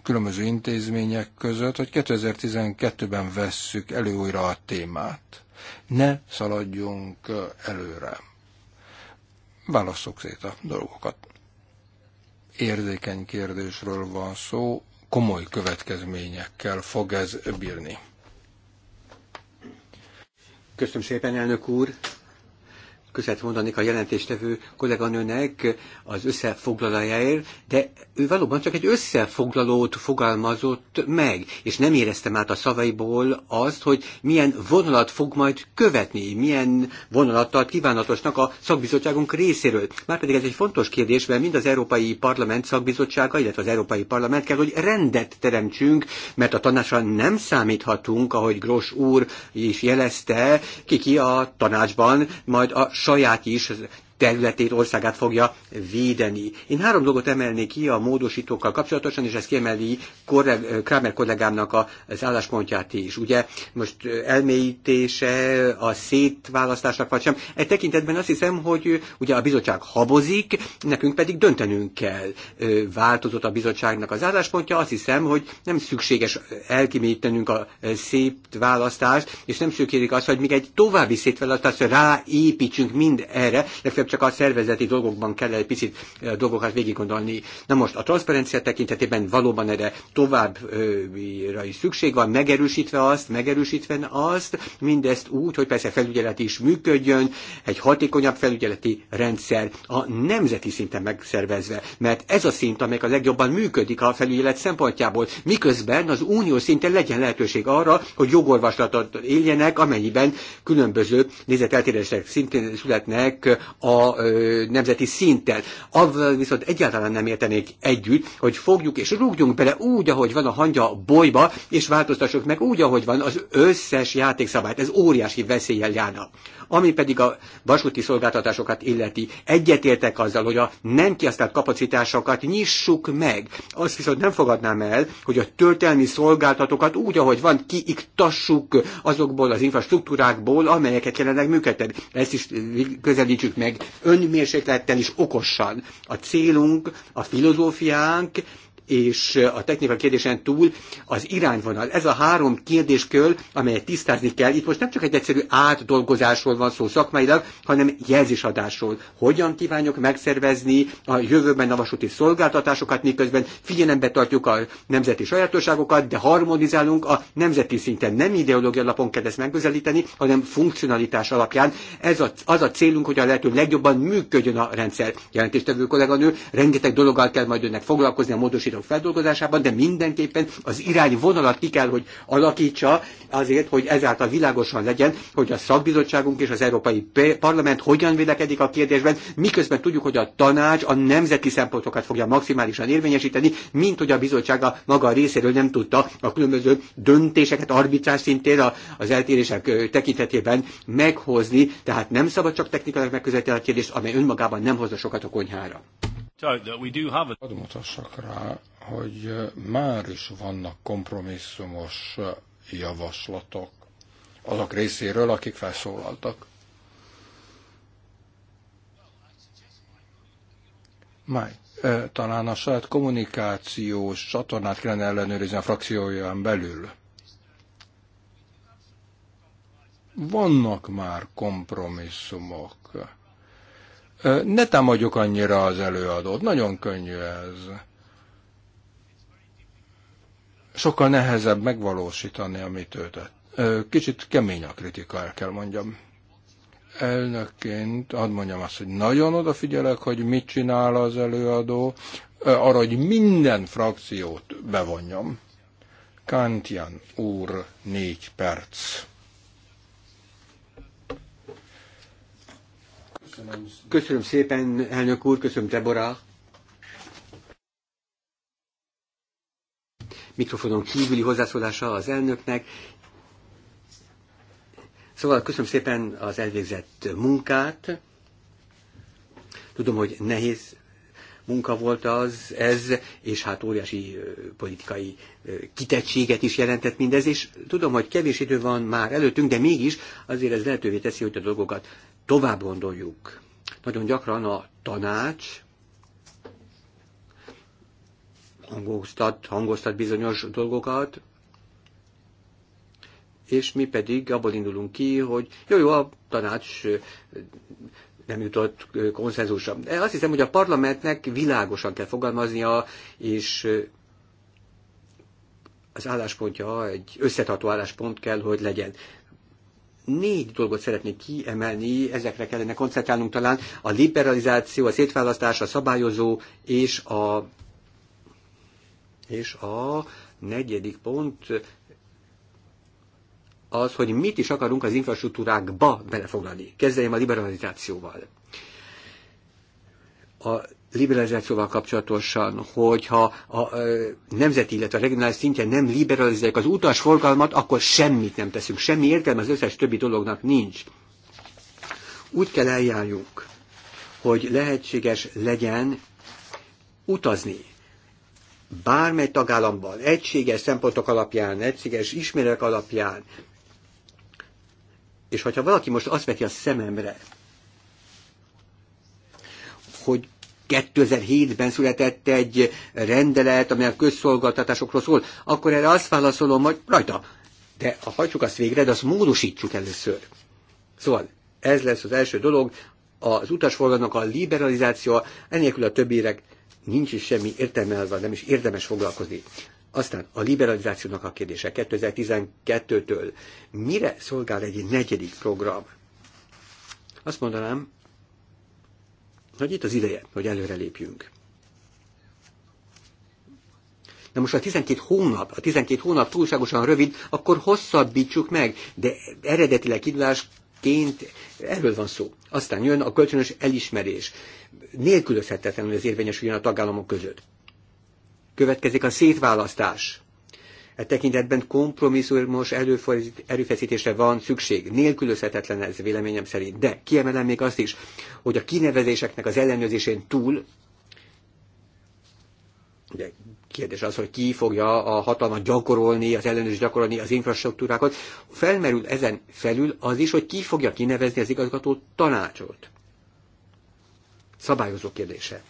különböző intézmények között, hogy 2012-ben vesszük elő újra a témát. Ne szaladjunk előre. Válasszuk szét a dolgokat. Érzékeny kérdésről van szó, komoly következményekkel fog ez bírni. Köszönöm szépen, elnök úr! köszönet mondanék a jelentéstevő kolléganőnek az összefoglalójáért, de ő valóban csak egy összefoglalót fogalmazott meg, és nem éreztem át a szavaiból azt, hogy milyen vonalat fog majd követni, milyen vonalat tart kívánatosnak a szakbizottságunk részéről. Márpedig ez egy fontos kérdés, mert mind az Európai Parlament szakbizottsága, illetve az Európai Parlament kell, hogy rendet teremtsünk, mert a tanácsra nem számíthatunk, ahogy Gros úr is jelezte, ki ki a tanácsban majd a saját is, területét, országát fogja védeni. Én három dolgot emelnék ki a módosítókkal kapcsolatosan, és ez kiemeli Kramer kollégámnak az álláspontját is. Ugye most elmélyítése, a szétválasztásnak vagy sem. Egy tekintetben azt hiszem, hogy ugye a bizottság habozik, nekünk pedig döntenünk kell. Változott a bizottságnak az álláspontja, azt hiszem, hogy nem szükséges elkimélyítenünk a választást, és nem szükséges az, hogy még egy további szétválasztásra ráépítsünk mind erre, legfeljebb csak a szervezeti dolgokban kell egy picit dolgokat végig gondolni. Na most a transzparencia tekintetében valóban erre továbbra is szükség van, megerősítve azt, megerősítve azt, mindezt úgy, hogy persze felügyelet is működjön, egy hatékonyabb felügyeleti rendszer a nemzeti szinten megszervezve, mert ez a szint, amely a legjobban működik a felügyelet szempontjából, miközben az unió szinten legyen lehetőség arra, hogy jogorvaslatot éljenek, amennyiben különböző nézeteltérések szintén születnek a nemzeti szinten. Azzal viszont egyáltalán nem értenék együtt, hogy fogjuk és rúgjunk bele úgy, ahogy van a hangya bolyba, és változtassuk meg úgy, ahogy van az összes játékszabályt. Ez óriási veszéllyel járna. Ami pedig a vasúti szolgáltatásokat illeti, egyetértek azzal, hogy a nem kiasztált kapacitásokat nyissuk meg. Azt viszont nem fogadnám el, hogy a történelmi szolgáltatókat úgy, ahogy van, kiiktassuk azokból az infrastruktúrákból, amelyeket jelenleg működtet. Ezt is közelítsük meg önmérséklettel is okosan. A célunk, a filozófiánk és a technikai kérdésen túl az irányvonal. Ez a három kérdéskör, amelyet tisztázni kell, itt most nem csak egy egyszerű átdolgozásról van szó szakmailag, hanem jelzésadásról. Hogyan kívánjuk megszervezni a jövőben a vasúti szolgáltatásokat, miközben figyelembe tartjuk a nemzeti sajátosságokat, de harmonizálunk a nemzeti szinten. Nem ideológia alapon kell ezt megközelíteni, hanem funkcionalitás alapján. Ez a, az a célunk, hogy a lehető legjobban működjön a rendszer. Jelentéstevő kolléganő, rengeteg dologgal kell majd önnek foglalkozni a módosító információk feldolgozásában, de mindenképpen az irányvonalat ki kell, hogy alakítsa azért, hogy ezáltal világosan legyen, hogy a szakbizottságunk és az Európai Parlament hogyan vélekedik a kérdésben, miközben tudjuk, hogy a tanács a nemzeti szempontokat fogja maximálisan érvényesíteni, mint hogy a bizottsága maga a részéről nem tudta a különböző döntéseket arbitrás szintén az eltérések tekintetében meghozni, tehát nem szabad csak technikailag megközelíteni a kérdést, amely önmagában nem hozza sokat a konyhára. Hadd mutassak rá hogy már is vannak kompromisszumos javaslatok azok részéről, akik felszólaltak. Máj, talán a saját kommunikációs csatornát kellene ellenőrizni a frakcióján belül. Vannak már kompromisszumok. Ne támadjuk annyira az előadót, nagyon könnyű ez sokkal nehezebb megvalósítani, amit ő tett. Kicsit kemény a kritika, el kell mondjam. Elnökként ad mondjam azt, hogy nagyon odafigyelek, hogy mit csinál az előadó, arra, hogy minden frakciót bevonjam. Kantian úr, négy perc. Köszönöm szépen, elnök úr, köszönöm Deborah. mikrofonon kívüli hozzászólása az elnöknek. Szóval köszönöm szépen az elvégzett munkát. Tudom, hogy nehéz munka volt az, ez, és hát óriási politikai kitettséget is jelentett mindez, és tudom, hogy kevés idő van már előttünk, de mégis azért ez lehetővé teszi, hogy a dolgokat tovább gondoljuk. Nagyon gyakran a tanács hangoztat, hangoztat bizonyos dolgokat, és mi pedig abból indulunk ki, hogy jó, jó, a tanács nem jutott konszenzusra. Azt hiszem, hogy a parlamentnek világosan kell fogalmaznia, és az álláspontja egy összetartó álláspont kell, hogy legyen. Négy dolgot szeretnék kiemelni, ezekre kellene koncentrálnunk talán, a liberalizáció, a szétválasztás, a szabályozó és a és a negyedik pont az, hogy mit is akarunk az infrastruktúrákba belefoglalni. Kezdjem a liberalizációval. A liberalizációval kapcsolatosan, hogyha a nemzeti, illetve a regionális szintje nem liberalizálják az utasforgalmat, akkor semmit nem teszünk. Semmi értelme az összes többi dolognak nincs. Úgy kell eljárjunk, hogy lehetséges legyen utazni bármely tagállamban egységes szempontok alapján, egységes ismérek alapján, és hogyha valaki most azt veti a szememre, hogy 2007-ben született egy rendelet, amely a közszolgáltatásokról szól, akkor erre azt válaszolom, hogy rajta, de ha hagyjuk azt végre, de azt módosítsuk először. Szóval ez lesz az első dolog, az utasforgalomnak a liberalizáció, enélkül a többiek nincs is semmi értelme azzal, nem is érdemes foglalkozni. Aztán a liberalizációnak a kérdése 2012-től mire szolgál egy negyedik program? Azt mondanám, hogy itt az ideje, hogy előrelépjünk. Na most a 12 hónap, a 12 hónap túlságosan rövid, akkor hosszabbítsuk meg, de eredetileg indulásként erről van szó. Aztán jön a kölcsönös elismerés nélkülözhetetlenül az érvényesüljön a tagállamok között. Következik a szétválasztás. E tekintetben kompromisszumos erőfeszítésre van szükség. Nélkülözhetetlen ez véleményem szerint. De kiemelem még azt is, hogy a kinevezéseknek az ellenőrzésén túl, ugye kérdés az, hogy ki fogja a hatalmat gyakorolni, az ellenőrzés gyakorolni az infrastruktúrákat, felmerül ezen felül az is, hogy ki fogja kinevezni az igazgató tanácsot szabályozó kérdése.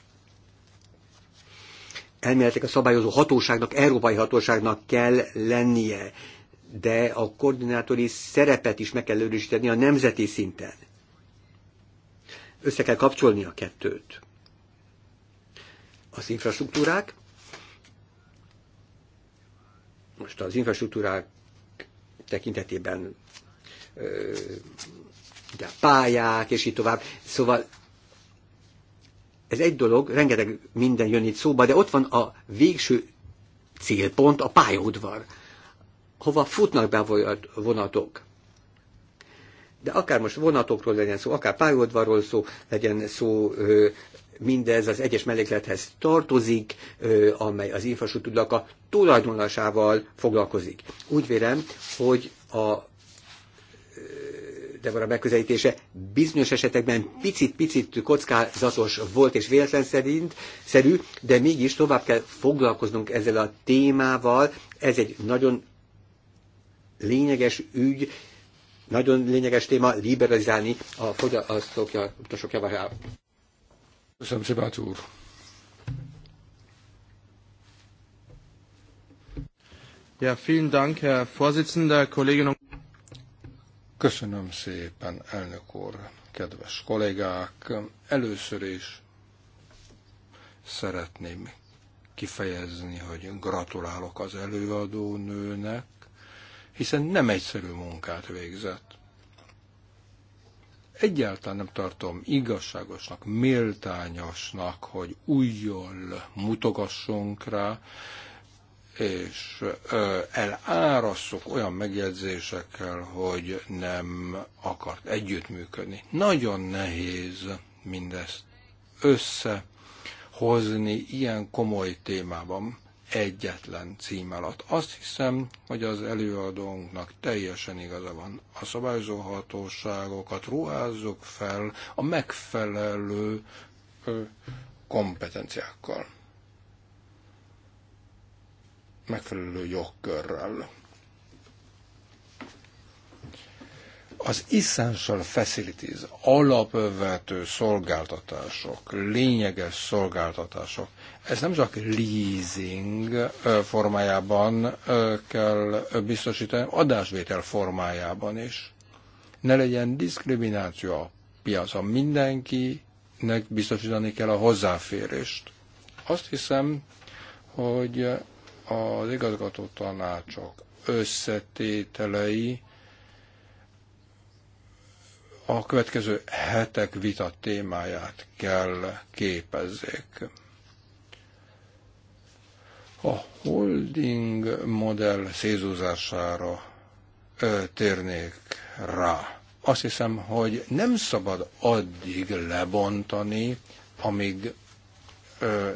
Elméletek a szabályozó hatóságnak, európai hatóságnak kell lennie, de a koordinátori szerepet is meg kell őrizteni a nemzeti szinten. Össze kell kapcsolni a kettőt. Az infrastruktúrák, most az infrastruktúrák tekintetében de pályák, és így tovább. Szóval ez egy dolog, rengeteg minden jön itt szóba, de ott van a végső célpont, a pályaudvar, hova futnak be a vonatok. De akár most vonatokról legyen szó, akár pályaudvarról szó, legyen szó mindez az egyes melléklethez tartozik, amely az infrastruktúrnak a tulajdonlásával foglalkozik. Úgy vélem, hogy a Deborah megközelítése bizonyos esetekben picit-picit kockázatos volt és véletlen szerint, szerű, de mégis tovább kell foglalkoznunk ezzel a témával. Ez egy nagyon lényeges ügy, nagyon lényeges téma liberalizálni a fogyasztók javára. Köszönöm, szépen, úr. Ja, vielen Dank, Herr Vorsitzender, Kolleginnen und Köszönöm szépen, elnök úr, kedves kollégák! Először is szeretném kifejezni, hogy gratulálok az előadó nőnek, hiszen nem egyszerű munkát végzett. Egyáltalán nem tartom igazságosnak, méltányosnak, hogy újjól mutogassunk rá, és elárasszuk olyan megjegyzésekkel, hogy nem akart együttműködni. Nagyon nehéz mindezt összehozni ilyen komoly témában egyetlen cím alatt. Azt hiszem, hogy az előadónknak teljesen igaza van. A szabályozó hatóságokat ruházzuk fel a megfelelő kompetenciákkal megfelelő jogkörrel. Az essential facilities, alapvető szolgáltatások, lényeges szolgáltatások, ez nem csak leasing formájában kell biztosítani, adásvétel formájában is. Ne legyen diszkrimináció a piacon. Mindenkinek biztosítani kell a hozzáférést. Azt hiszem, hogy az igazgató tanácsok összetételei a következő hetek vita témáját kell képezzék. A holding modell szézúzására ö, térnék rá. Azt hiszem, hogy nem szabad addig lebontani, amíg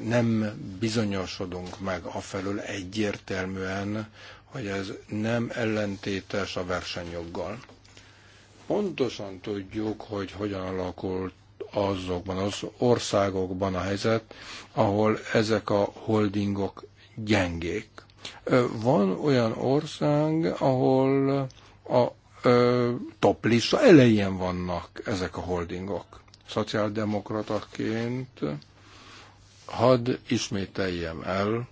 nem bizonyosodunk meg afelől egyértelműen, hogy ez nem ellentétes a versenyjoggal. Pontosan tudjuk, hogy hogyan alakult azokban az országokban a helyzet, ahol ezek a holdingok gyengék. Van olyan ország, ahol a toplista elején vannak ezek a holdingok. Szociáldemokrataként Hadd ismételjem el,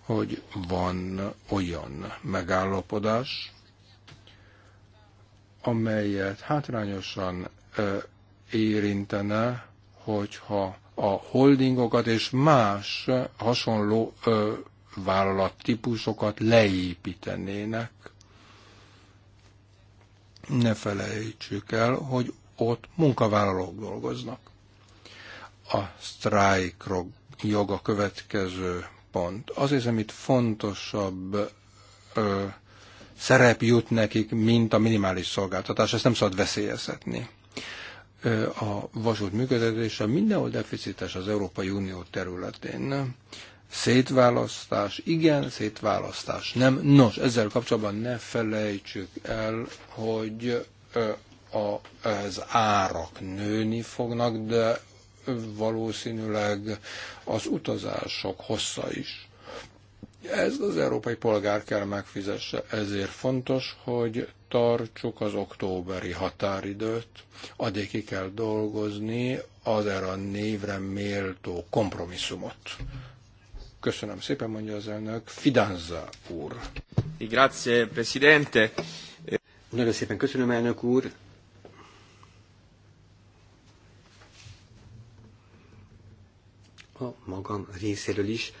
hogy van olyan megállapodás, amelyet hátrányosan érintene, hogyha a holdingokat és más hasonló vállalattípusokat leépítenének. Ne felejtsük el, hogy ott munkavállalók dolgoznak a strike joga következő pont. Az is, amit fontosabb ö, szerep jut nekik, mint a minimális szolgáltatás. Ezt nem szabad veszélyeztetni. Ö, a vasút működése mindenhol deficites az Európai Unió területén. Szétválasztás, igen, szétválasztás, nem. Nos, ezzel kapcsolatban ne felejtsük el, hogy ö, a, az árak nőni fognak, de valószínűleg az utazások hossza is. Ez az európai polgár kell megfizesse, ezért fontos, hogy tartsuk az októberi határidőt, addig ki kell dolgozni az erre a névre méltó kompromisszumot. Köszönöm szépen, mondja az elnök. Fidanza úr. Grazie, presidente. Nagyon szépen köszönöm, elnök úr. a magam részéről is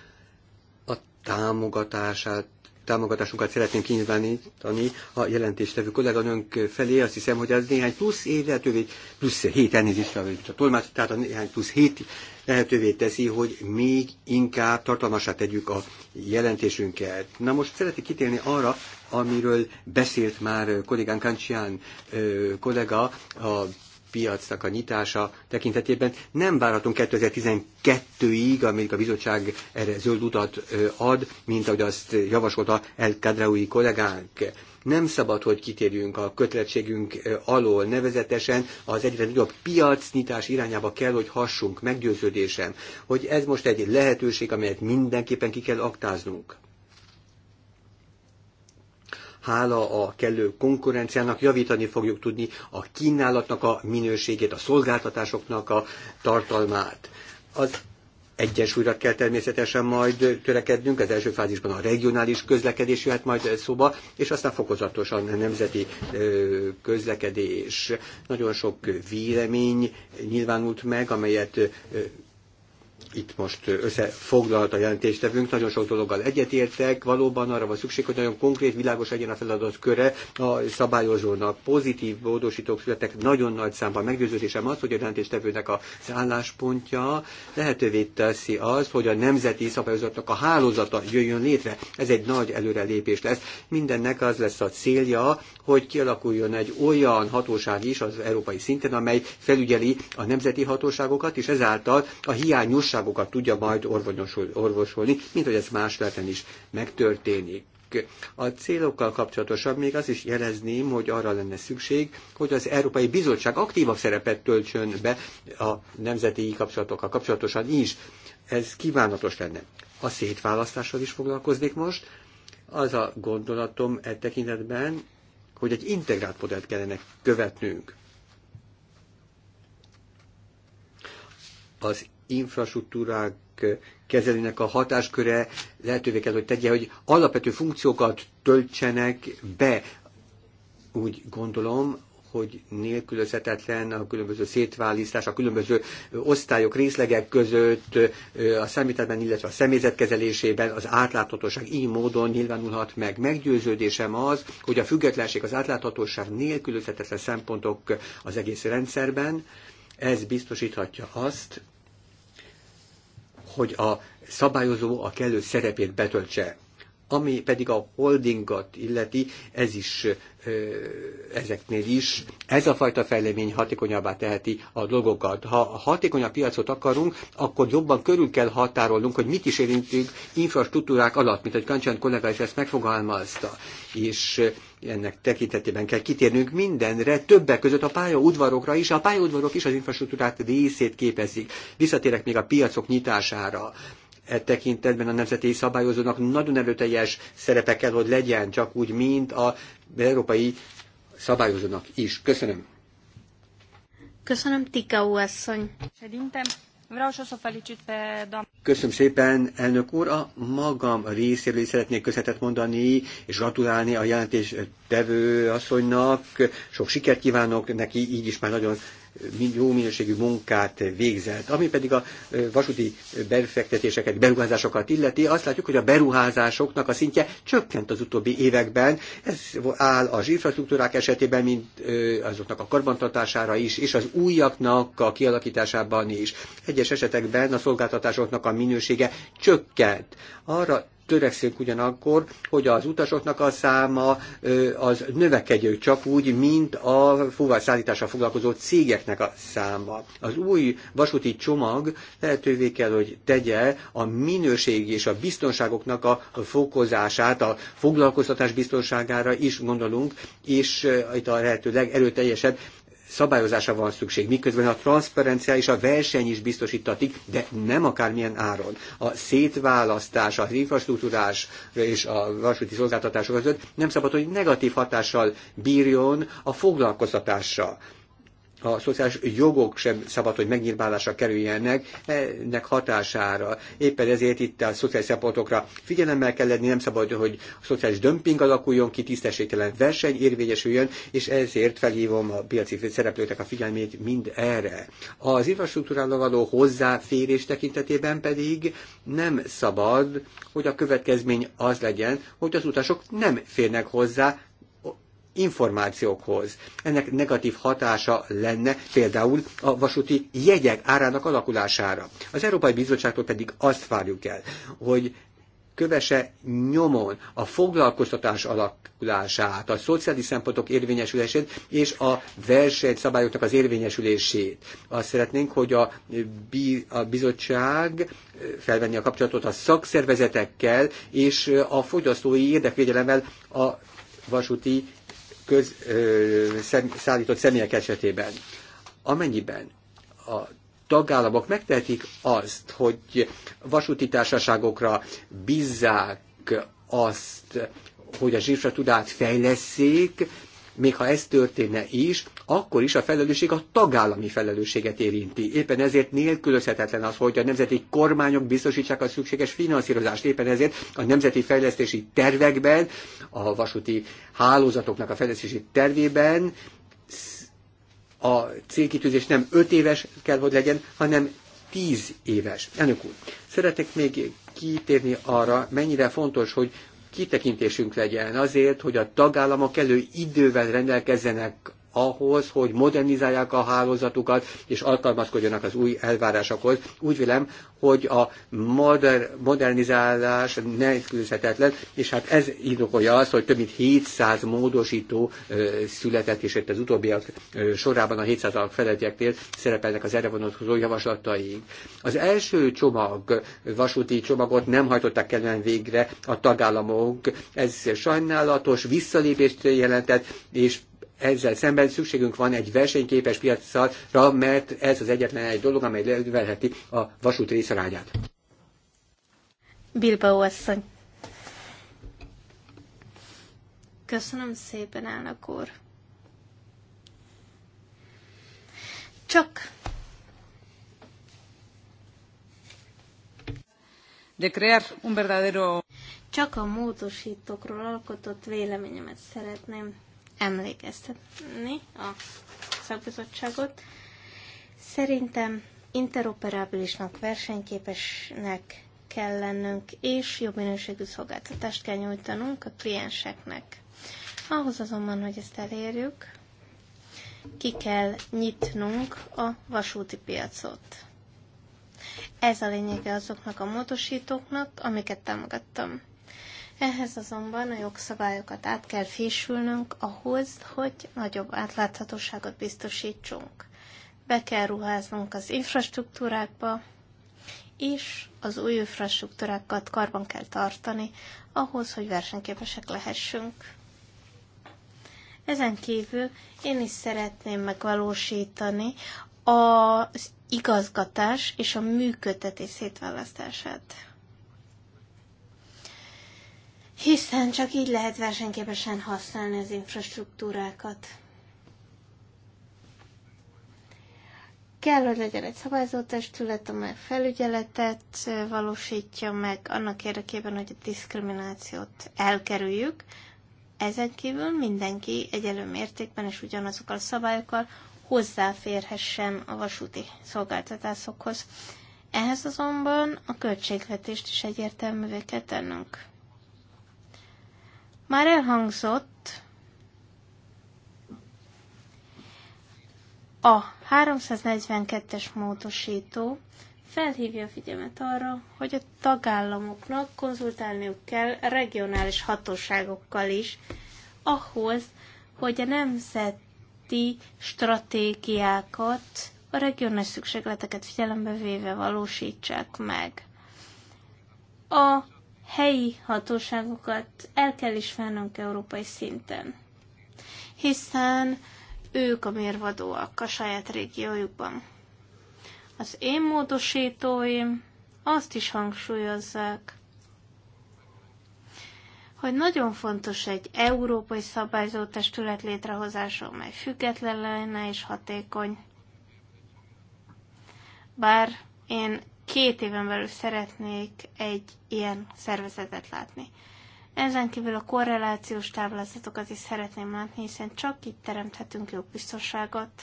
a támogatását támogatásunkat szeretném kinyilvánítani a jelentéstevő kolléganőnk felé. Azt hiszem, hogy ez néhány plusz év lehetővé, plusz hét elnézést, a tolmács, tehát a néhány plusz hét lehetővé teszi, hogy még inkább tartalmasá tegyük a jelentésünket. Na most szeretnék kitérni arra, amiről beszélt már kollégánk Kancsián kollega a piacnak a nyitása tekintetében nem várhatunk 2012-ig, amíg a bizottság erre zöld utat ad, mint ahogy azt javasolta El Kadraui kollégánk nem szabad, hogy kitérjünk a kötelezettségünk alól, nevezetesen az egyre nagyobb piacnyitás irányába kell, hogy hassunk, meggyőződésem, hogy ez most egy lehetőség, amelyet mindenképpen ki kell aktáznunk hála a kellő konkurenciának javítani fogjuk tudni a kínálatnak a minőségét, a szolgáltatásoknak a tartalmát. Az Egyensúlyra kell természetesen majd törekednünk, az első fázisban a regionális közlekedés jöhet majd szóba, és aztán fokozatosan a nemzeti közlekedés. Nagyon sok vélemény nyilvánult meg, amelyet itt most összefoglalt a jelentéstevünk, nagyon sok dologgal egyetértek, valóban arra van szükség, hogy nagyon konkrét, világos legyen a feladat köre a szabályozónak. Pozitív módosítók születtek nagyon nagy számban. Meggyőződésem az, hogy a jelentéstevőnek az álláspontja lehetővé teszi az, hogy a nemzeti szabályozatnak a hálózata jöjjön létre. Ez egy nagy előrelépés lesz. Mindennek az lesz a célja, hogy kialakuljon egy olyan hatóság is az európai szinten, amely felügyeli a nemzeti hatóságokat, és ezáltal a hiányos túlságokat tudja majd orvosolni, mint hogy ez más leten is megtörténik. A célokkal kapcsolatosan még az is jelezném, hogy arra lenne szükség, hogy az Európai Bizottság aktívabb szerepet töltsön be a nemzeti kapcsolatokkal kapcsolatosan is. Ez kívánatos lenne. A szétválasztással is foglalkoznék most. Az a gondolatom e tekintetben, hogy egy integrált modellt kellene követnünk. Az infrastruktúrák kezelőnek a hatásköre lehetővé kell, hogy tegye, hogy alapvető funkciókat töltsenek be. Úgy gondolom, hogy nélkülözhetetlen a különböző szétválisztás, a különböző osztályok, részlegek között, a számításban, illetve a személyzet kezelésében az átláthatóság így módon nyilvánulhat meg. Meggyőződésem az, hogy a függetlenség, az átláthatóság nélkülözhetetlen szempontok az egész rendszerben, ez biztosíthatja azt, hogy a szabályozó a kellő szerepét betöltse. Ami pedig a holdingot illeti, ez is ezeknél is. Ez a fajta fejlemény hatékonyabbá teheti a dolgokat. Ha hatékonyabb piacot akarunk, akkor jobban körül kell határolnunk, hogy mit is érintünk infrastruktúrák alatt, mint egy Kancsán kollega is ezt megfogalmazta. És ennek tekintetében kell kitérnünk mindenre, többek között a pályaudvarokra is, a pályaudvarok is az infrastruktúrát részét képezik. Visszatérek még a piacok nyitására e tekintetben a nemzeti szabályozónak nagyon erőteljes szerepe kell, hogy legyen, csak úgy, mint az európai szabályozónak is. Köszönöm. Köszönöm, Tikau asszony. Köszönöm szépen, elnök úr. A magam részéről is szeretnék köszönetet mondani, és gratulálni a jelentés tevő asszonynak. Sok sikert kívánok neki, így is már nagyon jó minőségű munkát végzett. Ami pedig a vasúti befektetéseket, beruházásokat illeti, azt látjuk, hogy a beruházásoknak a szintje csökkent az utóbbi években. Ez áll az infrastruktúrák esetében, mint azoknak a karbantartására is, és az újaknak a kialakításában is. Egyes esetekben a szolgáltatásoknak a minősége csökkent. Arra törekszünk ugyanakkor, hogy az utasoknak a száma az növekedő csak úgy, mint a fuvarszállítással foglalkozó cégeknek a száma. Az új vasúti csomag lehetővé kell, hogy tegye a minőségi és a biztonságoknak a fokozását, a foglalkoztatás biztonságára is gondolunk, és itt a lehető legerőteljesebb szabályozása van szükség, miközben a transzparencia és a verseny is biztosítatik, de nem akármilyen áron. A szétválasztás, az infrastruktúrás és a vasúti szolgáltatások között nem szabad, hogy negatív hatással bírjon a foglalkoztatásra a szociális jogok sem szabad, hogy megnyilvánulásra kerüljenek ennek hatására. Éppen ezért itt a szociális szempontokra figyelemmel kell lenni, nem szabad, hogy a szociális dömping alakuljon ki, tisztességtelen verseny érvényesüljön, és ezért felhívom a piaci szereplőknek a figyelmét mind erre. Az infrastruktúrára való hozzáférés tekintetében pedig nem szabad, hogy a következmény az legyen, hogy az utasok nem férnek hozzá információkhoz. Ennek negatív hatása lenne például a vasúti jegyek árának alakulására. Az Európai Bizottságtól pedig azt várjuk el, hogy kövese nyomon a foglalkoztatás alakulását, a szociális szempontok érvényesülését és a szabályoknak az érvényesülését. Azt szeretnénk, hogy a, a bizottság felvenni a kapcsolatot a szakszervezetekkel és a fogyasztói érdekvédelemmel a vasúti köz, ö, szem, szállított személyek esetében. Amennyiben a tagállamok megtehetik azt, hogy vasúti társaságokra bízzák azt, hogy a zsírsa tudát fejleszék, még ha ez történne is, akkor is a felelősség a tagállami felelősséget érinti. Éppen ezért nélkülözhetetlen az, hogy a nemzeti kormányok biztosítsák a szükséges finanszírozást. Éppen ezért a nemzeti fejlesztési tervekben, a vasúti hálózatoknak a fejlesztési tervében a célkitűzés nem 5 éves kell, hogy legyen, hanem 10 éves. Elnök úr, szeretek még kitérni arra, mennyire fontos, hogy kitekintésünk legyen azért, hogy a tagállamok elő idővel rendelkezzenek ahhoz, hogy modernizálják a hálózatukat, és alkalmazkodjanak az új elvárásokhoz. Úgy vélem, hogy a moder, modernizálás nélkülözhetetlen, és hát ez indokolja azt, hogy több mint 700 módosító ö, született, és itt az utóbbiak ö, sorában a 700 alak felettieknél szerepelnek az erre vonatkozó javaslataink. Az első csomag, vasúti csomagot nem hajtották kellően végre a tagállamok. Ez sajnálatos visszalépést jelentett, és ezzel szemben szükségünk van egy versenyképes piacra, mert ez az egyetlen egy dolog, amely levelheti a vasút részarányát. Bilbao asszony. Köszönöm szépen, elnök úr. Csak de crear un verdadero... Csak a módosítókról alkotott véleményemet szeretném emlékeztetni a szakbizottságot. Szerintem interoperábilisnak, versenyképesnek kell lennünk, és jobb minőségű szolgáltatást kell nyújtanunk a klienseknek. Ahhoz azonban, hogy ezt elérjük, ki kell nyitnunk a vasúti piacot. Ez a lényege azoknak a módosítóknak, amiket támogattam. Ehhez azonban a jogszabályokat át kell fésülnünk ahhoz, hogy nagyobb átláthatóságot biztosítsunk. Be kell ruháznunk az infrastruktúrákba, és az új infrastruktúrákat karban kell tartani ahhoz, hogy versenyképesek lehessünk. Ezen kívül én is szeretném megvalósítani az igazgatás és a működtetés szétválasztását hiszen csak így lehet versenyképesen használni az infrastruktúrákat. kell, hogy legyen egy szabályzótestület, amely felügyeletet valósítja meg annak érdekében, hogy a diszkriminációt elkerüljük. Ezen kívül mindenki egyelő mértékben és ugyanazokkal a szabályokkal hozzáférhessen a vasúti szolgáltatásokhoz. Ehhez azonban a költségvetést is egyértelművé kell tennünk. Már elhangzott a 342-es módosító felhívja a figyelmet arra, hogy a tagállamoknak konzultálniuk kell regionális hatóságokkal is, ahhoz, hogy a nemzeti stratégiákat a regionális szükségleteket figyelembe véve valósítsák meg. A helyi hatóságokat el kell ismernünk európai szinten, hiszen ők a mérvadóak a saját régiójukban. Az én módosítóim azt is hangsúlyozzák, hogy nagyon fontos egy európai szabályzó testület létrehozása, mely független lenne és hatékony. Bár én két éven belül szeretnék egy ilyen szervezetet látni. Ezen kívül a korrelációs táblázatokat is szeretném látni, hiszen csak itt teremthetünk jó biztonságot.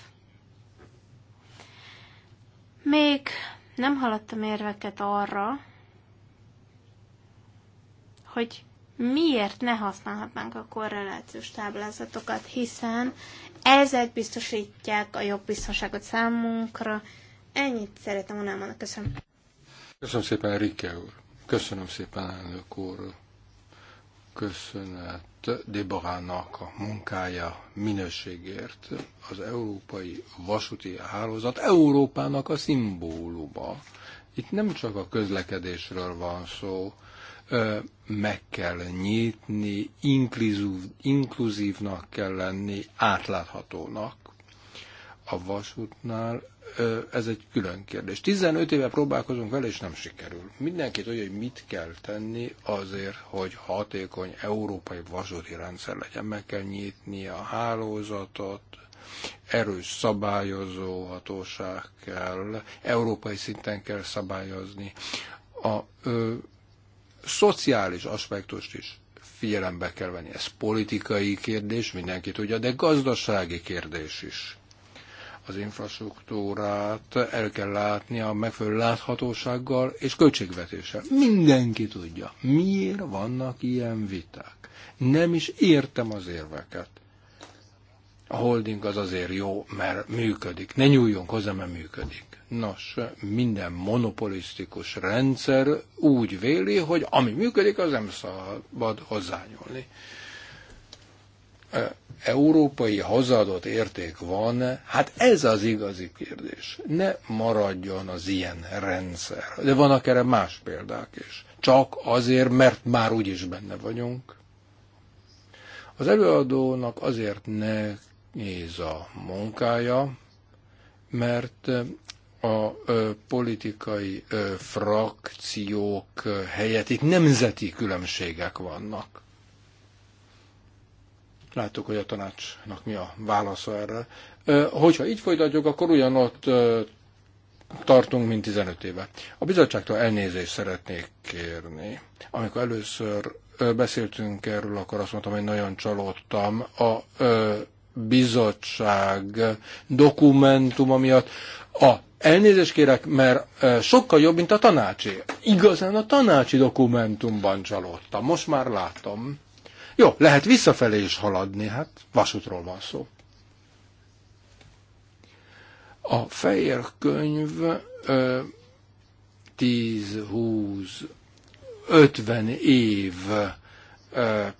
Még nem hallottam érveket arra, hogy miért ne használhatnánk a korrelációs táblázatokat, hiszen ezek biztosítják a jobb biztonságot számunkra. Ennyit szeretem volna elmondani. Köszönöm. Köszönöm szépen, Rike úr. Köszönöm szépen, elnök úr. Köszönet Debarának a munkája minőségért. Az európai vasúti hálózat Európának a szimbóluma. Itt nem csak a közlekedésről van szó, meg kell nyitni, inkluzív, inkluzívnak kell lenni, átláthatónak. A vasútnál ez egy külön kérdés. 15 éve próbálkozunk vele, és nem sikerül. Mindenkit olyan, hogy mit kell tenni azért, hogy hatékony európai vasúti rendszer legyen. Meg kell nyitni a hálózatot, erős szabályozó hatóság kell, európai szinten kell szabályozni. A ö, szociális aspektust is figyelembe kell venni. Ez politikai kérdés, mindenki tudja, de gazdasági kérdés is az infrastruktúrát el kell látni a megfelelő láthatósággal és költségvetéssel. Mindenki tudja, miért vannak ilyen viták. Nem is értem az érveket. A holding az azért jó, mert működik. Ne nyúljunk hozzá, mert működik. Nos, minden monopolisztikus rendszer úgy véli, hogy ami működik, az nem szabad hozzányúlni európai hozzáadott érték van, hát ez az igazi kérdés. Ne maradjon az ilyen rendszer. De vannak erre más példák is. Csak azért, mert már úgyis benne vagyunk. Az előadónak azért ne néz a munkája, mert a ö, politikai ö, frakciók helyett itt nemzeti különbségek vannak. Látjuk, hogy a tanácsnak mi a válasza erre. Hogyha így folytatjuk, akkor ugyanott tartunk, mint 15 éve. A bizottságtól elnézést szeretnék kérni. Amikor először beszéltünk erről, akkor azt mondtam, hogy nagyon csalódtam a bizottság dokumentuma miatt. A elnézést kérek, mert sokkal jobb, mint a tanácsi. Igazán a tanácsi dokumentumban csalódtam. Most már látom. Jó, lehet visszafelé is haladni, hát vasútról van szó. A fehér könyv 10-20-50 év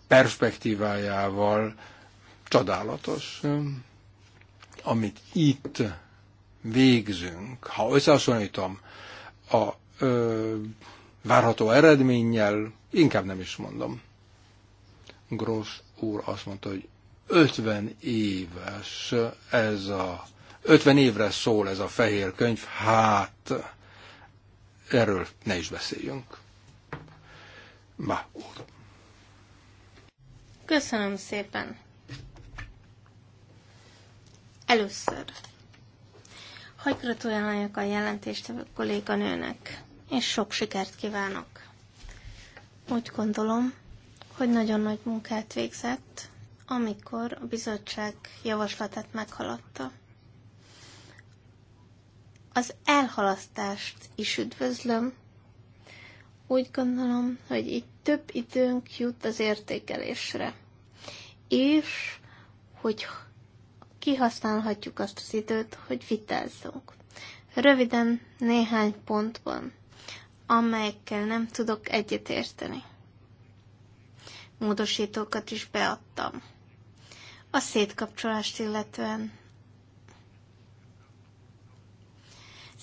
perspektívájával csodálatos, amit itt végzünk. Ha összehasonlítom a ö, várható eredménnyel, inkább nem is mondom. Gross úr azt mondta, hogy 50 éves ez a 50 évre szól ez a fehér könyv, hát erről ne is beszéljünk. Ma úr. Köszönöm szépen. Először hogy gratuláljak a jelentéstevő kolléganőnek, és sok sikert kívánok. Úgy gondolom, hogy nagyon nagy munkát végzett, amikor a bizottság javaslatát meghaladta. Az elhalasztást is üdvözlöm. Úgy gondolom, hogy így több időnk jut az értékelésre. És hogy kihasználhatjuk azt az időt, hogy vitázzunk. Röviden néhány pontban, amelyekkel nem tudok egyetérteni módosítókat is beadtam. A szétkapcsolást illetően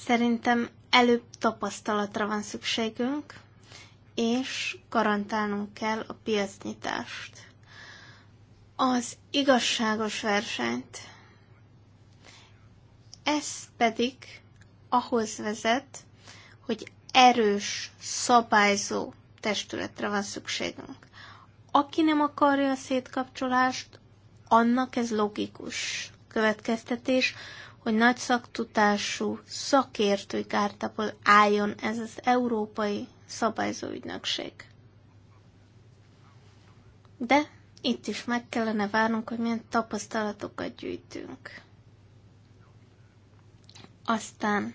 szerintem előbb tapasztalatra van szükségünk, és garantálnunk kell a piacnyitást. Az igazságos versenyt. Ez pedig ahhoz vezet, hogy erős, szabályzó testületre van szükségünk. Aki nem akarja a szétkapcsolást, annak ez logikus következtetés, hogy nagy szaktutású szakértői kártából álljon ez az Európai Szabályzóügynökség. De itt is meg kellene várnunk, hogy milyen tapasztalatokat gyűjtünk. Aztán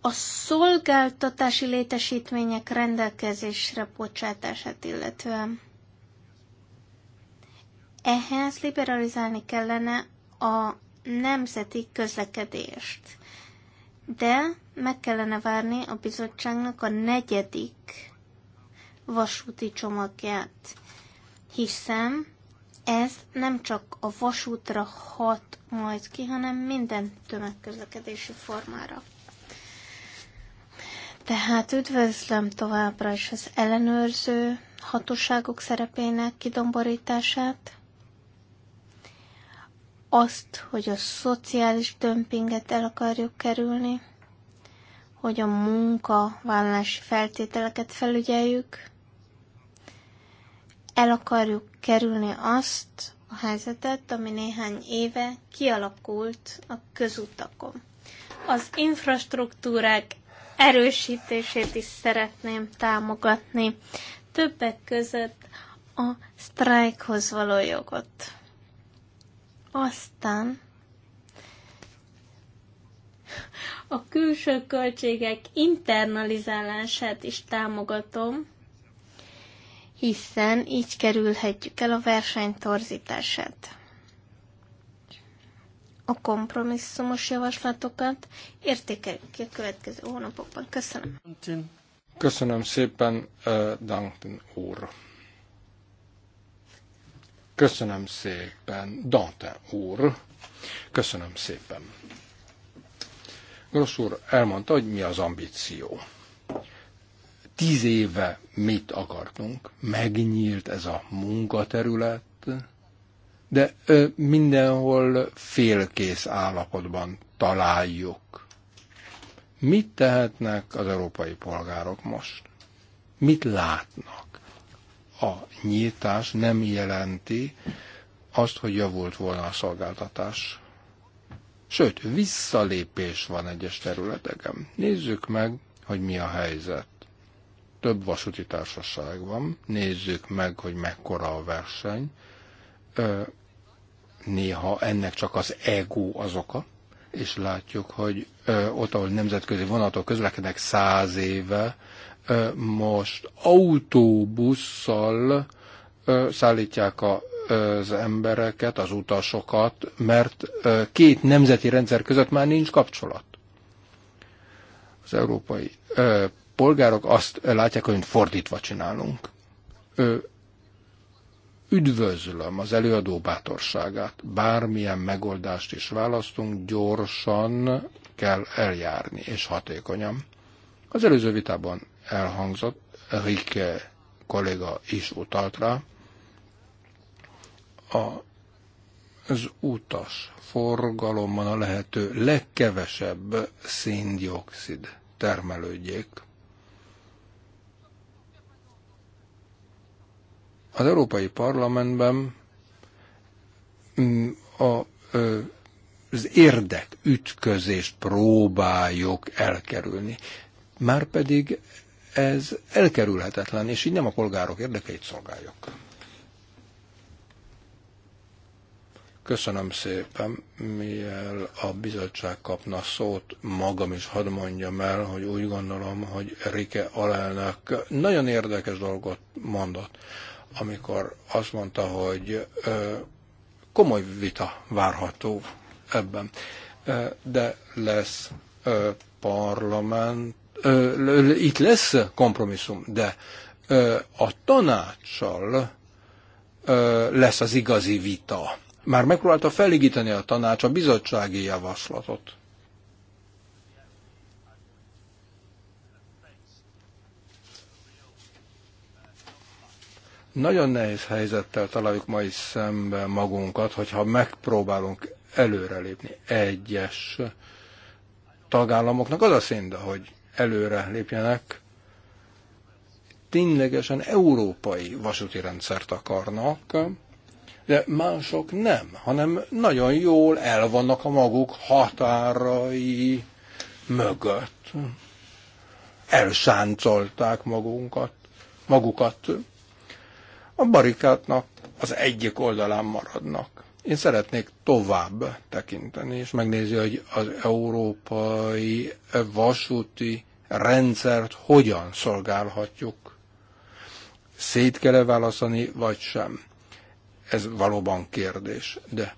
a szolgáltatási létesítmények rendelkezésre bocsátását illetően. Ehhez liberalizálni kellene a nemzeti közlekedést, de meg kellene várni a bizottságnak a negyedik vasúti csomagját, hiszen ez nem csak a vasútra hat majd ki, hanem minden tömegközlekedési formára. Tehát üdvözlöm továbbra is az ellenőrző hatóságok szerepének kidomborítását, azt, hogy a szociális dömpinget el akarjuk kerülni, hogy a munkavállalási feltételeket felügyeljük, el akarjuk kerülni azt a helyzetet, ami néhány éve kialakult a közutakon. Az infrastruktúrák erősítését is szeretném támogatni. Többek között a sztrájkhoz való jogot. Aztán a külső költségek internalizálását is támogatom, hiszen így kerülhetjük el a verseny torzítását a kompromisszumos javaslatokat, értékeljük ki a következő hónapokban. Köszönöm. Köszönöm szépen, uh, Danton úr. Köszönöm szépen, Dante úr. Köszönöm szépen. Grossz úr elmondta, hogy mi az ambíció. Tíz éve mit akartunk, megnyílt ez a munkaterület, de mindenhol félkész állapotban találjuk. Mit tehetnek az európai polgárok most? Mit látnak? A nyitás nem jelenti azt, hogy javult volna a szolgáltatás. Sőt, visszalépés van egyes területeken. Nézzük meg, hogy mi a helyzet. Több vasúti társaság van, nézzük meg, hogy mekkora a verseny néha ennek csak az ego az oka, és látjuk, hogy ö, ott, ahol nemzetközi vonatok közlekednek száz éve, ö, most autóbusszal ö, szállítják a, az embereket, az utasokat, mert két nemzeti rendszer között már nincs kapcsolat. Az európai polgárok azt látják, hogy fordítva csinálunk. Üdvözlöm az előadó bátorságát. Bármilyen megoldást is választunk, gyorsan kell eljárni, és hatékonyan. Az előző vitában elhangzott, Rike kolléga is utalt rá, a, az utas forgalomban a lehető legkevesebb széndiokszid termelődjék. Az Európai Parlamentben mm, a, az érdek ütközést próbáljuk elkerülni. Márpedig ez elkerülhetetlen, és így nem a polgárok érdekeit szolgáljuk. Köszönöm szépen, mivel a bizottság kapna szót, magam is hadd mondjam el, hogy úgy gondolom, hogy Rike alelnök nagyon érdekes dolgot mondott amikor azt mondta, hogy komoly vita várható ebben. De lesz parlament, itt lesz kompromisszum, de a tanácssal lesz az igazi vita. Már megpróbálta feligíteni a tanács a bizottsági javaslatot. Nagyon nehéz helyzettel találjuk ma is szembe magunkat, hogyha megpróbálunk előrelépni egyes tagállamoknak. Az a szinte, hogy előre lépjenek, ténylegesen európai vasúti rendszert akarnak, de mások nem, hanem nagyon jól el vannak a maguk határai mögött. Elsáncolták magunkat, magukat a barikátnak az egyik oldalán maradnak. Én szeretnék tovább tekinteni, és megnézni, hogy az európai vasúti rendszert hogyan szolgálhatjuk. Szét kell -e válaszani, vagy sem? Ez valóban kérdés, de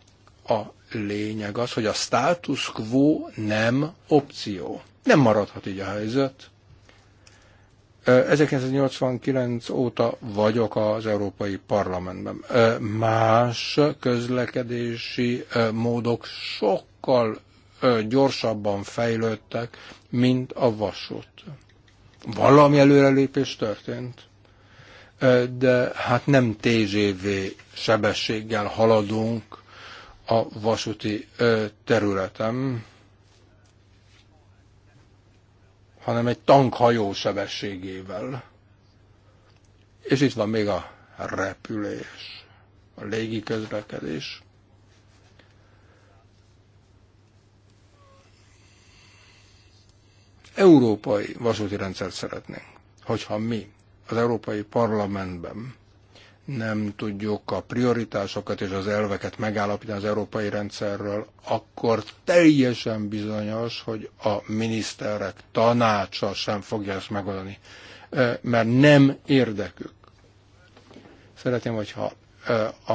a lényeg az, hogy a status quo nem opció. Nem maradhat így a helyzet, 1989 óta vagyok az Európai Parlamentben. Más közlekedési módok sokkal gyorsabban fejlődtek, mint a vasút. Valami előrelépés történt, de hát nem TGV sebességgel haladunk a vasúti területen hanem egy tankhajó sebességével. És itt van még a repülés, a légi közlekedés. Európai vasúti rendszert szeretnénk, hogyha mi az Európai Parlamentben nem tudjuk a prioritásokat és az elveket megállapítani az európai rendszerről, akkor teljesen bizonyos, hogy a miniszterek tanácsa sem fogja ezt megoldani, mert nem érdekük. Szeretném, hogyha a,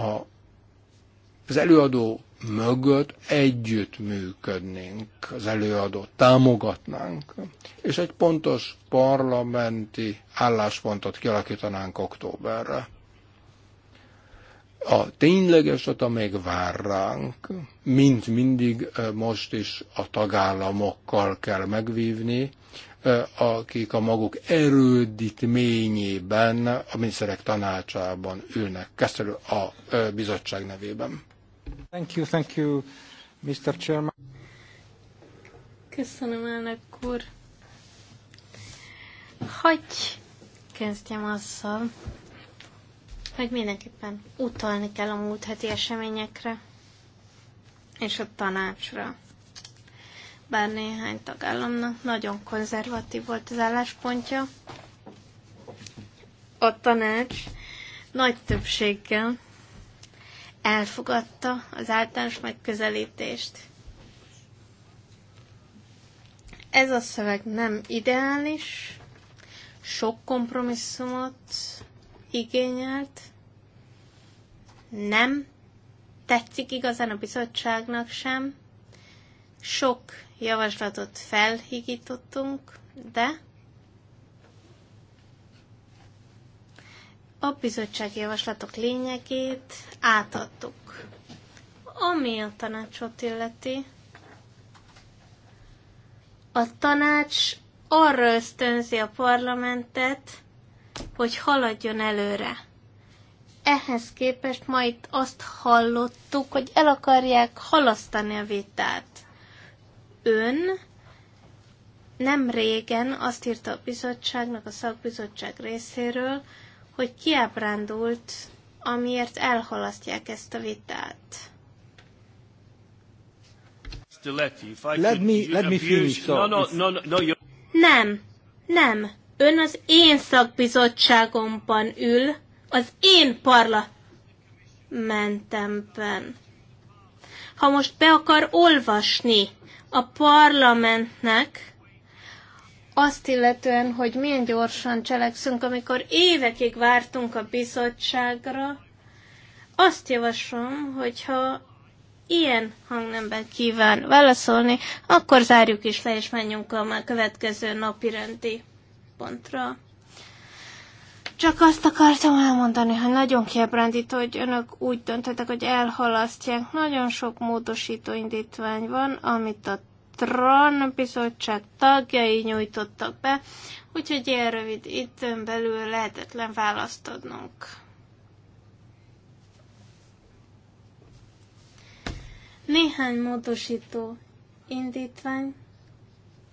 az előadó mögött együtt működnénk, az előadó támogatnánk, és egy pontos parlamenti álláspontot kialakítanánk októberre a tényleges amely vár ránk, mint mindig most is a tagállamokkal kell megvívni, akik a maguk erődítményében, a miniszterek tanácsában ülnek. Köszönöm a bizottság nevében. Thank you, thank you, Mr. Chairman. Köszönöm elnök úr. Hogy kezdjem azzal, hogy mindenképpen utalni kell a múlt heti eseményekre és a tanácsra. Bár néhány tagállamnak nagyon konzervatív volt az álláspontja, a tanács nagy többséggel elfogadta az általános megközelítést. Ez a szöveg nem ideális, sok kompromisszumot igényelt, nem tetszik igazán a bizottságnak sem. Sok javaslatot felhigítottunk, de a bizottsági javaslatok lényegét átadtuk. Ami a tanácsot illeti, a tanács arra ösztönzi a parlamentet, hogy haladjon előre. Ehhez képest ma itt azt hallottuk, hogy el akarják halasztani a vitát. Ön nem régen azt írta a bizottságnak, a szakbizottság részéről, hogy kiábrándult, amiért elhalasztják ezt a vitát. Let me, let me finish. No, no, no, no, no, Nem, nem. Ön az én szakbizottságomban ül, az én parlamentemben. Ha most be akar olvasni a parlamentnek, azt illetően, hogy milyen gyorsan cselekszünk, amikor évekig vártunk a bizottságra, azt javaslom, hogyha ilyen hangnemben kíván válaszolni, akkor zárjuk is le, és menjünk a következő napi rendi pontra. Csak azt akartam elmondani, hogy nagyon kiábrándító, hogy önök úgy döntetek, hogy elhalasztják. Nagyon sok módosító indítvány van, amit a TRAN bizottság tagjai nyújtottak be, úgyhogy ilyen rövid időn belül lehetetlen választ adnunk. Néhány módosító indítvány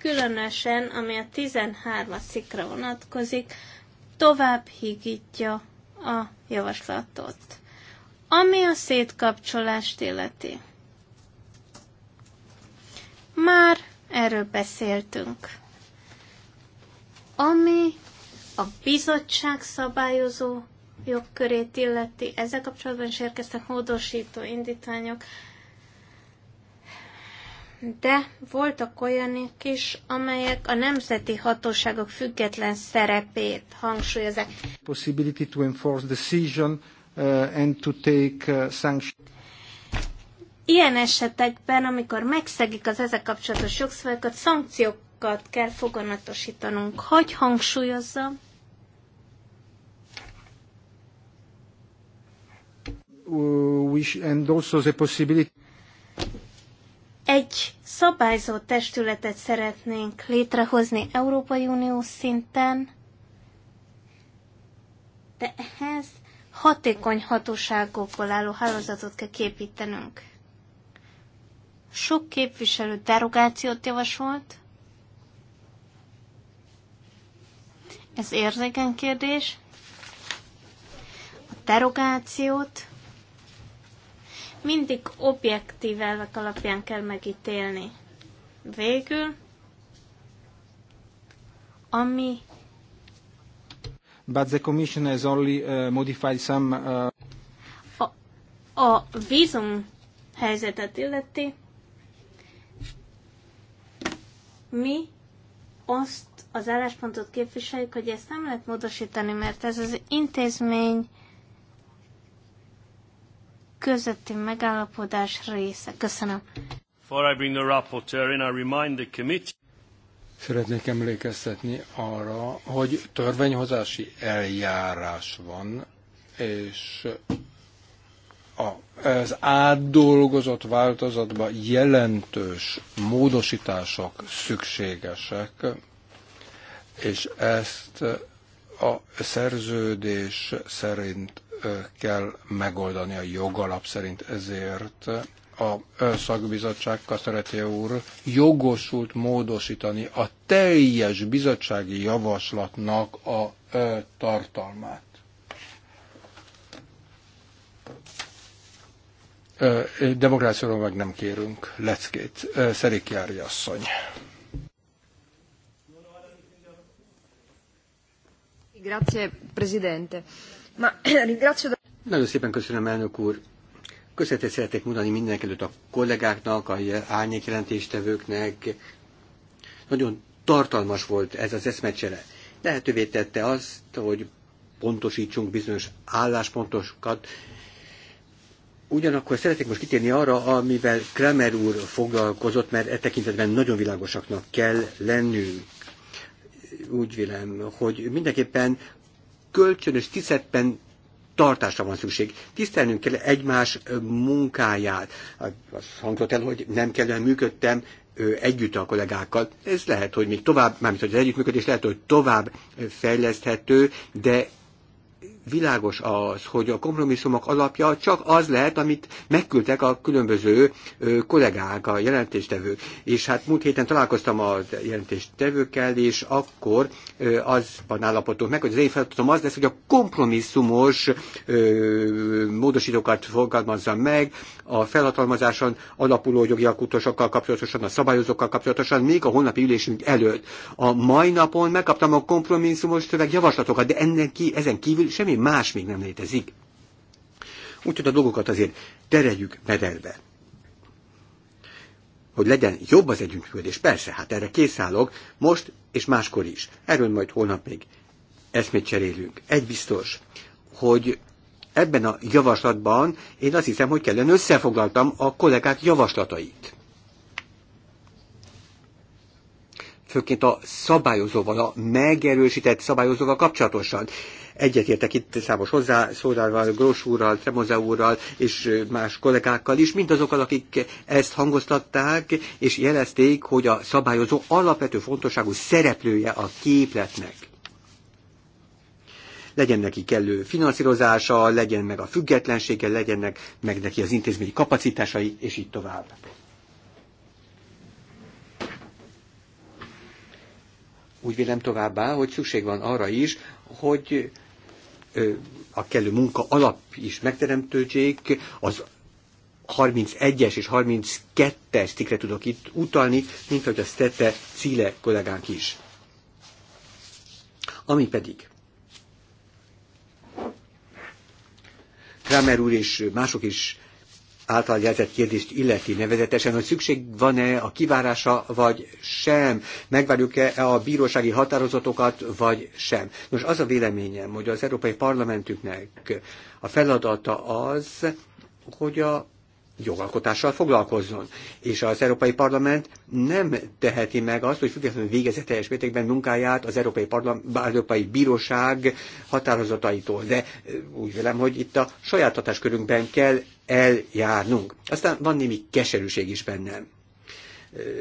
különösen ami a 13-as szikra vonatkozik, tovább higítja a javaslatot. Ami a szétkapcsolást illeti. Már erről beszéltünk. Ami a bizottság szabályozó jogkörét illeti, ezzel kapcsolatban is érkeztek módosító indítványok, de voltak olyanok is, amelyek a nemzeti hatóságok független szerepét hangsúlyozzák. Possibility to enforce decision uh, and to take uh, sanctions. Ilyen esetekben, amikor megszegik az ezek kapcsolatos jogszabályokat, szankciókat kell foganatosítanunk. Hogy hangsúlyozza? Uh, and also the possibility egy szabályzó testületet szeretnénk létrehozni Európai Unió szinten, de ehhez hatékony hatóságokból álló hálózatot kell képítenünk. Sok képviselő derogációt javasolt. Ez érzékeny kérdés. A derogációt mindig objektív elvek alapján kell megítélni. Végül, ami But the Commission has only uh, modified some... Uh... A, a vízum helyzetet illeti, mi azt az álláspontot képviseljük, hogy ezt nem lehet módosítani, mert ez az intézmény közötti megállapodás része. Köszönöm. I bring the rapporteur in, I remind the committee. Szeretnék emlékeztetni arra, hogy törvényhozási eljárás van, és az átdolgozott változatban jelentős módosítások szükségesek, és ezt a szerződés szerint kell megoldani a jogalap szerint. Ezért a szakbizottság Kaszaretje úr jogosult módosítani a teljes bizottsági javaslatnak a tartalmát. Demokráciáról meg nem kérünk leckét. Szerikjári asszony. Grazie, Presidente. Nagyon szépen köszönöm, elnök úr. Köszönetet szeretnék mondani előtt a kollégáknak, a jelentéstevőknek. Nagyon tartalmas volt ez az eszmecsere. Lehetővé tette azt, hogy pontosítsunk bizonyos álláspontosokat. Ugyanakkor szeretnék most kitérni arra, amivel Kramer úr foglalkozott, mert e tekintetben nagyon világosaknak kell lennünk úgy vélem, hogy mindenképpen kölcsönös tisztetben tartásra van szükség. Tisztelnünk kell egymás munkáját. Azt hangzott el, hogy nem kellően működtem együtt a kollégákkal. Ez lehet, hogy még tovább, mármint hogy az együttműködés lehet, hogy tovább fejleszthető, de világos az, hogy a kompromisszumok alapja csak az lehet, amit megküldtek a különböző kollégák, a jelentéstevők. És hát múlt héten találkoztam a jelentéstevőkkel, és akkor az van állapotunk meg, hogy az én feladatom az lesz, hogy a kompromisszumos módosítókat fogalmazza meg, a felhatalmazáson alapuló jogi alkotósokkal kapcsolatosan, a szabályozókkal kapcsolatosan, még a holnapi ülésünk előtt. A mai napon megkaptam a kompromisszumos szövegjavaslatokat, de ennek ki, ezen kívül semmi semmi más még nem létezik. Úgyhogy a dolgokat azért tereljük mederbe. Hogy legyen jobb az együttműködés, persze, hát erre készállok, most és máskor is. Erről majd holnap még eszmét cserélünk. Egy biztos, hogy ebben a javaslatban én azt hiszem, hogy kellene összefoglaltam a kollégák javaslatait. Főként a szabályozóval, a megerősített szabályozóval kapcsolatosan egyetértek itt számos hozzászólával, Gross úrral, Tremoza úrral és más kollégákkal is, mint azokkal, akik ezt hangoztatták, és jelezték, hogy a szabályozó alapvető fontosságú szereplője a képletnek legyen neki kellő finanszírozása, legyen meg a függetlensége, legyenek meg neki az intézményi kapacitásai, és így tovább. Úgy vélem továbbá, hogy szükség van arra is, hogy a kellő munka alap is megteremtődjék, az 31-es és 32-es cikre tudok itt utalni, mint ahogy azt tette Cile kollégánk is. Ami pedig Kramer úr és mások is által jelzett kérdést illeti nevezetesen, hogy szükség van-e a kivárása, vagy sem, megvárjuk-e a bírósági határozatokat, vagy sem. Nos, az a véleményem, hogy az Európai Parlamentünknek a feladata az, hogy a jogalkotással foglalkozzon. És az Európai Parlament nem teheti meg azt, hogy függetlenül végezze teljes mértékben munkáját az Európai, Parlament, Európai Bíróság határozataitól. De úgy vélem, hogy itt a saját hatáskörünkben kell eljárnunk. Aztán van némi keserűség is bennem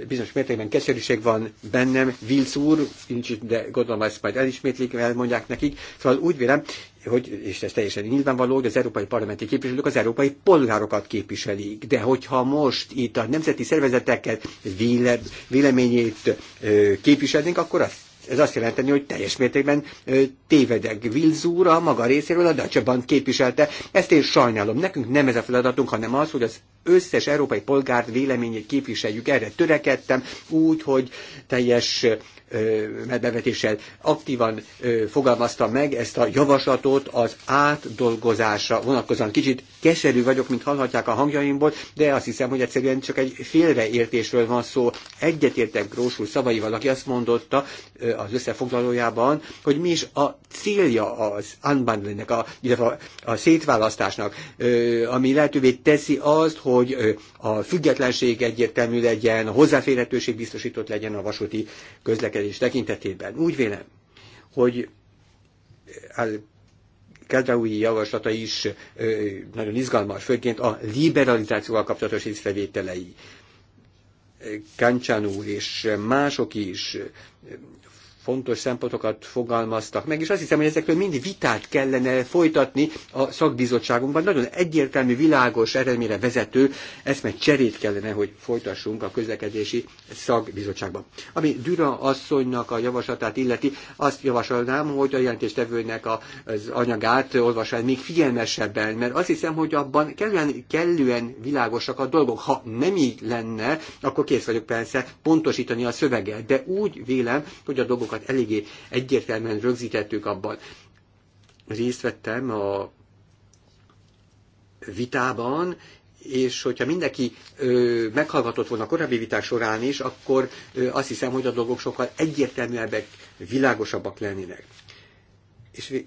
bizonyos mértékben keserűség van bennem, Vilc úr, nincs, de gondolom ezt majd elismétlik, elmondják nekik. Szóval úgy vélem, hogy, és ez teljesen nyilvánvaló, hogy az európai parlamenti képviselők az európai polgárokat képviselik. De hogyha most itt a nemzeti szervezeteket véle, véleményét képviselnénk, akkor azt ez azt jelenteni, hogy teljes mértékben tévedek. Vilz a maga részéről a Deutsche képviselte. Ezt én sajnálom. Nekünk nem ez a feladatunk, hanem az, hogy az összes európai polgárt véleményét képviseljük. Erre törekedtem úgy, hogy teljes megbevetéssel aktívan fogalmazta meg ezt a javaslatot az átdolgozásra vonatkozóan. Kicsit keserű vagyok, mint hallhatják a hangjaimból, de azt hiszem, hogy egyszerűen csak egy félreértésről van szó. Egyetértek Grósul szavaival, aki azt mondotta az összefoglalójában, hogy mi is a célja az unbundlingnek, a, illetve a, a szétválasztásnak, ami lehetővé teszi azt, hogy hogy a függetlenség egyértelmű legyen, a hozzáférhetőség biztosított legyen a vasúti közlekedés tekintetében. Úgy vélem, hogy hát, Kedraui javaslata is nagyon izgalmas, főként a liberalizációval kapcsolatos észrevételei. Kancsán úr és mások is fontos szempontokat fogalmaztak meg, és azt hiszem, hogy ezekről mind vitát kellene folytatni a szakbizottságunkban. Nagyon egyértelmű, világos, eredményre vezető eszmet cserét kellene, hogy folytassunk a közlekedési szakbizottságban. Ami Düra asszonynak a javaslatát illeti, azt javasolnám, hogy a jelentéstevőnek az anyagát olvassa még figyelmesebben, mert azt hiszem, hogy abban kellően, kellően világosak a dolgok. Ha nem így lenne, akkor kész vagyok persze pontosítani a szöveget, de úgy vélem, hogy a dolgok célokat eléggé egyértelműen rögzítettük abban. Részt vettem a vitában, és hogyha mindenki ö, meghallgatott volna a korábbi viták során is, akkor ö, azt hiszem, hogy a dolgok sokkal egyértelműebbek, világosabbak lennének. És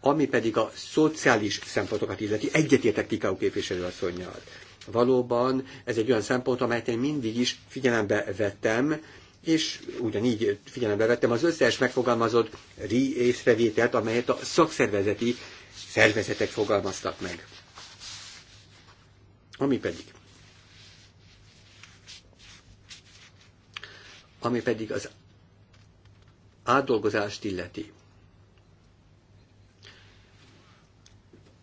ami pedig a szociális szempontokat illeti, egyetértek Tikau képviselőasszonynal. Valóban ez egy olyan szempont, amelyet én mindig is figyelembe vettem, és ugyanígy figyelembe vettem az összes megfogalmazott észrevételt, amelyet a szakszervezeti szervezetek fogalmaztak meg. Ami pedig ami pedig az átdolgozást illeti.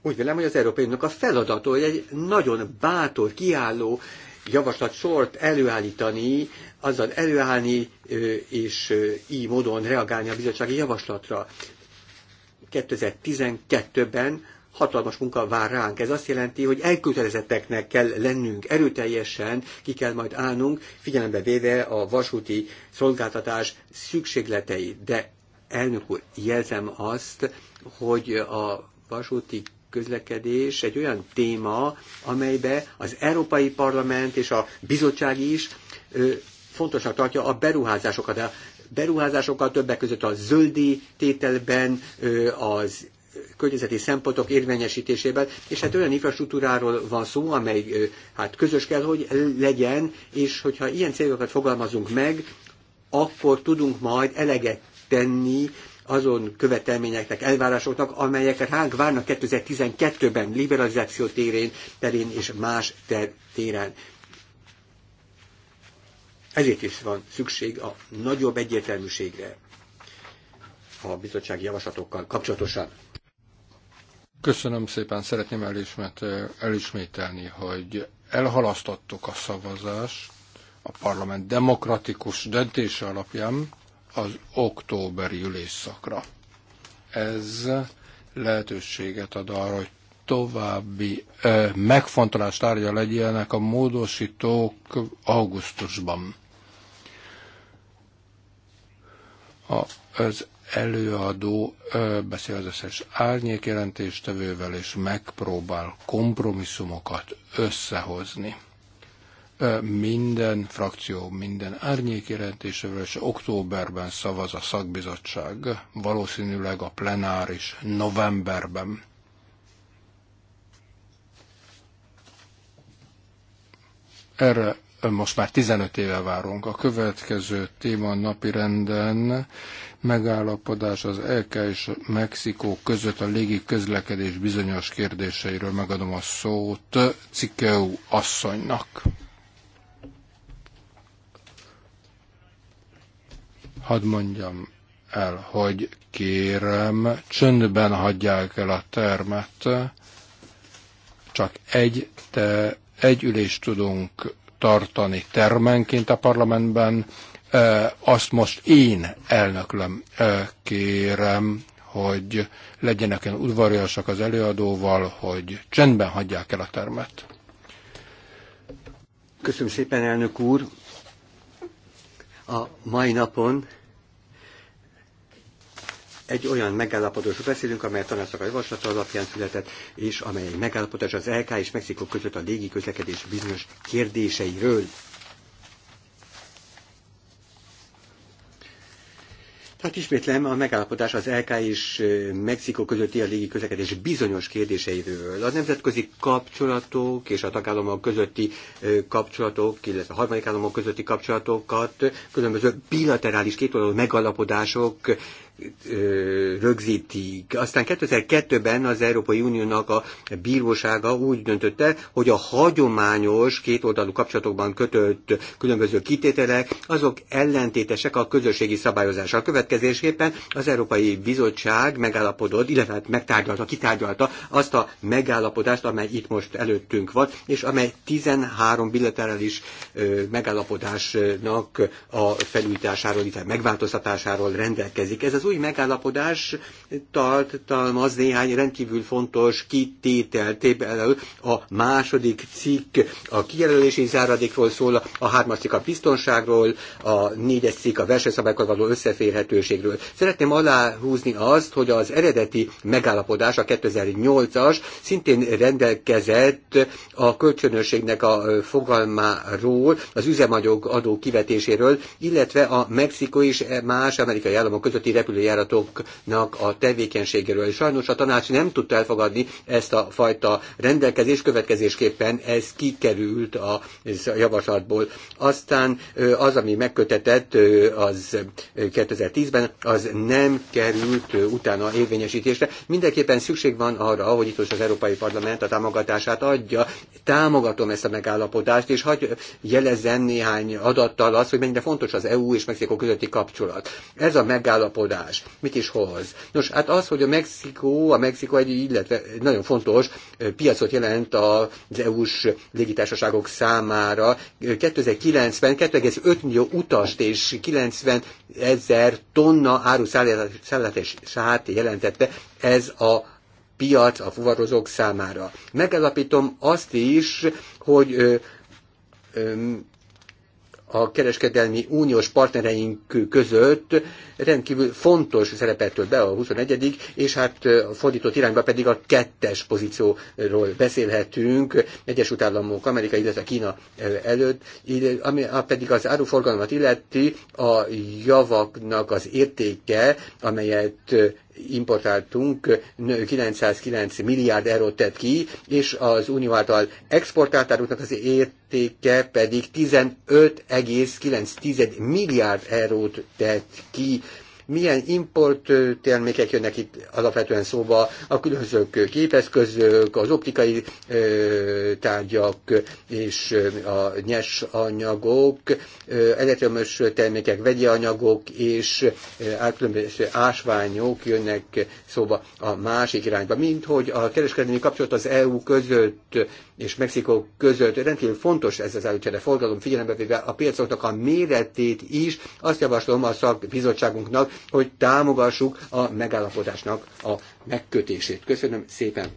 Úgy vélem, hogy az Európai Uniónak a feladata, hogy egy nagyon bátor, kiálló javaslat sort előállítani, azzal előállni és így módon reagálni a bizottsági javaslatra. 2012-ben hatalmas munka vár ránk. Ez azt jelenti, hogy elkötelezetteknek kell lennünk, erőteljesen ki kell majd állnunk, figyelembe véve a vasúti szolgáltatás szükségleteit. De elnök úr, jelzem azt, hogy a vasúti közlekedés egy olyan téma, amelybe az Európai Parlament és a bizottság is fontosnak tartja a beruházásokat. A beruházásokkal többek között a zöldi tételben, az környezeti szempontok érvényesítésében, és hát olyan infrastruktúráról van szó, amely hát közös kell, hogy legyen, és hogyha ilyen célokat fogalmazunk meg, akkor tudunk majd eleget tenni azon követelményeknek, elvárásoknak, amelyeket ránk várnak 2012-ben liberalizáció térén, terén és más ter- téren. Ezért is van szükség a nagyobb egyértelműségre a bizottsági javaslatokkal kapcsolatosan. Köszönöm szépen, szeretném elismét, elismételni, hogy elhalasztottuk a szavazást a parlament demokratikus döntése alapján, az októberi ülésszakra. Ez lehetőséget ad arra, hogy további ö, megfontolás tárgya legyenek a módosítók augusztusban. A, az előadó ö, beszél az összes árnyékjelentéstevővel, és megpróbál kompromisszumokat összehozni minden frakció, minden árnyék jelentésével, és októberben szavaz a szakbizottság, valószínűleg a plenáris novemberben. Erre most már 15 éve várunk. A következő téma napi renden megállapodás az EK és Mexikó között a légi közlekedés bizonyos kérdéseiről. Megadom a szót Cikeu asszonynak. Hadd mondjam el, hogy kérem, csöndben hagyják el a termet, csak egy, te, egy ülést tudunk tartani termenként a parlamentben, e, azt most én elnöklöm, e, kérem, hogy legyenek ilyen udvariasak az előadóval, hogy csendben hagyják el a termet. Köszönöm szépen, elnök úr! A mai napon egy olyan megállapodásról beszélünk, amely a tanácsnak a javaslata alapján született, és amely egy megállapodás az LK és Mexikó között a légi közlekedés bizonyos kérdéseiről. Tehát ismétlem, a megállapodás az LK és Mexikó közötti a légi közlekedés bizonyos kérdéseiről. A nemzetközi kapcsolatok és a tagállamok közötti kapcsolatok, illetve a harmadik államok közötti kapcsolatokat különböző bilaterális kétoldalú megállapodások rögzítik. Aztán 2002-ben az Európai Uniónak a bírósága úgy döntötte, hogy a hagyományos kétoldalú kapcsolatokban kötött különböző kitételek, azok ellentétesek a közösségi szabályozással. Következésképpen az Európai Bizottság megállapodott, illetve hát megtárgyalta, kitárgyalta azt a megállapodást, amely itt most előttünk van, és amely 13 bilaterális megállapodásnak a felújításáról, illetve megváltoztatásáról rendelkezik. Ez az az új megállapodás tartalmaz néhány rendkívül fontos kitételt, például a második cikk a kijelölési záradékról szól, a hármas cikk a biztonságról, a négyes cikk a versenyszabályokkal való összeférhetőségről. Szeretném aláhúzni azt, hogy az eredeti megállapodás, a 2008-as, szintén rendelkezett a kölcsönösségnek a fogalmáról, az üzemanyag adó kivetéséről, illetve a Mexikó és más amerikai államok közötti repülés járatoknak a tevékenységéről. Sajnos a tanács nem tudta elfogadni ezt a fajta rendelkezés következésképpen ez kikerült a javaslatból. Aztán az, ami megkötetett az 2010-ben, az nem került utána érvényesítésre. Mindenképpen szükség van arra, hogy itt most az Európai Parlament a támogatását adja. Támogatom ezt a megállapodást, és hagy jelezzen néhány adattal az, hogy mennyire fontos az EU és Mexikó közötti kapcsolat. Ez a megállapodás megállapodás mit is hoz? Nos, hát az, hogy a Mexikó, a Mexikó egy, illetve nagyon fontos piacot jelent az EU-s légitársaságok számára. 2090 2,5 millió utast és 90 ezer tonna áruszállítását jelentette ez a piac a fuvarozók számára. Megállapítom azt is, hogy ö, ö, a kereskedelmi uniós partnereink között rendkívül fontos szerepet tölt be a 21. és hát a fordított irányba pedig a kettes pozícióról beszélhetünk, Egyesült Államok, Amerika, illetve Kína előtt, ami pedig az áruforgalmat illeti a javaknak az értéke, amelyet importáltunk, 909 milliárd eurót tett ki, és az unió által exportált áruknak az értéke pedig 15,9 milliárd eurót tett ki milyen import termékek jönnek itt alapvetően szóba, a különböző képeszközök, az optikai tárgyak és a nyers anyagok, elektromos termékek, vegyi anyagok és különböző ásványok jönnek szóba a másik irányba, mint hogy a kereskedelmi kapcsolat az EU között és Mexikó között rendkívül fontos ez az előcsere forgalom, figyelembe véve a piacoknak a méretét is, azt javaslom a szakbizottságunknak, hogy támogassuk a megállapodásnak a megkötését. Köszönöm szépen.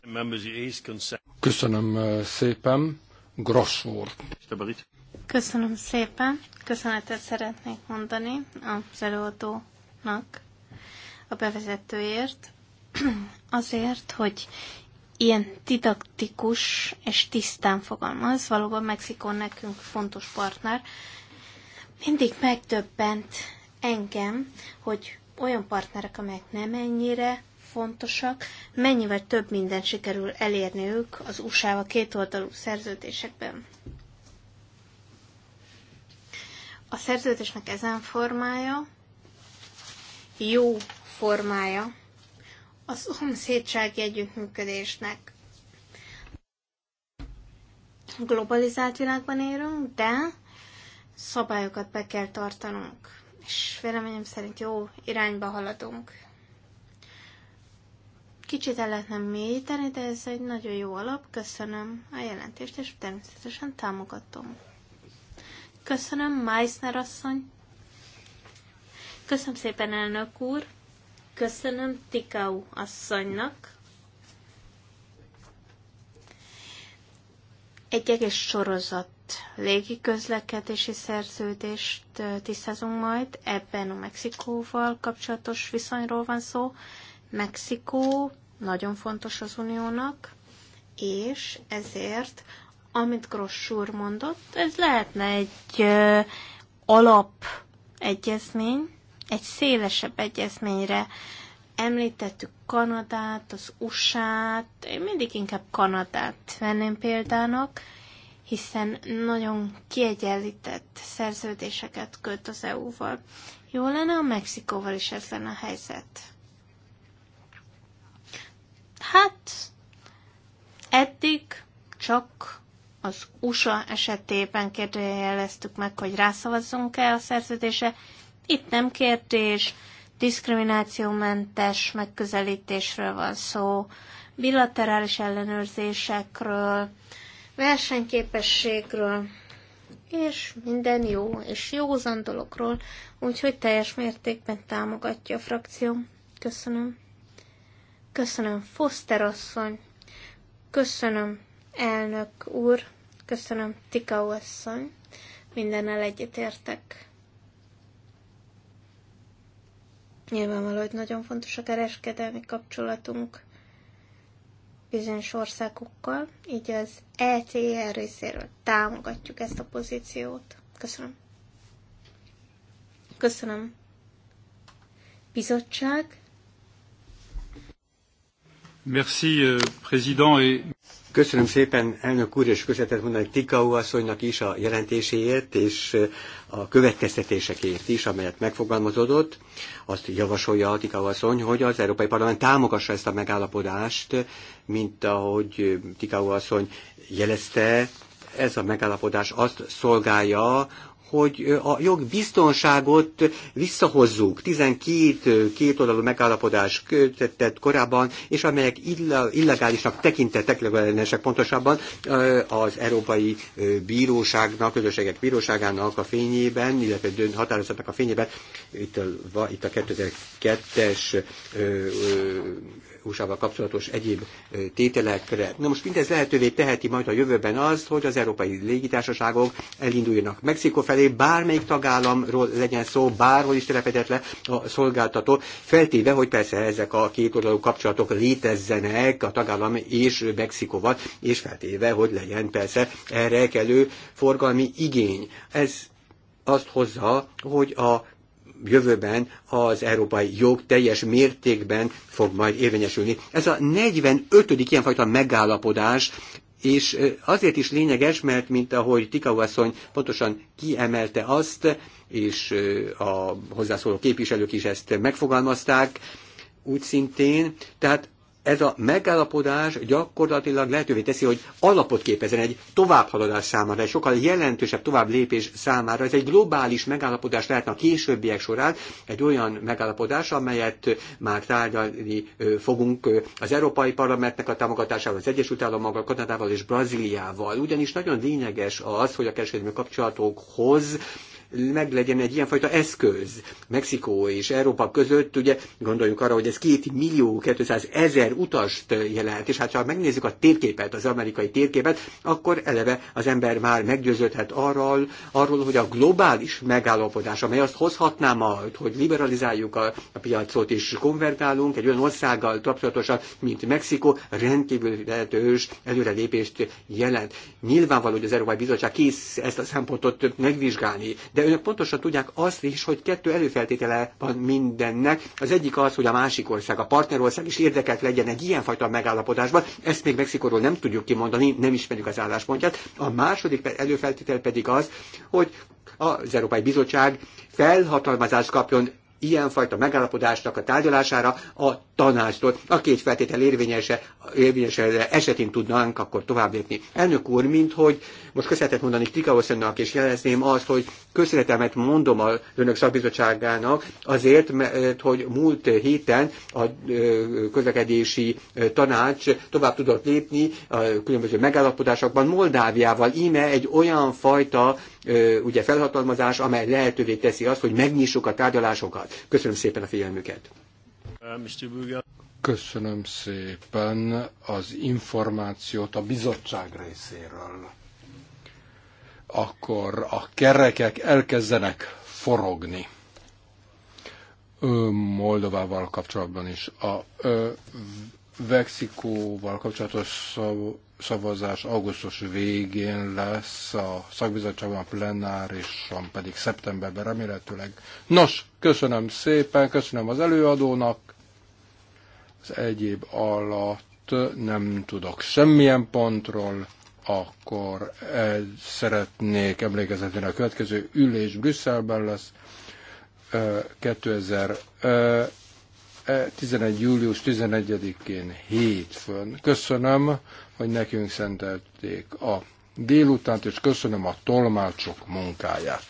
Köszönöm eh, szépen. Gross Köszönöm szépen. Köszönetet szeretnék mondani az előadónak a bevezetőért, azért, hogy ilyen didaktikus és tisztán fogalmaz. Valóban Mexikó nekünk fontos partner. Mindig megdöbbent engem, hogy olyan partnerek, amelyek nem ennyire fontosak, mennyivel több mindent sikerül ők az USA-val kétoldalú szerződésekben. A szerződésnek ezen formája, jó formája a szomszédsági együttműködésnek. Globalizált világban élünk, de szabályokat be kell tartanunk és véleményem szerint jó irányba haladunk. Kicsit el lehetne mélyíteni, de ez egy nagyon jó alap. Köszönöm a jelentést, és természetesen támogatom. Köszönöm, Meissner asszony. Köszönöm szépen, elnök úr. Köszönöm Tikau asszonynak. Egy egész sorozat légi közlekedési szerződést tisztázunk majd, ebben a Mexikóval kapcsolatos viszonyról van szó. Mexikó nagyon fontos az uniónak, és ezért, amit Gross úr mondott, ez lehetne egy alap egyezmény, egy szélesebb egyezményre. Említettük Kanadát, az USA-t, én mindig inkább Kanadát venném példának, hiszen nagyon kiegyenlített szerződéseket köt az EU-val. Jó lenne a Mexikóval is ez lenne a helyzet. Hát, eddig csak az USA esetében kérdőjeleztük meg, hogy rászavazzunk-e a szerződése. Itt nem kérdés, diszkriminációmentes megközelítésről van szó, bilaterális ellenőrzésekről, versenyképességről, és minden jó és józan dologról, úgyhogy teljes mértékben támogatja a frakció. Köszönöm. Köszönöm, Foster asszony. Köszönöm, elnök úr. Köszönöm, Tika asszony. Mindennel egyetértek. Nyilvánvaló, hogy nagyon fontos a kereskedelmi kapcsolatunk bizonyos országokkal, így az ECR e részéről támogatjuk ezt a pozíciót. Köszönöm. Köszönöm. Bizottság. Merci, euh, président. Et... Köszönöm szépen, elnök úr, és köszönetet mondani Tikau asszonynak is a jelentéséért, és a következtetésekért is, amelyet megfogalmazódott. Azt javasolja a Tikau asszony, hogy az Európai Parlament támogassa ezt a megállapodást, mint ahogy Tikau asszony jelezte, ez a megállapodás azt szolgálja, hogy a jogbiztonságot visszahozzuk. 12 két oldalú megállapodás kötetett korábban, és amelyek illegálisnak tekintettek, legalábbisek pontosabban az Európai Bíróságnak, Közösségek Bíróságának a fényében, illetve dönt határozatnak a fényében, itt a, itt a 2002-es usa kapcsolatos egyéb tételekre. Na most mindez lehetővé teheti majd a jövőben azt, hogy az európai légitársaságok elinduljanak Mexikó felé, bármelyik tagállamról legyen szó, bárhol is telepedett le a szolgáltató, feltéve, hogy persze ezek a két oldalú kapcsolatok létezzenek a tagállam és Mexikóval, és feltéve, hogy legyen persze erre kellő forgalmi igény. Ez azt hozza, hogy a jövőben az európai jog teljes mértékben fog majd érvényesülni. Ez a 45. ilyenfajta megállapodás és azért is lényeges, mert mint ahogy Tikau asszony pontosan kiemelte azt, és a hozzászóló képviselők is ezt megfogalmazták, úgy szintén, tehát ez a megállapodás gyakorlatilag lehetővé teszi, hogy alapot képezen egy továbbhaladás számára, egy sokkal jelentősebb tovább lépés számára. Ez egy globális megállapodás lehetne a későbbiek során, egy olyan megállapodás, amelyet már tárgyalni fogunk az Európai Parlamentnek a támogatásával, az Egyesült Államokkal, Kanadával és Brazíliával. Ugyanis nagyon lényeges az, hogy a kereskedelmi kapcsolatokhoz meglegyen egy ilyenfajta eszköz Mexikó és Európa között, ugye gondoljuk arra, hogy ez két millió 200 ezer utast jelent, és hát ha megnézzük a térképet, az amerikai térképet, akkor eleve az ember már meggyőződhet arról, arról hogy a globális megállapodás, amely azt hozhatná majd, hogy liberalizáljuk a, a piacot és konvergálunk egy olyan országgal kapcsolatosan, mint Mexikó, rendkívül lehetős előrelépést jelent. Nyilvánvaló, hogy az Európai Bizottság kész ezt a szempontot megvizsgálni, de önök pontosan tudják azt is, hogy kettő előfeltétele van mindennek. Az egyik az, hogy a másik ország, a partnerország is érdekelt legyen egy ilyenfajta megállapodásban. Ezt még Mexikóról nem tudjuk kimondani, nem ismerjük az álláspontját. A második előfeltétel pedig az, hogy az Európai Bizottság felhatalmazást kapjon ilyenfajta megállapodásnak a tárgyalására a tanácstól. A két feltétel érvényese, érvényese esetén tudnánk akkor tovább lépni. Elnök úr, mint hogy most köszönetet mondanék Tikaoszonnak, és jelezném azt, hogy köszönetemet mondom a önök szakbizottságának azért, mert hogy múlt héten a közlekedési tanács tovább tudott lépni a különböző megállapodásokban Moldáviával. Íme egy olyan fajta ugye felhatalmazás, amely lehetővé teszi azt, hogy megnyissuk a tárgyalásokat. Köszönöm szépen a figyelmüket. Köszönöm szépen az információt a bizottság részéről akkor a kerekek elkezdenek forogni. Moldovával kapcsolatban is. A Vexikóval kapcsolatos szavazás augusztus végén lesz, a szakbizottságban a plenárison pedig szeptemberben remélhetőleg. Nos, köszönöm szépen, köszönöm az előadónak. Az egyéb alatt nem tudok semmilyen pontról akkor eh, szeretnék emlékezetni a következő ülés Brüsszelben lesz 2011. Eh, eh, július 11-én hétfőn. Köszönöm, hogy nekünk szentelték a délutánt, és köszönöm a tolmácsok munkáját.